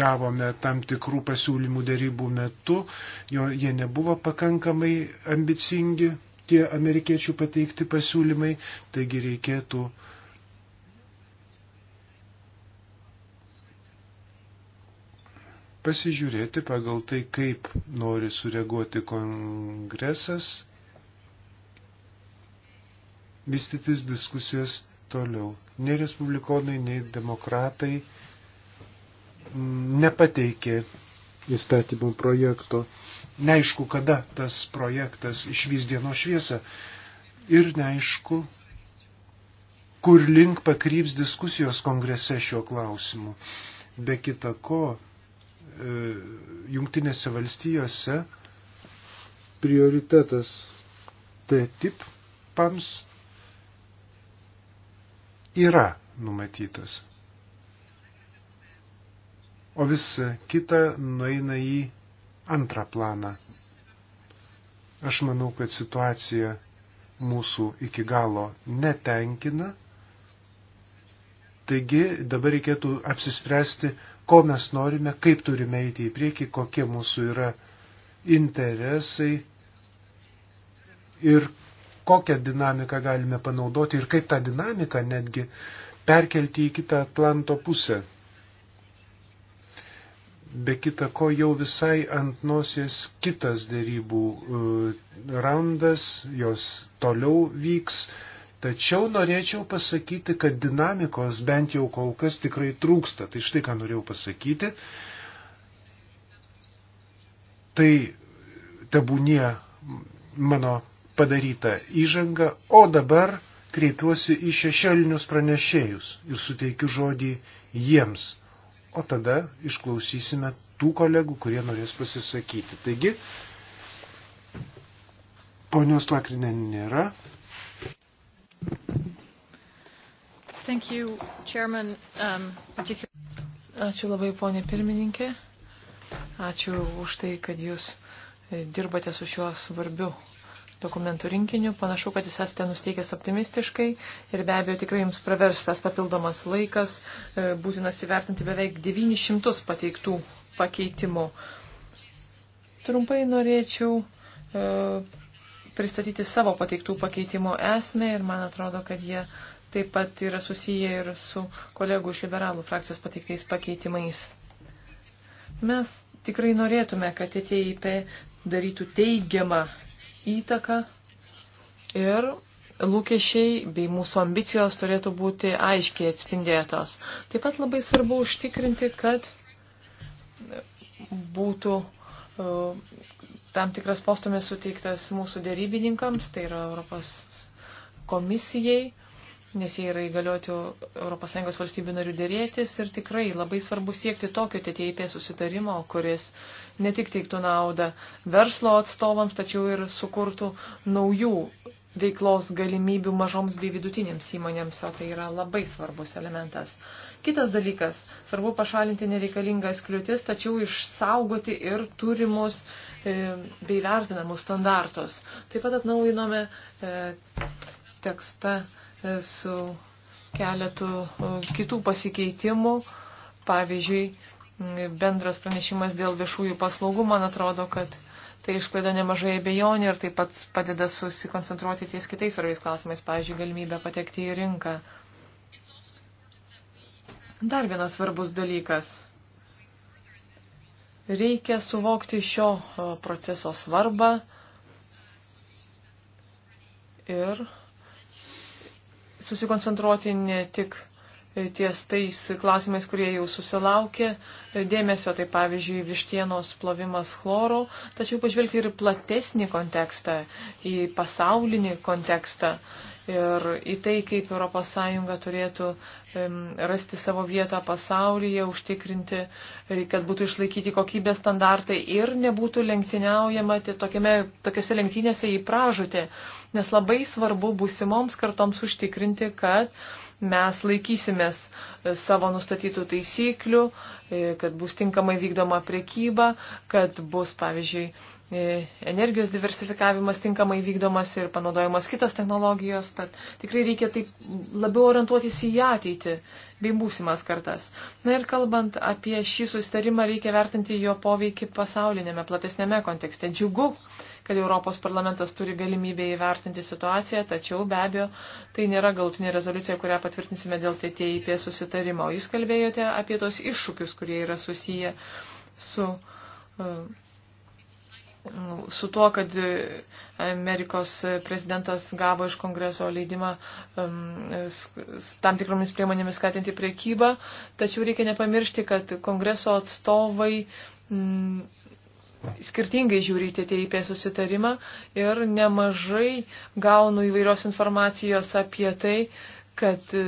gavome tam tikrų pasiūlymų dėrybų metu, jo, jie nebuvo pakankamai ambicingi, tie amerikiečių pateikti pasiūlymai, taigi reikėtų pasižiūrėti pagal tai, kaip nori sureaguoti kongresas, vystytis diskusijas toliau. Nei respublikonai, nei demokratai mm, nepateikė įstatymų projekto. Neaišku, kada tas projektas išvys dieno šviesą ir neaišku, kur link pakryps diskusijos kongrese šiuo klausimu. Be kita ko, e, jungtinėse valstijose prioritetas T-tip pams yra numatytas. O visa kita nueina į antrą planą. Aš manau, kad situacija mūsų iki galo netenkina. Taigi dabar reikėtų apsispręsti, ko mes norime, kaip turime eiti į priekį, kokie mūsų yra interesai ir kokią dinamiką galime panaudoti ir kaip tą dinamiką netgi perkelti į kitą Atlanto pusę. Be kita ko jau visai ant nosies kitas dėrybų e, randas, jos toliau vyks, tačiau norėčiau pasakyti, kad dinamikos bent jau kol kas tikrai trūksta. Tai štai ką norėjau pasakyti. Tai tebūnie mano padaryta įžanga, o dabar kreipiuosi į šešėlinius pranešėjus ir suteikiu žodį jiems, o tada išklausysime tų kolegų, kurie norės pasisakyti. Taigi, ponios Lakrinė nėra. Thank you, Chairman, um, Ačiū labai, ponė pirmininkė. Ačiū už tai, kad jūs e, dirbate su šiuo svarbiu dokumentų rinkiniu. Panašu, kad jūs esate nusteikęs optimistiškai ir be abejo tikrai jums pravers tas papildomas laikas, e, būtinas įvertinti beveik 900 pateiktų pakeitimų. Trumpai norėčiau e, pristatyti savo pateiktų pakeitimų esmę ir man atrodo, kad jie taip pat yra susiję ir su kolegų iš liberalų frakcijos pateiktais pakeitimais. Mes tikrai norėtume, kad TTIP darytų teigiamą įtaką ir lūkesčiai bei mūsų ambicijos turėtų būti aiškiai atspindėtos. Taip pat labai svarbu užtikrinti, kad būtų e, tam tikras postumės suteiktas mūsų dėrybininkams, tai yra Europos komisijai nes jie yra įgalioti ES valstybių narių dėrėtis ir tikrai labai svarbu siekti tokio TTIP susitarimo, kuris ne tik teiktų naudą verslo atstovams, tačiau ir sukurtų naujų veiklos galimybių mažoms bei vidutinėms įmonėms, o tai yra labai svarbus elementas. Kitas dalykas, svarbu pašalinti nereikalingas kliūtis, tačiau išsaugoti ir turimus e, bei vertinamus standartus. Taip pat atnaujinome e, tekstą su keletu e, kitų pasikeitimų. Pavyzdžiui, bendras pranešimas dėl viešųjų paslaugų, man atrodo, kad tai išsklaido nemažai abejonių ir taip pat padeda susikoncentruoti ties kitais svarbiais klausimais, pavyzdžiui, galimybę patekti į rinką. Dar vienas svarbus dalykas. Reikia suvokti šio e, proceso svarbą ir susikoncentruoti ne tik e, ties tais klausimais, kurie jau susilaukė e, dėmesio, tai pavyzdžiui, vištienos plovimas chloro, tačiau pažvelgti ir platesnį kontekstą, į pasaulinį kontekstą ir į tai, kaip ES turėtų rasti savo vietą pasaulyje, užtikrinti, e, kad būtų išlaikyti kokybės standartai ir nebūtų lenktyniaujama tokiame, tokiose lenktynėse į pražutį, nes labai svarbu būsimoms kartoms užtikrinti, kad mes laikysimės e, savo nustatytų taisyklių, e, kad bus tinkamai vykdoma priekyba, kad bus, pavyzdžiui, e, energijos diversifikavimas tinkamai vykdomas ir panaudojamos kitos technologijos, tad tikrai reikia taip labiau orientuotis į ateitį bei būsimas kartas. Na ir kalbant apie šį sustarimą, reikia vertinti jo poveikį pasaulinėme, platesnėme kontekste. Džiugu, kad Europos parlamentas turi galimybę įvertinti situaciją, tačiau be abejo tai nėra galutinė rezoliucija, kurią patvirtinsime dėl TTIP susitarimo. Jūs kalbėjote apie tos iššūkius, kurie yra susiję su. Uh, su tuo, kad Amerikos prezidentas gavo iš kongreso leidimą e, tam tikromis priemonėmis skatinti priekybą, tačiau reikia nepamiršti, kad kongreso atstovai skirtingai žiūri į TTIP susitarimą ir nemažai gaunu įvairios informacijos apie tai, kad e,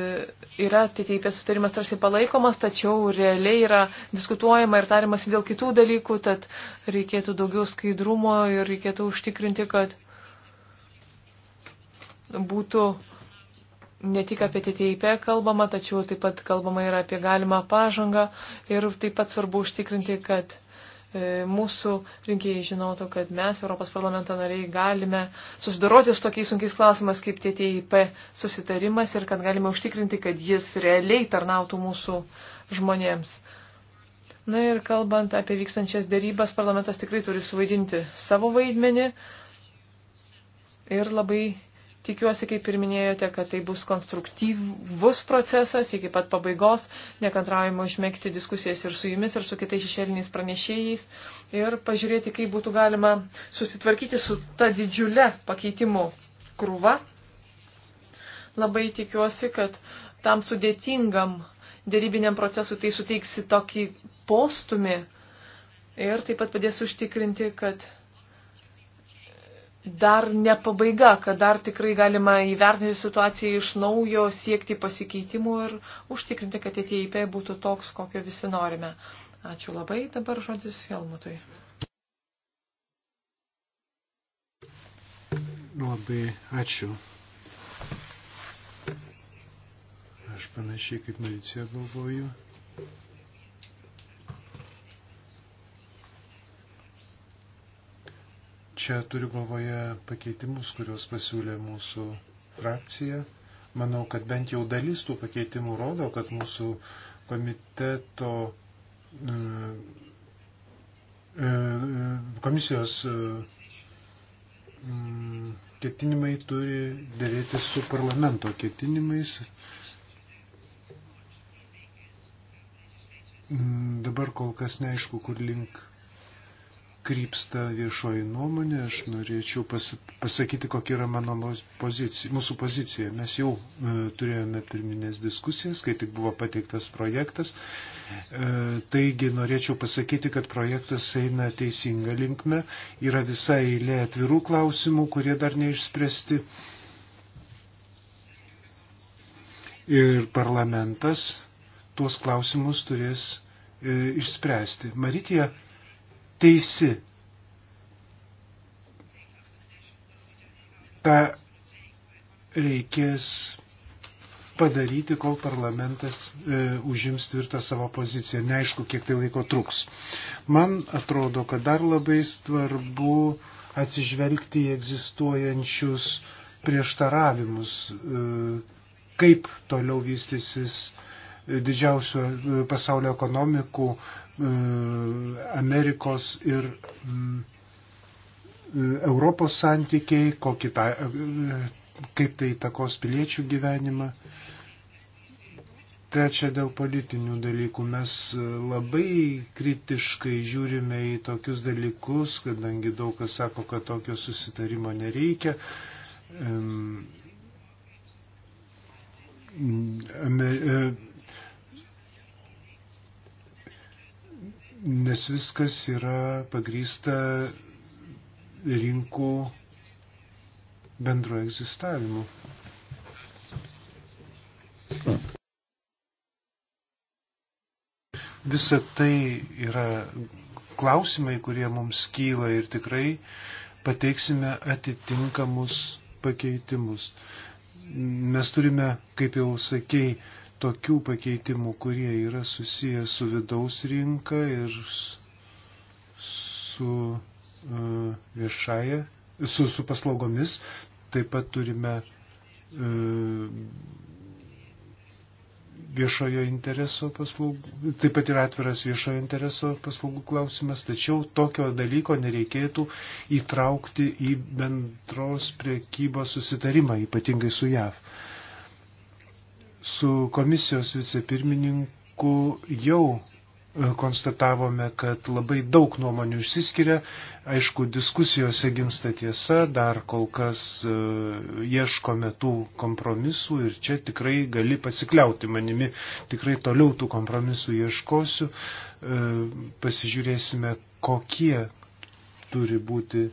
yra TTIP sutarimas tarsi palaikomas, tačiau realiai yra diskutuojama ir tarimasi dėl kitų dalykų, tad reikėtų daugiau skaidrumo ir reikėtų užtikrinti, kad būtų ne tik apie TTIP kalbama, tačiau taip pat kalbama ir apie galimą pažangą ir taip pat svarbu užtikrinti, kad E, mūsų rinkėjai žinotų, kad mes, Europos parlamento nariai, galime susidoroti su tokiais sunkiais klausimas kaip TTIP susitarimas ir kad galime užtikrinti, kad jis realiai tarnautų mūsų žmonėms. Na ir kalbant apie vykstančias dėrybas, parlamentas tikrai turi suvaidinti savo vaidmenį ir labai Tikiuosi, kaip ir minėjote, kad tai bus konstruktyvus procesas iki pat pabaigos, nekantraujama išmėgti diskusijas ir su jumis, ir su kitais išėliniais pranešėjais, ir pažiūrėti, kaip būtų galima susitvarkyti su ta didžiulė pakeitimų krūva. Labai tikiuosi, kad tam sudėtingam dėrybiniam procesui tai suteiksi tokį postumį ir taip pat padės užtikrinti, kad dar ne pabaiga, kad dar tikrai galima įvertinti situaciją iš naujo, siekti pasikeitimų ir užtikrinti, kad TTIP būtų toks, kokio visi norime. Ačiū labai, dabar žodis Helmutui. Labai ačiū. Aš panašiai kaip milicija galvoju. Čia turiu galvoje pakeitimus, kuriuos pasiūlė mūsų frakcija. Manau, kad bent jau dalis tų pakeitimų rodo, kad mūsų komiteto e, e, komisijos e, ketinimai turi dėrėti su parlamento ketinimais. Dabar kol kas neaišku, kur link krypsta viešoji nuomonė, aš norėčiau pas, pasakyti, kokia yra mano pozicija, mūsų pozicija. Mes jau e, turėjome pirminės diskusijas, kai tik buvo pateiktas projektas. E, taigi norėčiau pasakyti, kad projektas eina teisinga linkme. Yra visa eilė atvirų klausimų, kurie dar neišspręsti. Ir parlamentas tuos klausimus turės e, išspręsti. Marytija teisi. Ta reikės padaryti, kol parlamentas e, užims tvirtą savo poziciją. Neaišku, kiek tai laiko truks. Man atrodo, kad dar labai svarbu atsižvelgti į egzistuojančius prieštaravimus, e, kaip toliau vystysis e, didžiausių e, pasaulio ekonomikų e, Amerikos ir mm, e, Europos santykiai, ta, kaip tai takos piliečių gyvenimą. Trečia, dėl politinių dalykų. Mes labai kritiškai žiūrime į tokius dalykus, kadangi daug kas sako, kad tokio susitarimo nereikia. nes viskas yra pagrysta rinkų bendro egzistavimu. Visa tai yra klausimai, kurie mums kyla ir tikrai pateiksime atitinkamus pakeitimus. Mes turime, kaip jau sakėjai, tokių pakeitimų, kurie yra susiję su vidaus rinka ir su e, viešaja, su, su paslaugomis. Taip pat turime e, viešojo intereso paslaugų, taip pat yra atviras viešojo intereso paslaugų klausimas, tačiau tokio dalyko nereikėtų įtraukti į bendros priekybos susitarimą, ypatingai su JAV su komisijos vicepirmininku jau e, konstatavome, kad labai daug nuomonių išsiskiria. Aišku, diskusijose gimsta tiesa, dar kol kas e, ieškome tų kompromisų ir čia tikrai gali pasikliauti manimi, tikrai toliau tų kompromisų ieškosiu. E, pasižiūrėsime, kokie turi būti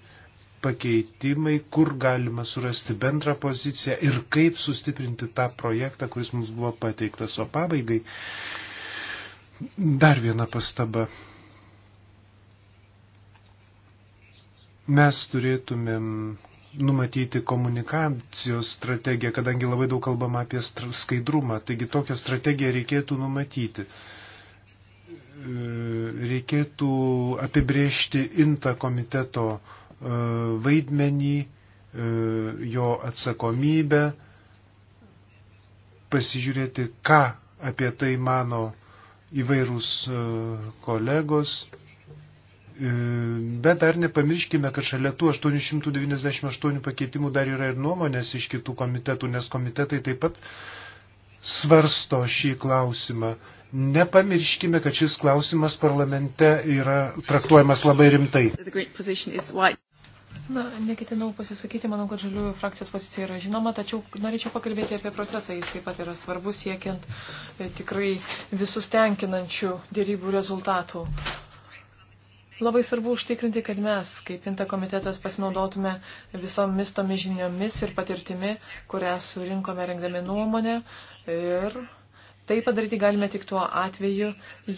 pakeitimai, kur galima surasti bendrą poziciją ir kaip sustiprinti tą projektą, kuris mums buvo pateiktas. O pabaigai dar viena pastaba. Mes turėtumėm numatyti komunikacijos strategiją, kadangi labai daug kalbama apie skaidrumą, taigi tokią strategiją reikėtų numatyti e, reikėtų apibriežti INTA komiteto vaidmenį, e, jo atsakomybę, pasižiūrėti, ką apie tai mano įvairūs e, kolegos. E, bet dar nepamirškime, kad šalia tų 898 pakeitimų dar yra ir nuomonės iš kitų komitetų, nes komitetai taip pat svarsto šį klausimą. Nepamirškime, kad šis klausimas parlamente yra traktuojamas labai rimtai. Na, neketinau pasisakyti, manau, kad žaliųjų frakcijos pozicija yra žinoma, tačiau norėčiau pakalbėti apie procesą, jis taip pat yra svarbus siekiant e, tikrai visus tenkinančių dėrybų rezultatų. Labai svarbu užtikrinti, kad mes, kaip Inta komitetas, pasinaudotume visomis tomis žiniomis ir patirtimi, kurią surinkome rengdami nuomonę. Ir tai padaryti galime tik tuo atveju,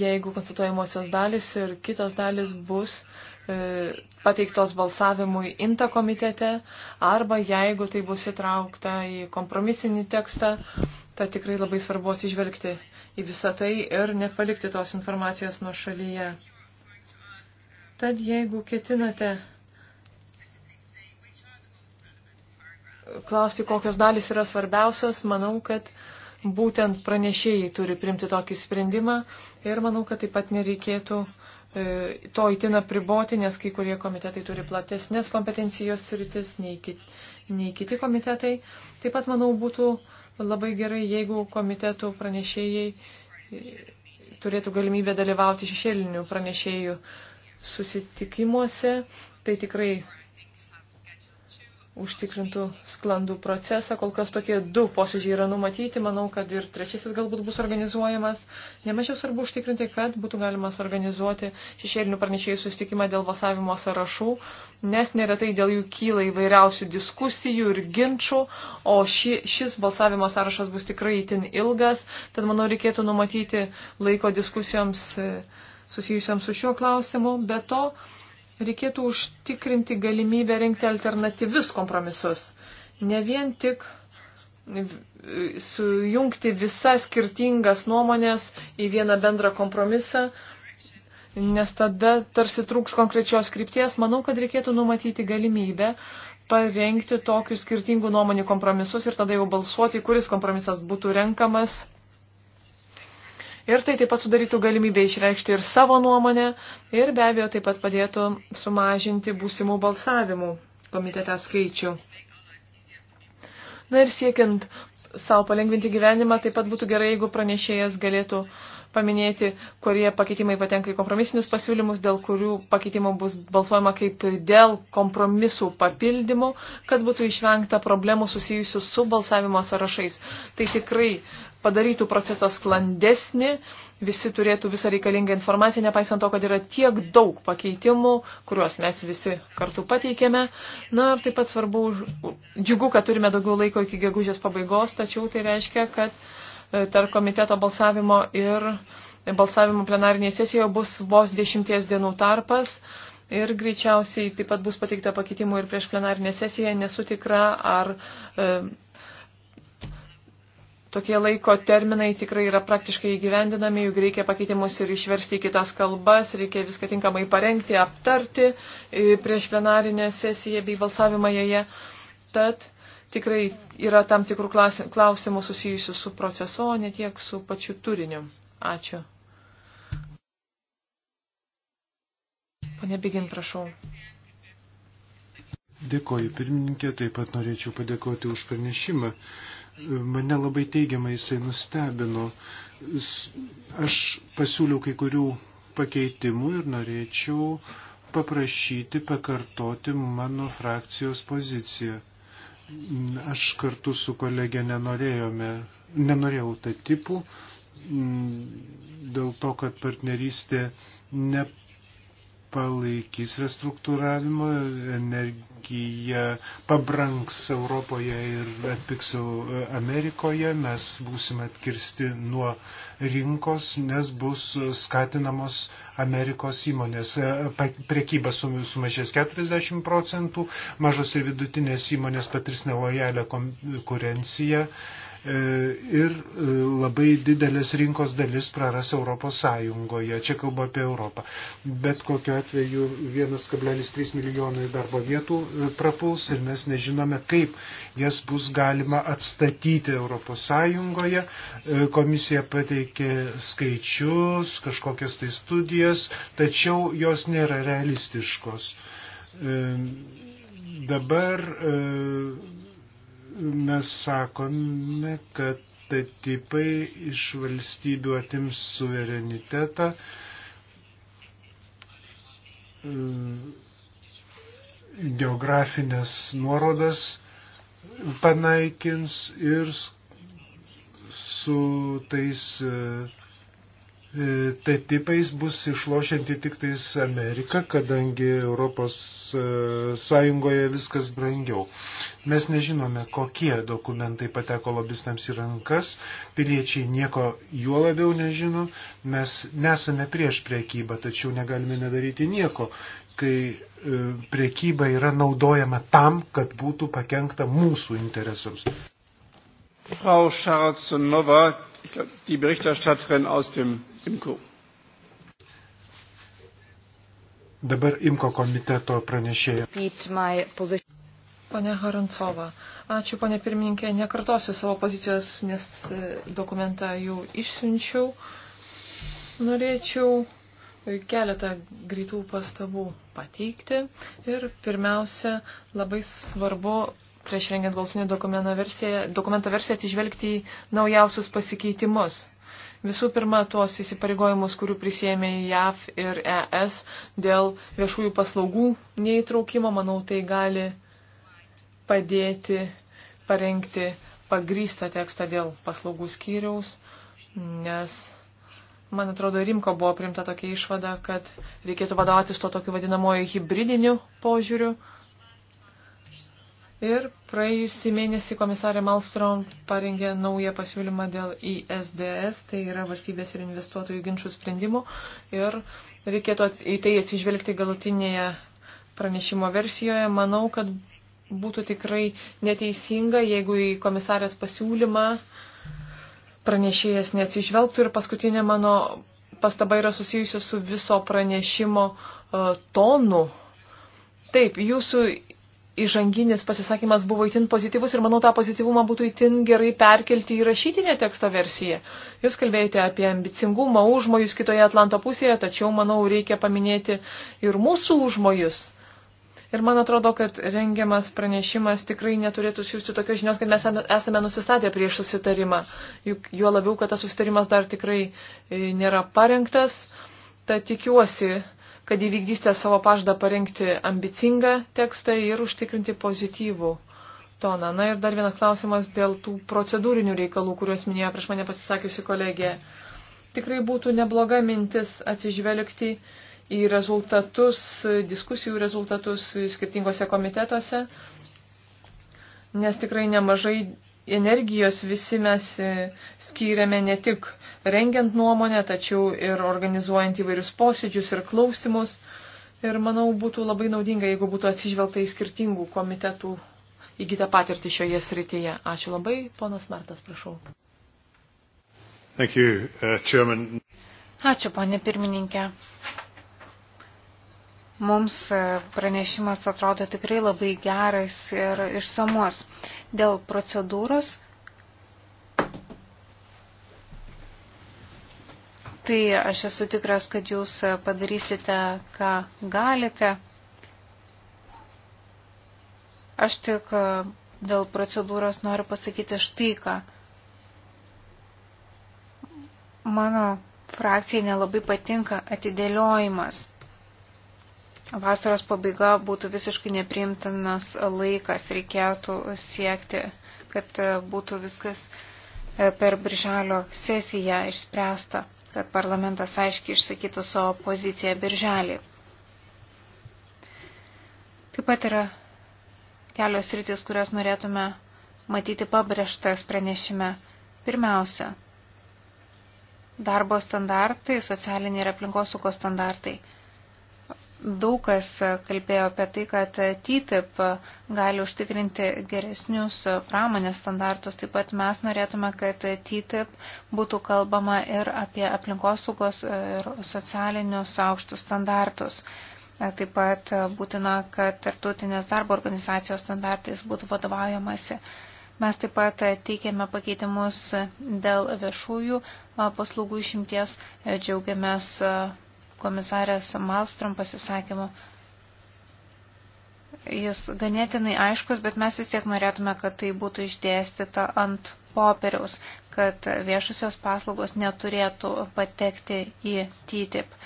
jeigu konstatuojamosios dalis ir kitos dalis bus E, pateiktos balsavimui INTA komitete, arba jeigu tai bus įtraukta į kompromisinį tekstą, tai tikrai labai svarbu atsižvelgti į visą tai ir nepalikti tos informacijos nuo šalyje. Tad jeigu ketinate klausti, kokios dalys yra svarbiausios, manau, kad būtent pranešėjai turi primti tokį sprendimą ir manau, kad taip pat nereikėtų uh, E, to įtina priboti, nes kai kurie komitetai turi platesnės kompetencijos sritis nei, kit, nei kiti komitetai. Taip pat, manau, būtų labai gerai, jeigu komitetų pranešėjai e, turėtų galimybę dalyvauti šešėlinių pranešėjų susitikimuose. Tai tikrai užtikrintų sklandų procesą. Kol kas tokie du posėdžiai yra numatyti, manau, kad ir trečiasis galbūt bus organizuojamas. Nemažiau svarbu užtikrinti, kad būtų galima suorganizuoti šešėlinių pranešėjų sustikimą dėl balsavimo sąrašų, nes neretai dėl jų kyla įvairiausių diskusijų ir ginčių, o ši, šis balsavimo sąrašas bus tikrai itin ilgas, tad manau reikėtų numatyti laiko diskusijoms e, susijusiam su šiuo klausimu. Be to, reikėtų užtikrinti galimybę rinkti alternatyvius kompromisus. Ne vien tik sujungti visas skirtingas nuomonės į vieną bendrą kompromisą, nes tada tarsi trūks konkrečios krypties. Manau, kad reikėtų numatyti galimybę parengti tokius skirtingų nuomonių kompromisus ir tada jau balsuoti, kuris kompromisas būtų renkamas Ir tai taip pat sudarytų galimybę išreikšti ir savo nuomonę ir be abejo taip pat padėtų sumažinti būsimų balsavimų komitete skaičių. Na ir siekiant savo palengvinti gyvenimą, taip pat būtų gerai, jeigu pranešėjas galėtų paminėti, kurie pakeitimai patenka į kompromisinius pasiūlymus, dėl kurių pakeitimų bus balsuojama kaip dėl kompromisų papildymų, kad būtų išvengta problemų susijusių su balsavimo sąrašais. Tai tikrai padarytų procesą sklandesnį, visi turėtų visą reikalingą informaciją, nepaisant to, kad yra tiek daug pakeitimų, kuriuos mes visi kartu pateikėme. Na ir taip pat svarbu, džiugu, kad turime daugiau laiko iki gegužės pabaigos, tačiau tai reiškia, kad e, tarp komiteto balsavimo ir balsavimo plenarinėje sesijoje bus vos dešimties dienų tarpas. Ir greičiausiai taip pat bus pateikta pakeitimų ir prieš plenarinę sesiją. Nesu tikra, ar e, tokie laiko terminai tikrai yra praktiškai įgyvendinami, juk reikia pakeitimus ir išversti į kitas kalbas, reikia viską tinkamai parengti, aptarti e, prieš plenarinę sesiją bei balsavimą joje. Tad tikrai yra tam tikrų klausimų susijusių su procesu, o ne tiek su pačiu turiniu. Ačiū. Pane Bigin, prašau. Dėkoju pirmininkė, taip pat norėčiau padėkoti už pranešimą mane labai teigiamai jisai nustebino. Aš pasiūliau kai kurių pakeitimų ir norėčiau paprašyti pakartoti mano frakcijos poziciją. Aš kartu su kolegė nenorėjome, nenorėjau tai tipų, dėl to, kad partnerystė ne palaikys restruktūravimą, energija pabranks Europoje ir atpiks Amerikoje, mes būsime atkirsti nuo rinkos, nes bus skatinamos Amerikos įmonės. E, prekyba sumažės 40 procentų, mažos ir vidutinės įmonės patirs nelojalę konkurenciją. Kom E, ir e, labai didelės rinkos dalis praras Europos Sąjungoje. Čia kalba apie Europą. Bet kokiu atveju 1,3 milijonai darbo vietų e, prapuls ir mes nežinome, kaip jas bus galima atstatyti Europos Sąjungoje. Komisija pateikė skaičius, kažkokias tai studijas, tačiau jos nėra realistiškos. Dabar mes sakome, kad tai tipai iš valstybių atims suverenitetą. Geografinės nuorodas panaikins ir su tais uh, E, tai tipais bus išlošianti tik tais Amerika, kadangi Europos e, Sąjungoje viskas brangiau. Mes nežinome, kokie dokumentai pateko lobistams į rankas, piliečiai nieko juo labiau nežino, mes nesame prieš priekybą, tačiau negalime nedaryti nieko, kai e, priekyba yra naudojama tam, kad būtų pakengta mūsų interesams. Frau Scharazunova, die Berichterstatterin aus dem Imko. Dabar Imko komiteto pranešėja. Pane Harantsova, ačiū, pane pirmininkė, nekartosiu savo pozicijos, nes e, dokumentą jau išsiunčiau. Norėčiau keletą greitų pastabų pateikti ir pirmiausia, labai svarbu prieš rengiant galtinį dokumentą versiją, dokumentą versiją atsižvelgti į naujausius pasikeitimus. Visų pirma, tuos įsipareigojimus, kurių prisėmė JAV ir ES dėl viešųjų paslaugų neįtraukimo, manau, tai gali padėti parengti pagrystą tekstą dėl paslaugų skyriaus, nes, man atrodo, Rimko buvo primta tokia išvada, kad reikėtų vadovautis to tokiu vadinamoju hybridiniu požiūriu. Ir praėjusį mėnesį komisarė Malmström parengė naują pasiūlymą dėl ISDS, tai yra valstybės ir investuotojų ginčių sprendimų. Ir reikėtų į tai atsižvelgti galutinėje pranešimo versijoje. Manau, kad būtų tikrai neteisinga, jeigu į komisarės pasiūlymą pranešėjas neatsižvelgtų. Ir paskutinė mano pastaba yra susijusi su viso pranešimo uh, tonu. Taip, jūsų įžanginis pasisakymas buvo itin pozityvus ir manau tą pozityvumą būtų itin gerai perkelti į rašytinę teksto versiją. Jūs kalbėjote apie ambicingumą, užmojus kitoje Atlanto pusėje, tačiau manau reikia paminėti ir mūsų užmojus. Ir man atrodo, kad rengiamas pranešimas tikrai neturėtų siūsti tokios žinios, kad mes esame nusistatę prieš susitarimą. Juk juo labiau, kad tas susitarimas dar tikrai e, nėra parengtas. Tad tikiuosi, kad įvykdysite savo pažadą parengti ambicingą tekstą ir užtikrinti pozityvų toną. Na ir dar vienas klausimas dėl tų procedūrinių reikalų, kuriuos minėjo prieš mane pasisakiusi kolegė. Tikrai būtų nebloga mintis atsižvelgti į rezultatus, diskusijų rezultatus skirtingose komitetuose, nes tikrai nemažai energijos visi mes e, skiriame ne tik rengiant nuomonę, tačiau ir organizuojant įvairius posėdžius ir klausimus. Ir manau, būtų labai naudinga, jeigu būtų atsižvelgta į skirtingų komitetų įgytą patirtį šioje srityje. Ačiū labai, ponas Martas, prašau. Thank you, uh, chairman. Ačiū, ponė pirmininkė. Mums e, pranešimas atrodo tikrai labai geras ir išsamus. Dėl procedūros, tai aš esu tikras, kad jūs padarysite, ką galite. Aš tik e, dėl procedūros noriu pasakyti štai ką. Mano frakcijai nelabai patinka atidėliojimas vasaros pabaiga būtų visiškai nepriimtinas laikas, reikėtų siekti, kad e, būtų viskas e, per birželio sesiją išspręsta, kad parlamentas aiškiai išsakytų savo poziciją birželį. Taip pat yra kelios rytis, kurias norėtume matyti pabrėžtas pranešime. Pirmiausia, darbo standartai, socialiniai ir aplinkosaugos standartai. Daug kas kalbėjo apie tai, kad TTIP gali užtikrinti geresnius pramonės standartus. Taip pat mes norėtume, kad TTIP būtų kalbama ir apie aplinkosaugos ir socialinius aukštus standartus. Taip pat būtina, kad tarptautinės darbo organizacijos standartais būtų vadovaujamasi. Mes taip pat teikiame pakeitimus dėl viešųjų paslaugų išimties, džiaugiamės komisarės Malstrom pasisakymu. Jis ganėtinai aiškus, bet mes vis tiek norėtume, kad tai būtų išdėstyta ant popieriaus, kad viešusios paslaugos neturėtų patekti į TTIP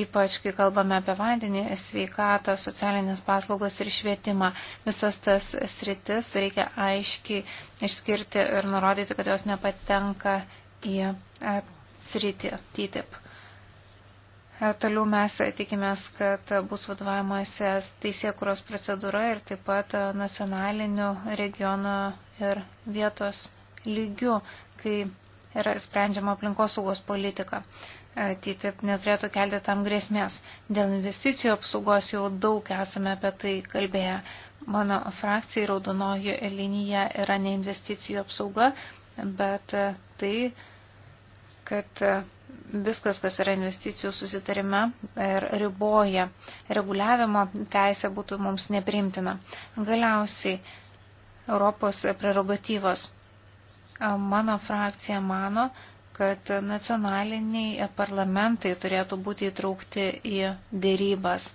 ypač kai kalbame apie vandenį, sveikatą, socialinės paslaugos ir švietimą. Visas tas sritis reikia aiškiai išskirti ir nurodyti, kad jos nepatenka į e, sritį TTIP. E, toliau mes tikimės, kad bus vadovavimuose teisėkuros procedūra ir taip pat nacionaliniu regiono ir vietos lygiu, kai yra sprendžiama aplinkosaugos politika. E, TTIP tai neturėtų kelti tam grėsmės. Dėl investicijų apsaugos jau daug esame apie tai kalbėję. Mano frakcijai raudonoji linija yra ne investicijų apsauga, bet tai, kad viskas, kas yra investicijų susitarime ir riboja reguliavimo teisę, būtų mums neprimtina. Galiausiai Europos prerogatyvos. Mano frakcija mano, kad nacionaliniai parlamentai turėtų būti įtraukti į dėrybas.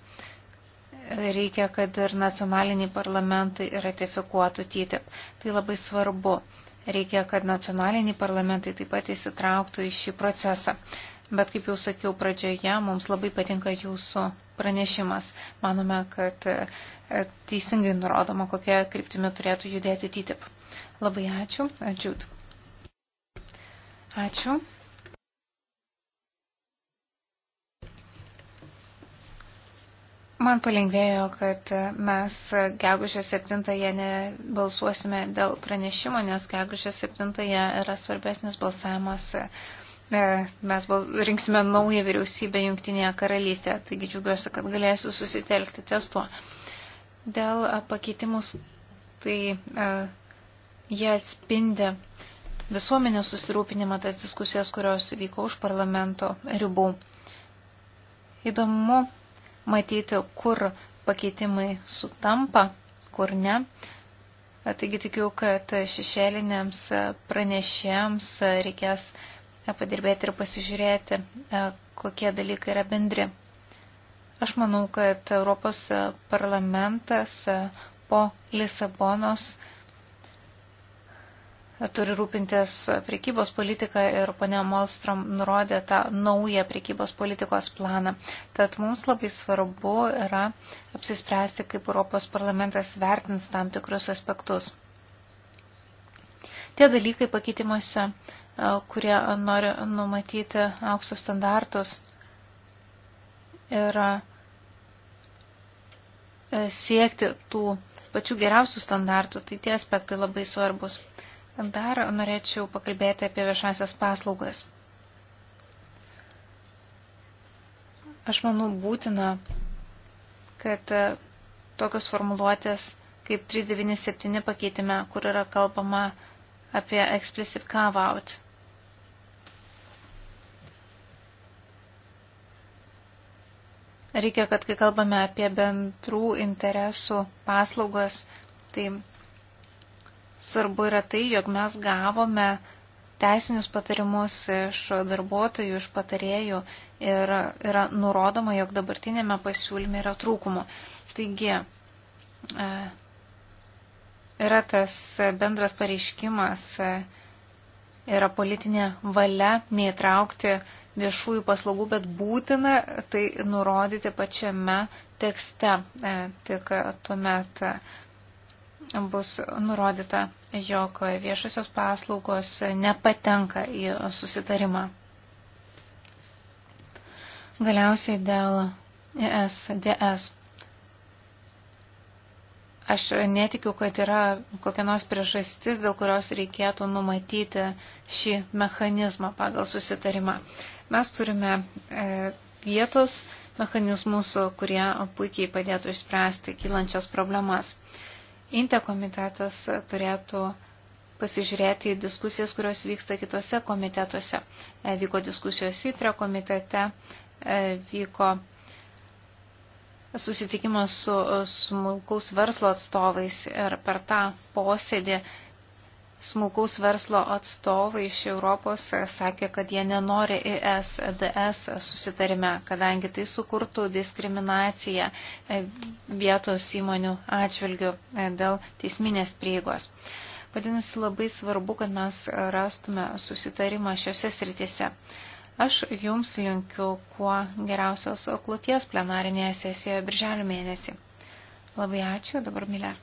Reikia, kad ir nacionaliniai parlamentai ratifikuotų TTIP. Tai labai svarbu. Reikia, kad nacionaliniai parlamentai taip pat įsitrauktų į šį procesą. Bet kaip jau sakiau pradžioje, mums labai patinka jūsų pranešimas. Manome, kad e, teisingai nurodoma, kokia kryptimi turėtų judėti TTIP. Labai ačiū. Ačiū. Ačiū. Man palengvėjo, kad mes gegužę 7-ąją nebalsuosime dėl pranešimo, nes gegužę 7-ąją yra svarbesnis balsavimas. E, mes rinksime naują vyriausybę Junktinėje karalystėje, taigi džiugiuosi, kad galėsiu susitelkti ties tuo. Dėl e, pakeitimus, tai e, jie atspindi visuomenės susirūpinimą tas diskusijas, kurios vyko už parlamento ribų. Įdomu matyti, kur pakeitimai sutampa, kur ne. Taigi tikiu, kad šešėlinėms pranešėjams reikės padirbėti ir pasižiūrėti, kokie dalykai yra bendri. Aš manau, kad Europos parlamentas po Lisabonos turi rūpintis priekybos politika ir ponė Molstrom nurodė tą naują priekybos politikos planą. Tad mums labai svarbu yra apsispręsti, kaip Europos parlamentas vertins tam tikrus aspektus. Tie dalykai pakeitimuose, e, kurie nori numatyti auksus standartus ir e, siekti tų pačių geriausių standartų, tai tie aspektai labai svarbus. Dar norėčiau pakalbėti apie viešasias paslaugas. Aš manau būtina, kad e, tokios formuluotės kaip 397 pakeitime, kur yra kalbama apie explicit carve-out. Reikia, kad kai kalbame apie bendrų interesų paslaugas, tai Svarbu yra tai, jog mes gavome teisinius patarimus iš darbuotojų, iš patarėjų ir yra nurodoma, jog dabartinėme pasiūlyme yra trūkumų. Taigi, e, yra tas bendras pareiškimas, e, yra politinė valia neįtraukti viešųjų paslaugų, bet būtina tai nurodyti pačiame tekste. E, tik tuomet bus nurodyta, jog viešasios paslaugos nepatenka į susitarimą. Galiausiai dėl ESDS. Aš netikiu, kad yra kokia nors priežastis, dėl kurios reikėtų numatyti šį mechanizmą pagal susitarimą. Mes turime e, vietos mechanizmus, kurie puikiai padėtų išspręsti kylančias problemas. Inte komitetas turėtų pasižiūrėti į diskusijas, kurios vyksta kitose komitetuose. E, vyko diskusijos įtra komitete, e, vyko susitikimas su e, smulkaus verslo atstovais ir per tą posėdį smulkaus verslo atstovai iš Europos e, sakė, kad jie nenori ISDS susitarime, kadangi tai sukurtų diskriminaciją e, vietos įmonių atžvilgių e, dėl teisminės prieigos. Vadinasi, labai svarbu, kad mes rastume susitarimą šiose sritise. Aš jums linkiu kuo geriausios kloties plenarinėje sesijoje birželio mėnesį. Labai ačiū, dabar Milė.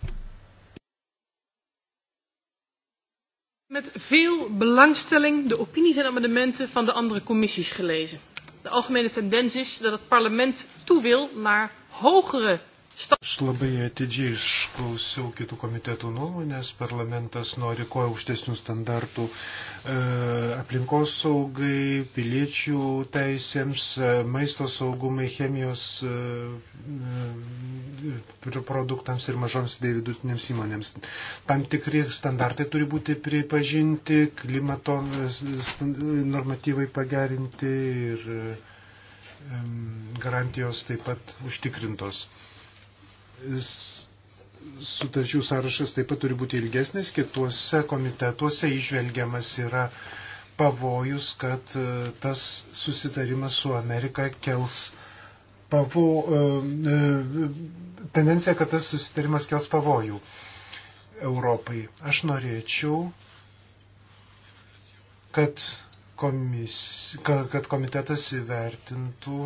Met veel belangstelling de opinies en amendementen van de andere commissies gelezen. De algemene tendens is dat het parlement toe wil naar hogere Aš labai atidžiai išklausiau kitų komitetų nuomonės. Parlamentas nori kuo aukštesnių standartų e, aplinkos saugai, piliečių teisėms, e, maisto saugumai, chemijos e, e, produktams ir mažoms bei vidutinėms įmonėms. Tam tikri standartai turi būti pripažinti, klimato e, normatyvai pagerinti ir e, garantijos taip pat užtikrintos. E, sutarčių sąrašas taip pat turi būti ilgesnis, kituose komitetuose išvelgiamas yra pavojus, kad e, tas susitarimas su Amerika kels pavo, e, e, tendencija, kad tas susitarimas kels pavojų Europai. Aš norėčiau, kad, komis, kad komitetas įvertintų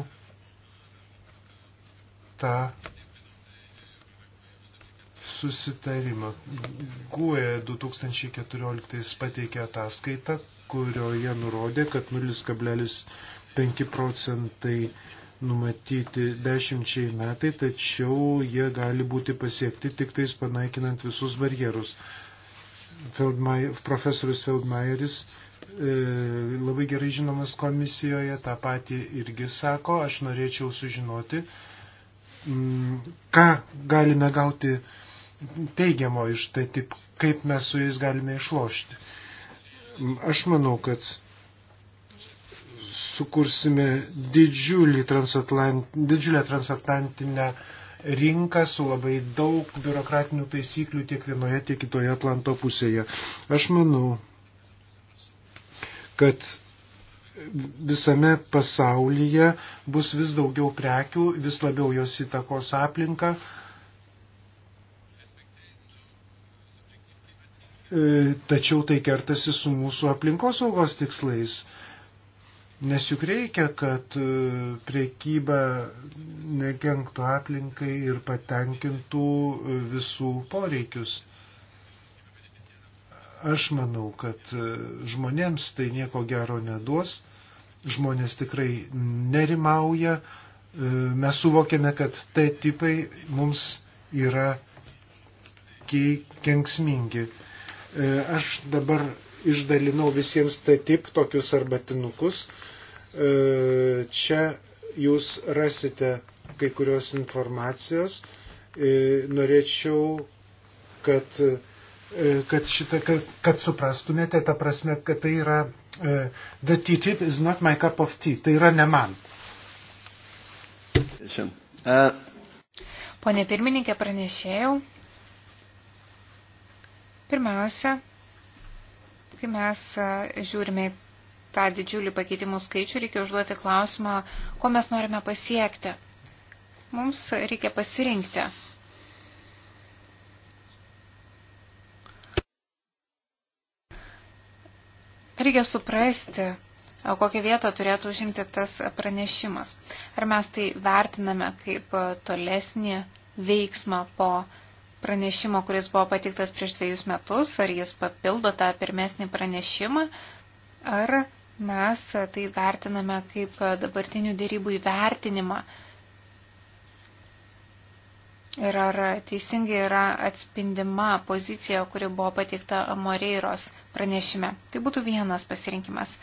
tą susitarimą. GUE 2014 pateikė ataskaitą, kurioje nurodė, kad 0,5 procentai numatyti dešimčiai metai, tačiau jie gali būti pasiekti tik tais panaikinant visus barjerus. Feldmai, profesorius Feldmaieris e, labai gerai žinomas komisijoje, tą patį irgi sako, aš norėčiau sužinoti, m, ką galime gauti e, teigiamo iš tai taip, kaip mes su jais galime išlošti. Aš manau, kad sukursime transatlant, didžiulę transatlantinę rinką su labai daug biurokratinių taisyklių tiek vienoje, tiek kitoje Atlanto pusėje. Aš manau, kad visame pasaulyje bus vis daugiau prekių, vis labiau jos įtakos aplinką, uh, E, tačiau tai kertasi su mūsų aplinkosaugos tikslais. Nes juk reikia, kad e, priekyba nekenktų aplinkai ir patenkintų e, visų poreikius. Aš manau, kad žmonėms tai nieko gero neduos, žmonės tikrai nerimauja, mes suvokėme, kad T tipai mums yra kenksmingi. E, aš dabar išdalinau visiems TTIP tokius arbatinukus. E, čia jūs rasite kai kurios informacijos. E, norėčiau, kad, kad, šitą, kad, kad suprastumėte, ta prasme, kad tai yra The TTIP is not my cup of tea. Tai yra ne man. Pone pirmininkė, pranešėjau. Pirmiausia, kai mes žiūrime į tą didžiulį pakeitimų skaičių, reikia užduoti klausimą, ko mes norime pasiekti. Mums reikia pasirinkti. Reikia suprasti, kokią vietą turėtų užimti tas pranešimas. Ar mes tai vertiname kaip tolesnį veiksmą po pranešimas pranešimo, kuris buvo patiktas prieš dviejus metus, ar jis papildo tą pirmesnį pranešimą, ar mes tai vertiname kaip dabartinių dėrybų įvertinimą. Ir ar teisingai yra atspindima pozicija, kuri buvo pateikta Moreiros pranešime. Tai būtų vienas pasirinkimas.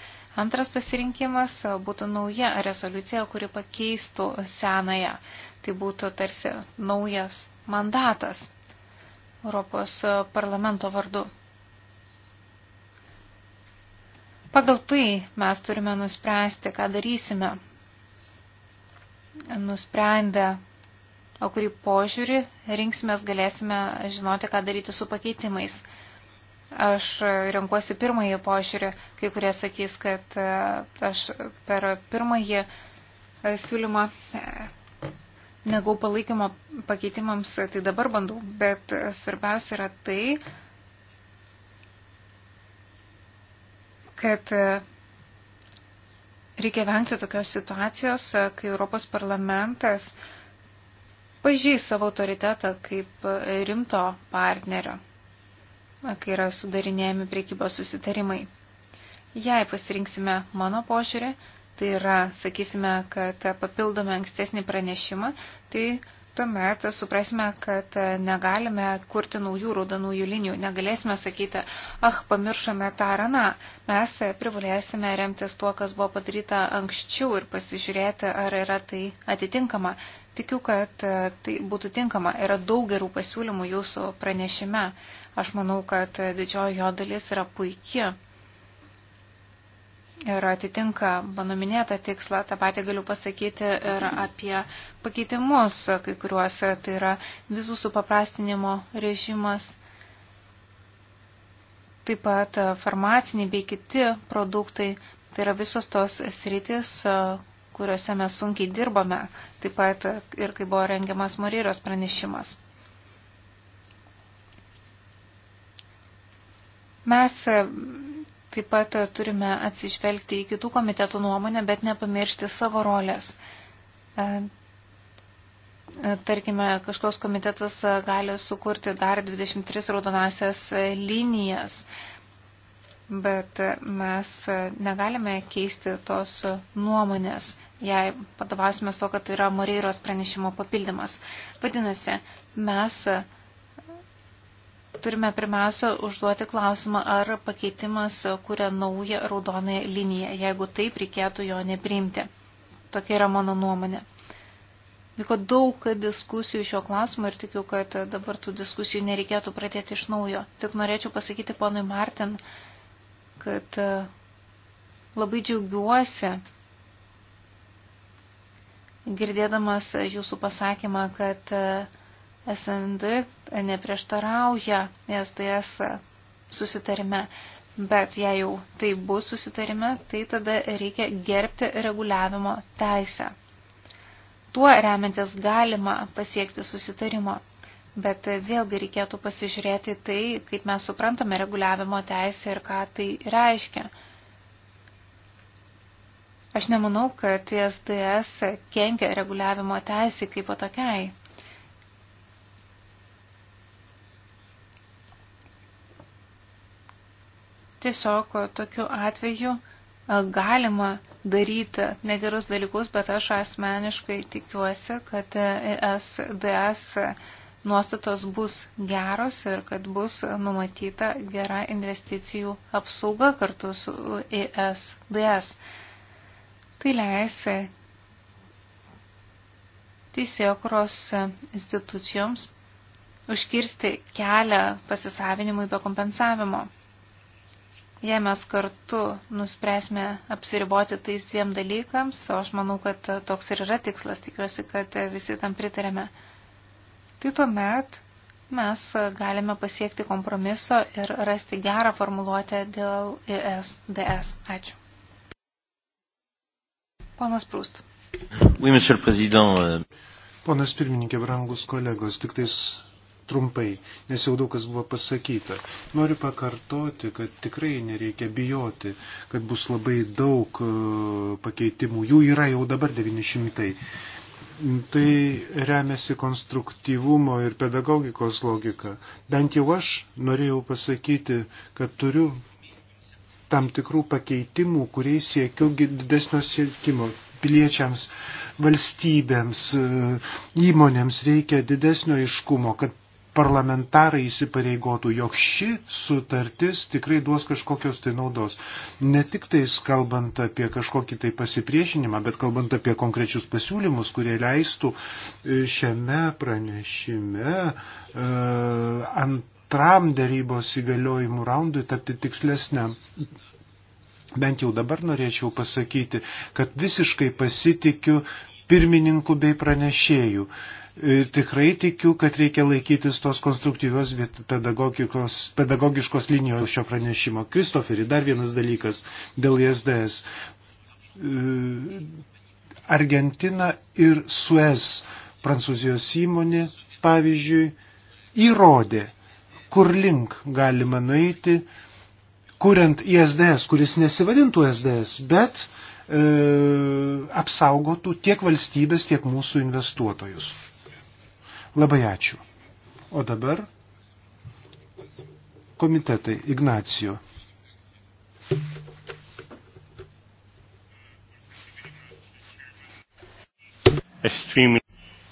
Antras pasirinkimas būtų nauja rezoliucija, kuri pakeistų senąją. Tai būtų tarsi naujas mandatas Europos parlamento vardu. Pagal tai mes turime nuspręsti, ką darysime. Nusprendę, o kurį požiūrį rinksimės, galėsime žinoti, ką daryti su pakeitimais. Aš renkuosi pirmąjį požiūrį, kai kurie sakys, kad e, aš per pirmąjį e, siūlymą negau palaikymo pakeitimams, tai dabar bandau, bet svarbiausia yra tai, kad reikia vengti tokios situacijos, kai Europos parlamentas pažįj savo autoritetą kaip rimto partnerio, kai yra sudarinėjami priekybos susitarimai. Jei pasirinksime mano požiūrį, tai yra, sakysime, kad papildome ankstesnį pranešimą, tai tuomet suprasime, kad negalime kurti naujų raudonųjų linijų, negalėsime sakyti, ah, pamiršome tą raną. Mes privalėsime remtis tuo, kas buvo padaryta anksčiau ir pasižiūrėti, ar yra tai atitinkama. Tikiu, kad tai būtų tinkama. Yra daug gerų pasiūlymų jūsų pranešime. Aš manau, kad didžioji jo dalis yra puikia ir atitinka mano minėtą tikslą. Ta patį galiu pasakyti ir apie pakeitimus, kai kuriuos tai yra vizų supaprastinimo režimas, taip pat farmaciniai bei kiti produktai. Tai yra visos tos sritis, kuriuose mes sunkiai dirbame, taip pat ir kai buvo rengiamas Moryros pranešimas. Mes Taip pat turime atsižvelgti į kitų komitetų nuomonę, bet nepamiršti savo rolės. E, e, tarkime, kažkoks komitetas gali sukurti dar 23 raudonasias linijas, bet mes negalime keisti tos nuomonės, jei padovausime to, kad tai yra Moreiros pranešimo papildymas. Vadinasi, mes turime pirmiausia užduoti klausimą, ar pakeitimas kuria naują raudonąją liniją. Jeigu taip, reikėtų jo nepriimti. Tokia yra mano nuomonė. Vyko daug diskusijų šio klausimo ir tikiu, kad dabar tų diskusijų nereikėtų pradėti iš naujo. Tik norėčiau pasakyti ponui Martin, kad e, labai džiaugiuosi girdėdamas jūsų pasakymą, kad uh, SND neprieštarauja STS susitarime, bet jei jau tai bus susitarime, tai tada reikia gerbti reguliavimo teisę. Tuo remiantis galima pasiekti susitarimo, bet vėlgi reikėtų pasižiūrėti tai, kaip mes suprantame reguliavimo teisę ir ką tai reiškia. Aš nemanau, kad STS kenkia reguliavimo teisė kaip o tokiai. Tiesiog tokiu atveju e, galima daryti negerus dalykus, bet aš asmeniškai tikiuosi, kad SDS e nuostatos bus geros ir kad bus numatyta gera investicijų apsauga kartu su ESDS. Tai leis teisėkuros institucijoms užkirsti kelią pasisavinimui be kompensavimo. Jei mes kartu nuspręsime apsiriboti tais dviem dalykams, o aš manau, kad toks ir yra tikslas, tikiuosi, kad visi tam pritarėme, tai tuomet mes galime pasiekti kompromiso ir rasti gerą formuluotę dėl ISDS. Ačiū. Ponas Prūst. Oui, euh, Ponas pirmininkė, brangus kolegos, tik tais trumpai, nes jau daug kas buvo pasakyta. Noriu pakartoti, kad tikrai nereikia bijoti, kad bus labai daug e, pakeitimų. Jų yra jau dabar 900. Tai remiasi konstruktyvumo ir pedagogikos logika. Bent jau aš norėjau pasakyti, kad turiu tam tikrų pakeitimų, kuriais siekiu didesnio siekimo. Piliečiams, valstybėms, e, įmonėms reikia didesnio iškumo, kad parlamentarai įsipareigotų, jog ši sutartis tikrai duos kažkokios tai naudos. Ne tik tais kalbant apie kažkokį tai pasipriešinimą, bet kalbant apie konkrečius pasiūlymus, kurie leistų e, šiame pranešime e, antram darybos įgaliojimų raundui tapti tikslesniam bent jau dabar norėčiau pasakyti, kad visiškai pasitikiu pirmininku bei pranešėjų. Tikrai tikiu, kad reikia laikytis tos konstruktyvios pedagogiškos linijos šio pranešimo. Kristoferi, dar vienas dalykas dėl ISDS. E, Argentina ir Suez, prancūzijos įmonė, pavyzdžiui, įrodė, kur link galima nueiti, kuriant ISDS, kuris nesivadintų ISDS, bet e, apsaugotų tiek valstybės, tiek mūsų investuotojus. Labai ačiū. O dabar komitetai Ignacijo.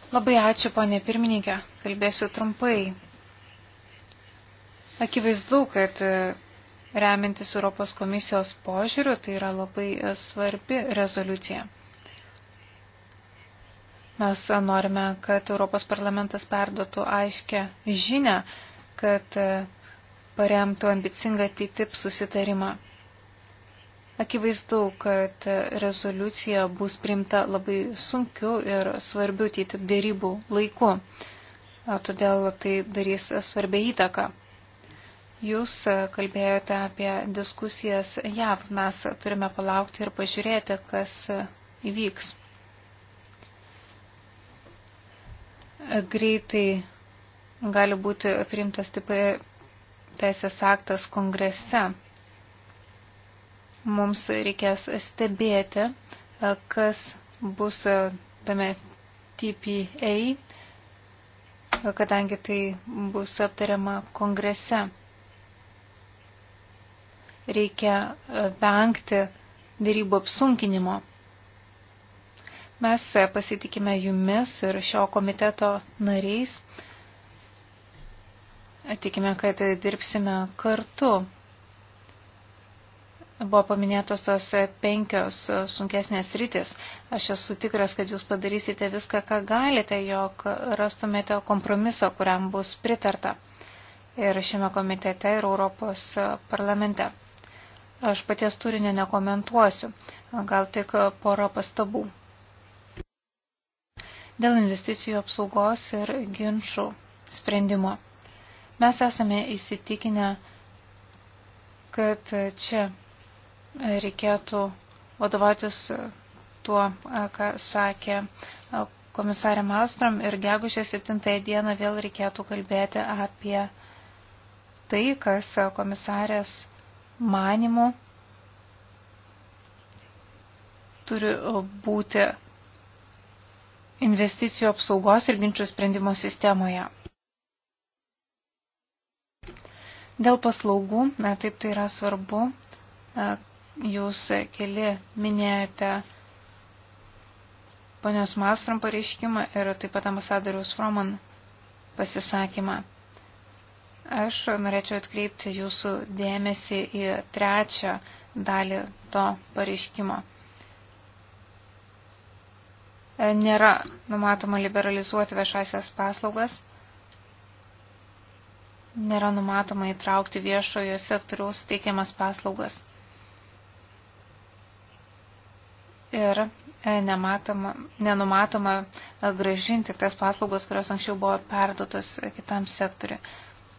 Labai ačiū, ponė pirmininkė. Kalbėsiu trumpai. Akivaizdu, kad e, remintis Europos komisijos požiūriu, tai yra labai e, svarbi rezoliucija. Mes norime, kad Europos parlamentas perdotų aiškę žinę, kad e, paremtų ambicingą TTIP susitarimą. Akivaizdu, kad rezoliucija bus priimta labai sunkiu ir svarbiu TTIP dėrybų laiku, todėl tai darys svarbę įtaką. Jūs kalbėjote apie diskusijas JAV. Mes turime palaukti ir pažiūrėti, kas įvyks. greitai gali būti priimtas taip teisės aktas kongrese. Mums reikės stebėti, kas bus tame TPA, kadangi tai bus aptariama kongrese. Reikia vengti dėrybų apsunkinimo. Mes e, pasitikime jumis ir šio komiteto nariais. Tikime, kad dirbsime kartu. Buvo paminėtos tos e, penkios e, sunkesnės rytis. Aš esu tikras, kad jūs padarysite viską, ką galite, jog rastumėte kompromiso, kuriam bus pritarta ir šiame komitete ir Europos parlamente. Aš paties turinio nekomentuosiu, gal tik porą pastabų dėl investicijų apsaugos ir ginčių sprendimo. Mes esame įsitikinę, kad čia reikėtų vadovautis tuo, ką sakė komisarė Malstrom ir gegužė 7 dieną vėl reikėtų kalbėti apie tai, kas komisarės manimų turi būti investicijų apsaugos ir ginčių sprendimo sistemoje. Dėl paslaugų, na, taip tai yra svarbu, jūs keli minėjote ponios Malstrom pareiškimą ir taip pat ambasadoriaus Froman pasisakymą. Aš norėčiau atkreipti jūsų dėmesį į trečią dalį to pareiškimo. E, nėra numatoma liberalizuoti viešasias paslaugas, nėra numatoma įtraukti viešojo sektoriaus teikiamas paslaugas. Ir e, nematoma, nenumatoma e, gražinti tas paslaugos, kurios anksčiau buvo perduotas kitam sektoriui.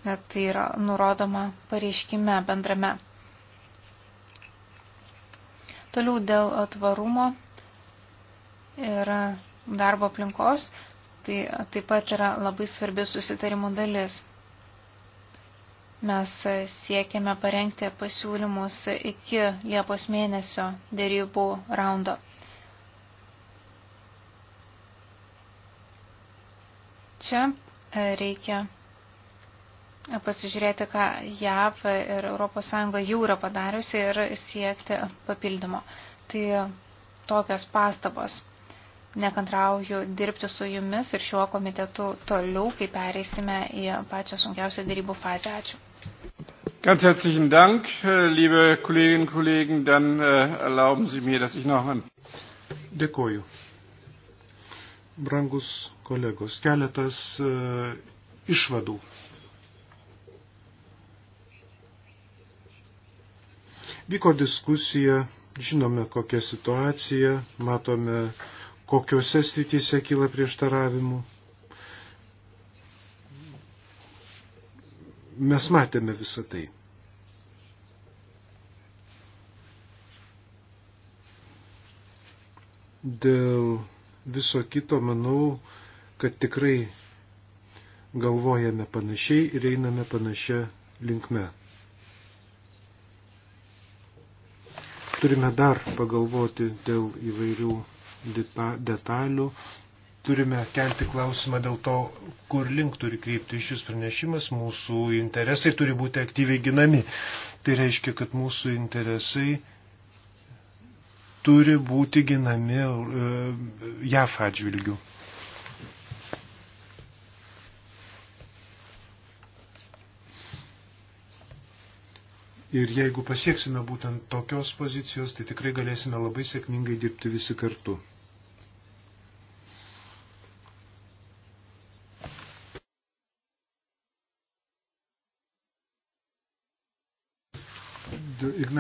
Net tai yra nurodoma pareiškime bendrame. Toliau dėl tvarumo yra darbo aplinkos, tai taip pat yra labai svarbi susitarimų dalis. Mes siekiame parengti pasiūlymus iki Liepos mėnesio dėrybų raundo. Čia e, reikia pasižiūrėti, ką JAV ir ES jau yra padariusi ir siekti papildymo. Tai tokios pastabos nekantrauju dirbti su jumis ir šiuo komitetu toliau, kai pereisime į pačią sunkiausią darybų fazę. Ačiū. Ganz herzlichen Dank, äh, liebe Kolleginnen und Kollegen. Dann äh, erlauben Sie mir, dass ich noch ein. Dėkoju. Brangus kolegos, keletas äh, išvadų. Vyko diskusija, žinome kokią situaciją, matome äh, kokiuose srityse kyla prieštaravimų. Mes matėme visą tai. Dėl viso kito manau, kad tikrai galvojame panašiai ir einame panašią linkme. Turime dar pagalvoti dėl įvairių detalių. Turime kelti klausimą dėl to, kur link turi kreipti šis pranešimas. Mūsų interesai turi būti aktyviai ginami. Tai reiškia, kad mūsų interesai turi būti ginami e, JAF atžvilgių. Ir jeigu pasieksime būtent tokios pozicijos, tai tikrai galėsime labai sėkmingai dirbti visi kartu.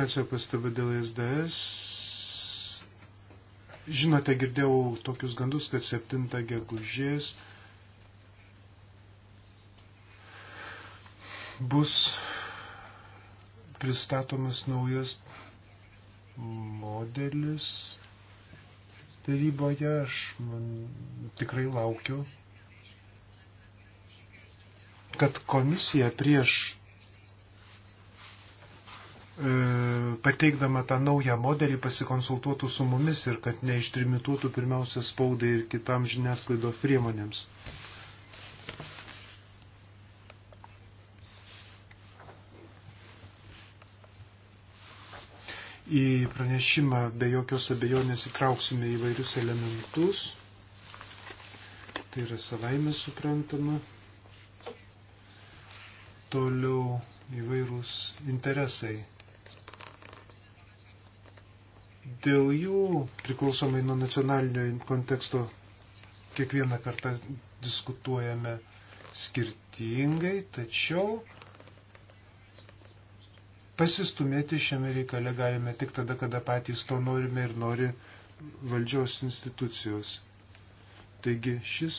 Ignacio pastaba dėl SDS. Žinote, girdėjau tokius gandus, kad 7 gegužės bus pristatomas naujas modelis taryboje. Aš man, tikrai laukiu, kad komisija prieš E, pateikdama tą naują modelį pasikonsultuotų su mumis ir kad neištrimituotų pirmiausia spaudai ir kitam žiniasklaidos priemonėms. Į pranešimą be jokios abejonės įtrauksime įvairius elementus. Tai yra savaime suprantama. Toliau įvairūs interesai dėl jų priklausomai nuo nacionalinio konteksto kiekvieną kartą diskutuojame skirtingai, tačiau pasistumėti šiame reikale galime tik tada, kada patys to norime ir nori valdžios institucijos. Taigi šis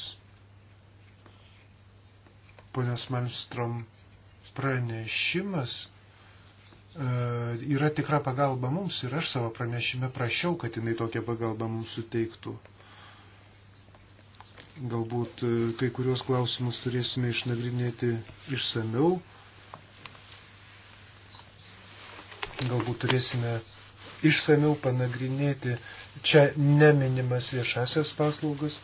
ponios Malmstrom pranešimas E, yra tikra pagalba mums ir aš savo pranešime prašiau, kad jinai tokią pagalbą mums suteiktų. Galbūt e, kai kurios klausimus turėsime išnagrinėti išsameu. Galbūt turėsime išsameu panagrinėti čia neminimas viešasias paslaugas.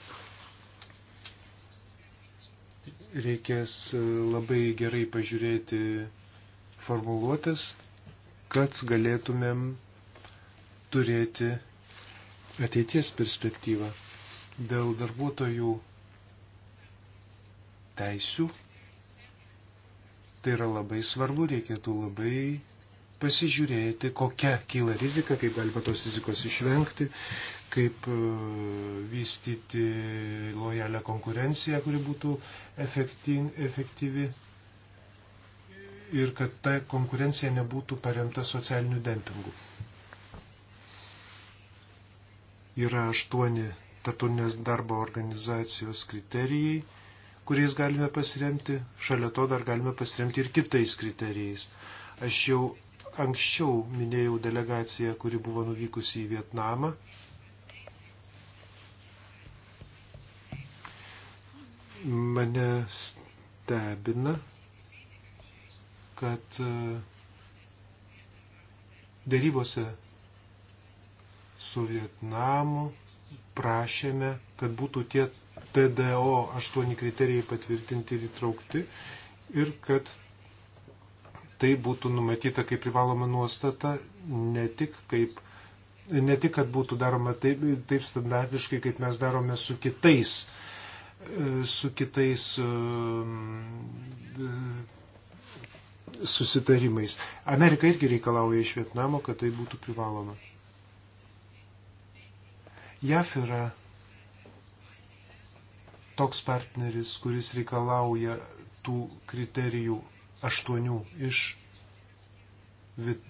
Reikės e, labai gerai pažiūrėti formuluotės kad galėtumėm turėti ateities perspektyvą dėl darbuotojų teisių. Tai yra labai svarbu, reikėtų labai pasižiūrėti, kokia kyla rizika, kaip galima tos rizikos išvengti, kaip e, vystyti lojalę konkurenciją, kuri būtų efektyvi ir kad ta konkurencija nebūtų paremta socialiniu dempingu. Yra aštuoni tartutinės darbo organizacijos kriterijai, kuriais galime pasiremti, šalia to dar galime pasiremti ir kitais kriterijais. Aš jau anksčiau minėjau delegaciją, kuri buvo nuvykusi į Vietnamą. Mane stebina, kad e, dėrybose su Vietnamu prašėme, kad būtų tie TDO aštuoni kriterijai patvirtinti ir įtraukti ir kad tai būtų numatyta kaip privaloma nuostata, ne tik kaip ne tik, kad būtų daroma taip, taip standartiškai, kaip mes darome su kitais, e, su kitais e, susitarimais. Amerika irgi reikalauja iš Vietnamo, kad tai būtų privaloma. JAF yra toks partneris, kuris reikalauja tų kriterijų aštuonių iš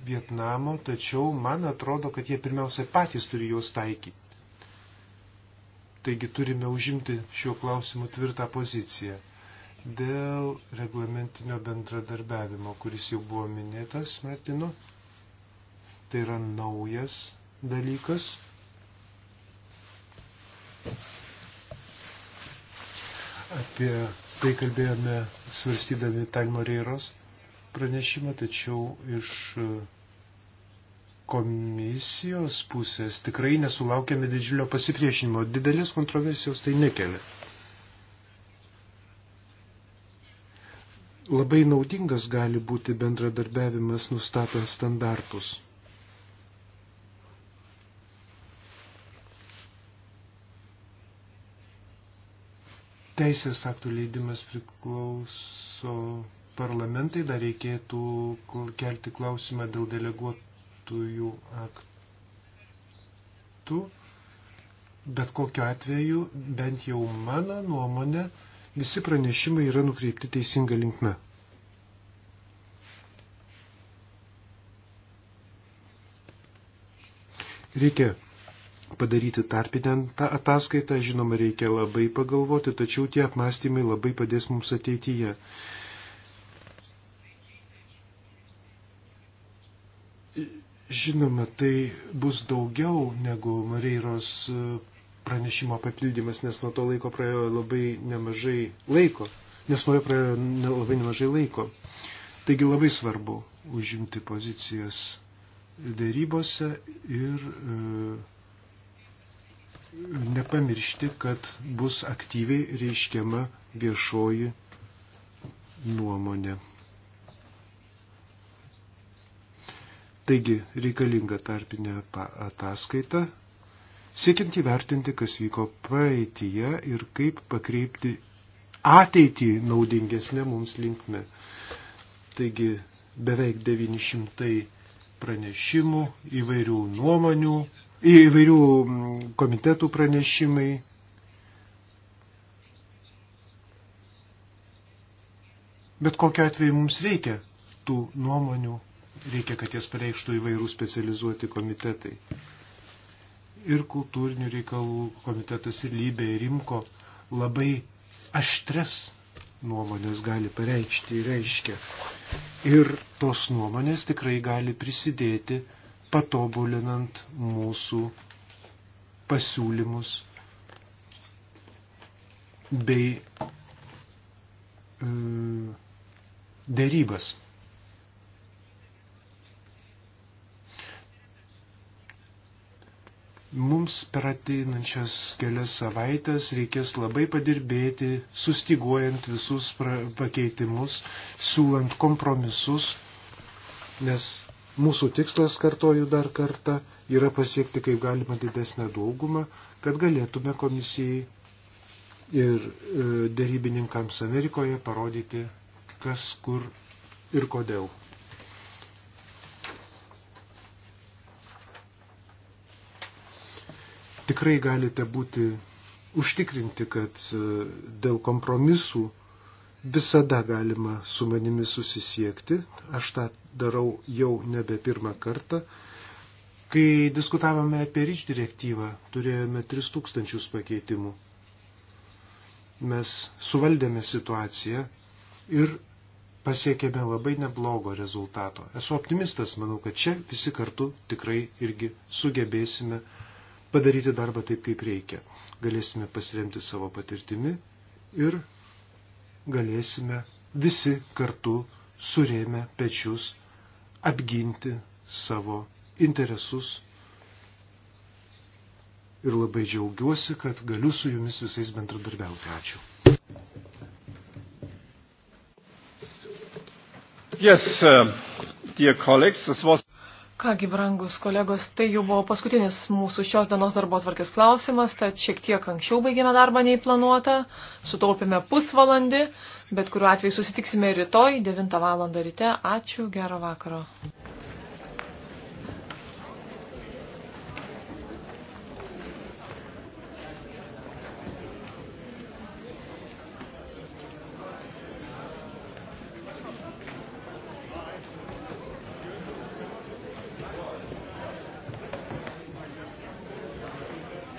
Vietnamo, tačiau man atrodo, kad jie pirmiausia patys turi juos taikyti. Taigi turime užimti šiuo klausimu tvirtą poziciją dėl reglamentinio bendradarbiavimo, kuris jau buvo minėtas Martinu. Tai yra naujas dalykas. Apie tai kalbėjome svarstydami Talmoreiros pranešimą, tačiau iš e, komisijos pusės tikrai nesulaukėme didžiulio pasipriešinimo. Didelės kontroversijos tai nekelia. Labai naudingas gali būti bendradarbiavimas nustatant standartus. Teisės aktų leidimas priklauso parlamentai, dar reikėtų kelti klausimą dėl deleguotųjų aktų. Bet kokiu atveju, bent jau mano nuomonė, visi pranešimai yra nukreipti teisinga linkme. Reikia padaryti tarpinę tą ataskaitą, žinoma, reikia labai pagalvoti, tačiau tie apmąstymai labai padės mums ateityje. Žinoma, tai bus daugiau negu Mareiros pranešimo papildymas, nes nuo to laiko praėjo labai nemažai laiko. Nes nuo jo praėjo labai nemažai laiko. Taigi labai svarbu užimti pozicijas dėrybose ir e, nepamiršti, kad bus aktyviai reiškiama viešoji nuomonė. Taigi reikalinga tarpinė ataskaita, siekiant įvertinti, kas vyko praeitie ir kaip pakreipti ateitį naudingesnė mums linkme. Taigi beveik 900 pranešimų, įvairių nuomonių, įvairių komitetų pranešimai, Bet kokiu atveju mums reikia tų nuomonių, reikia, kad jas pareikštų įvairių specializuoti komitetai ir kultūrinių reikalų komitetas ir lybė ir imko labai aštres nuomonės gali pareikšti ir reiškia. Ir tos nuomonės tikrai gali prisidėti patobulinant mūsų pasiūlymus bei e, dėrybas. Mums per ateinančias kelias savaitės reikės labai padirbėti, sustiguojant visus pakeitimus, siūlant kompromisus, nes mūsų tikslas, kartoju dar kartą, yra pasiekti kaip galima didesnę daugumą, kad galėtume komisijai ir e, dėrybininkams Amerikoje parodyti, kas, kur ir kodėl. tikrai galite būti užtikrinti, kad e, dėl kompromisų visada galima su manimi susisiekti. Aš tą darau jau nebe pirmą kartą. Kai diskutavome apie ryč direktyvą, turėjome 3000 pakeitimų. Mes suvaldėme situaciją ir pasiekėme labai neblogo rezultato. Esu optimistas, manau, kad čia visi kartu tikrai irgi sugebėsime uh, padaryti darbą taip, kaip reikia. Galėsime pasiremti savo patirtimi ir galėsime visi kartu surėmę pečius apginti savo interesus. Ir labai džiaugiuosi, kad galiu su jumis visais bendradarbiauti. Ačiū. Yes, uh, dear colleagues, this was Kągi, brangus kolegos, tai jau buvo paskutinis mūsų šios dienos darbo atvarkės klausimas, tad šiek tiek anksčiau baigėme darbą nei planuota, sutaupėme pusvalandį, bet kuriuo atveju susitiksime rytoj 9 val. ryte. Ačiū, gero vakaro.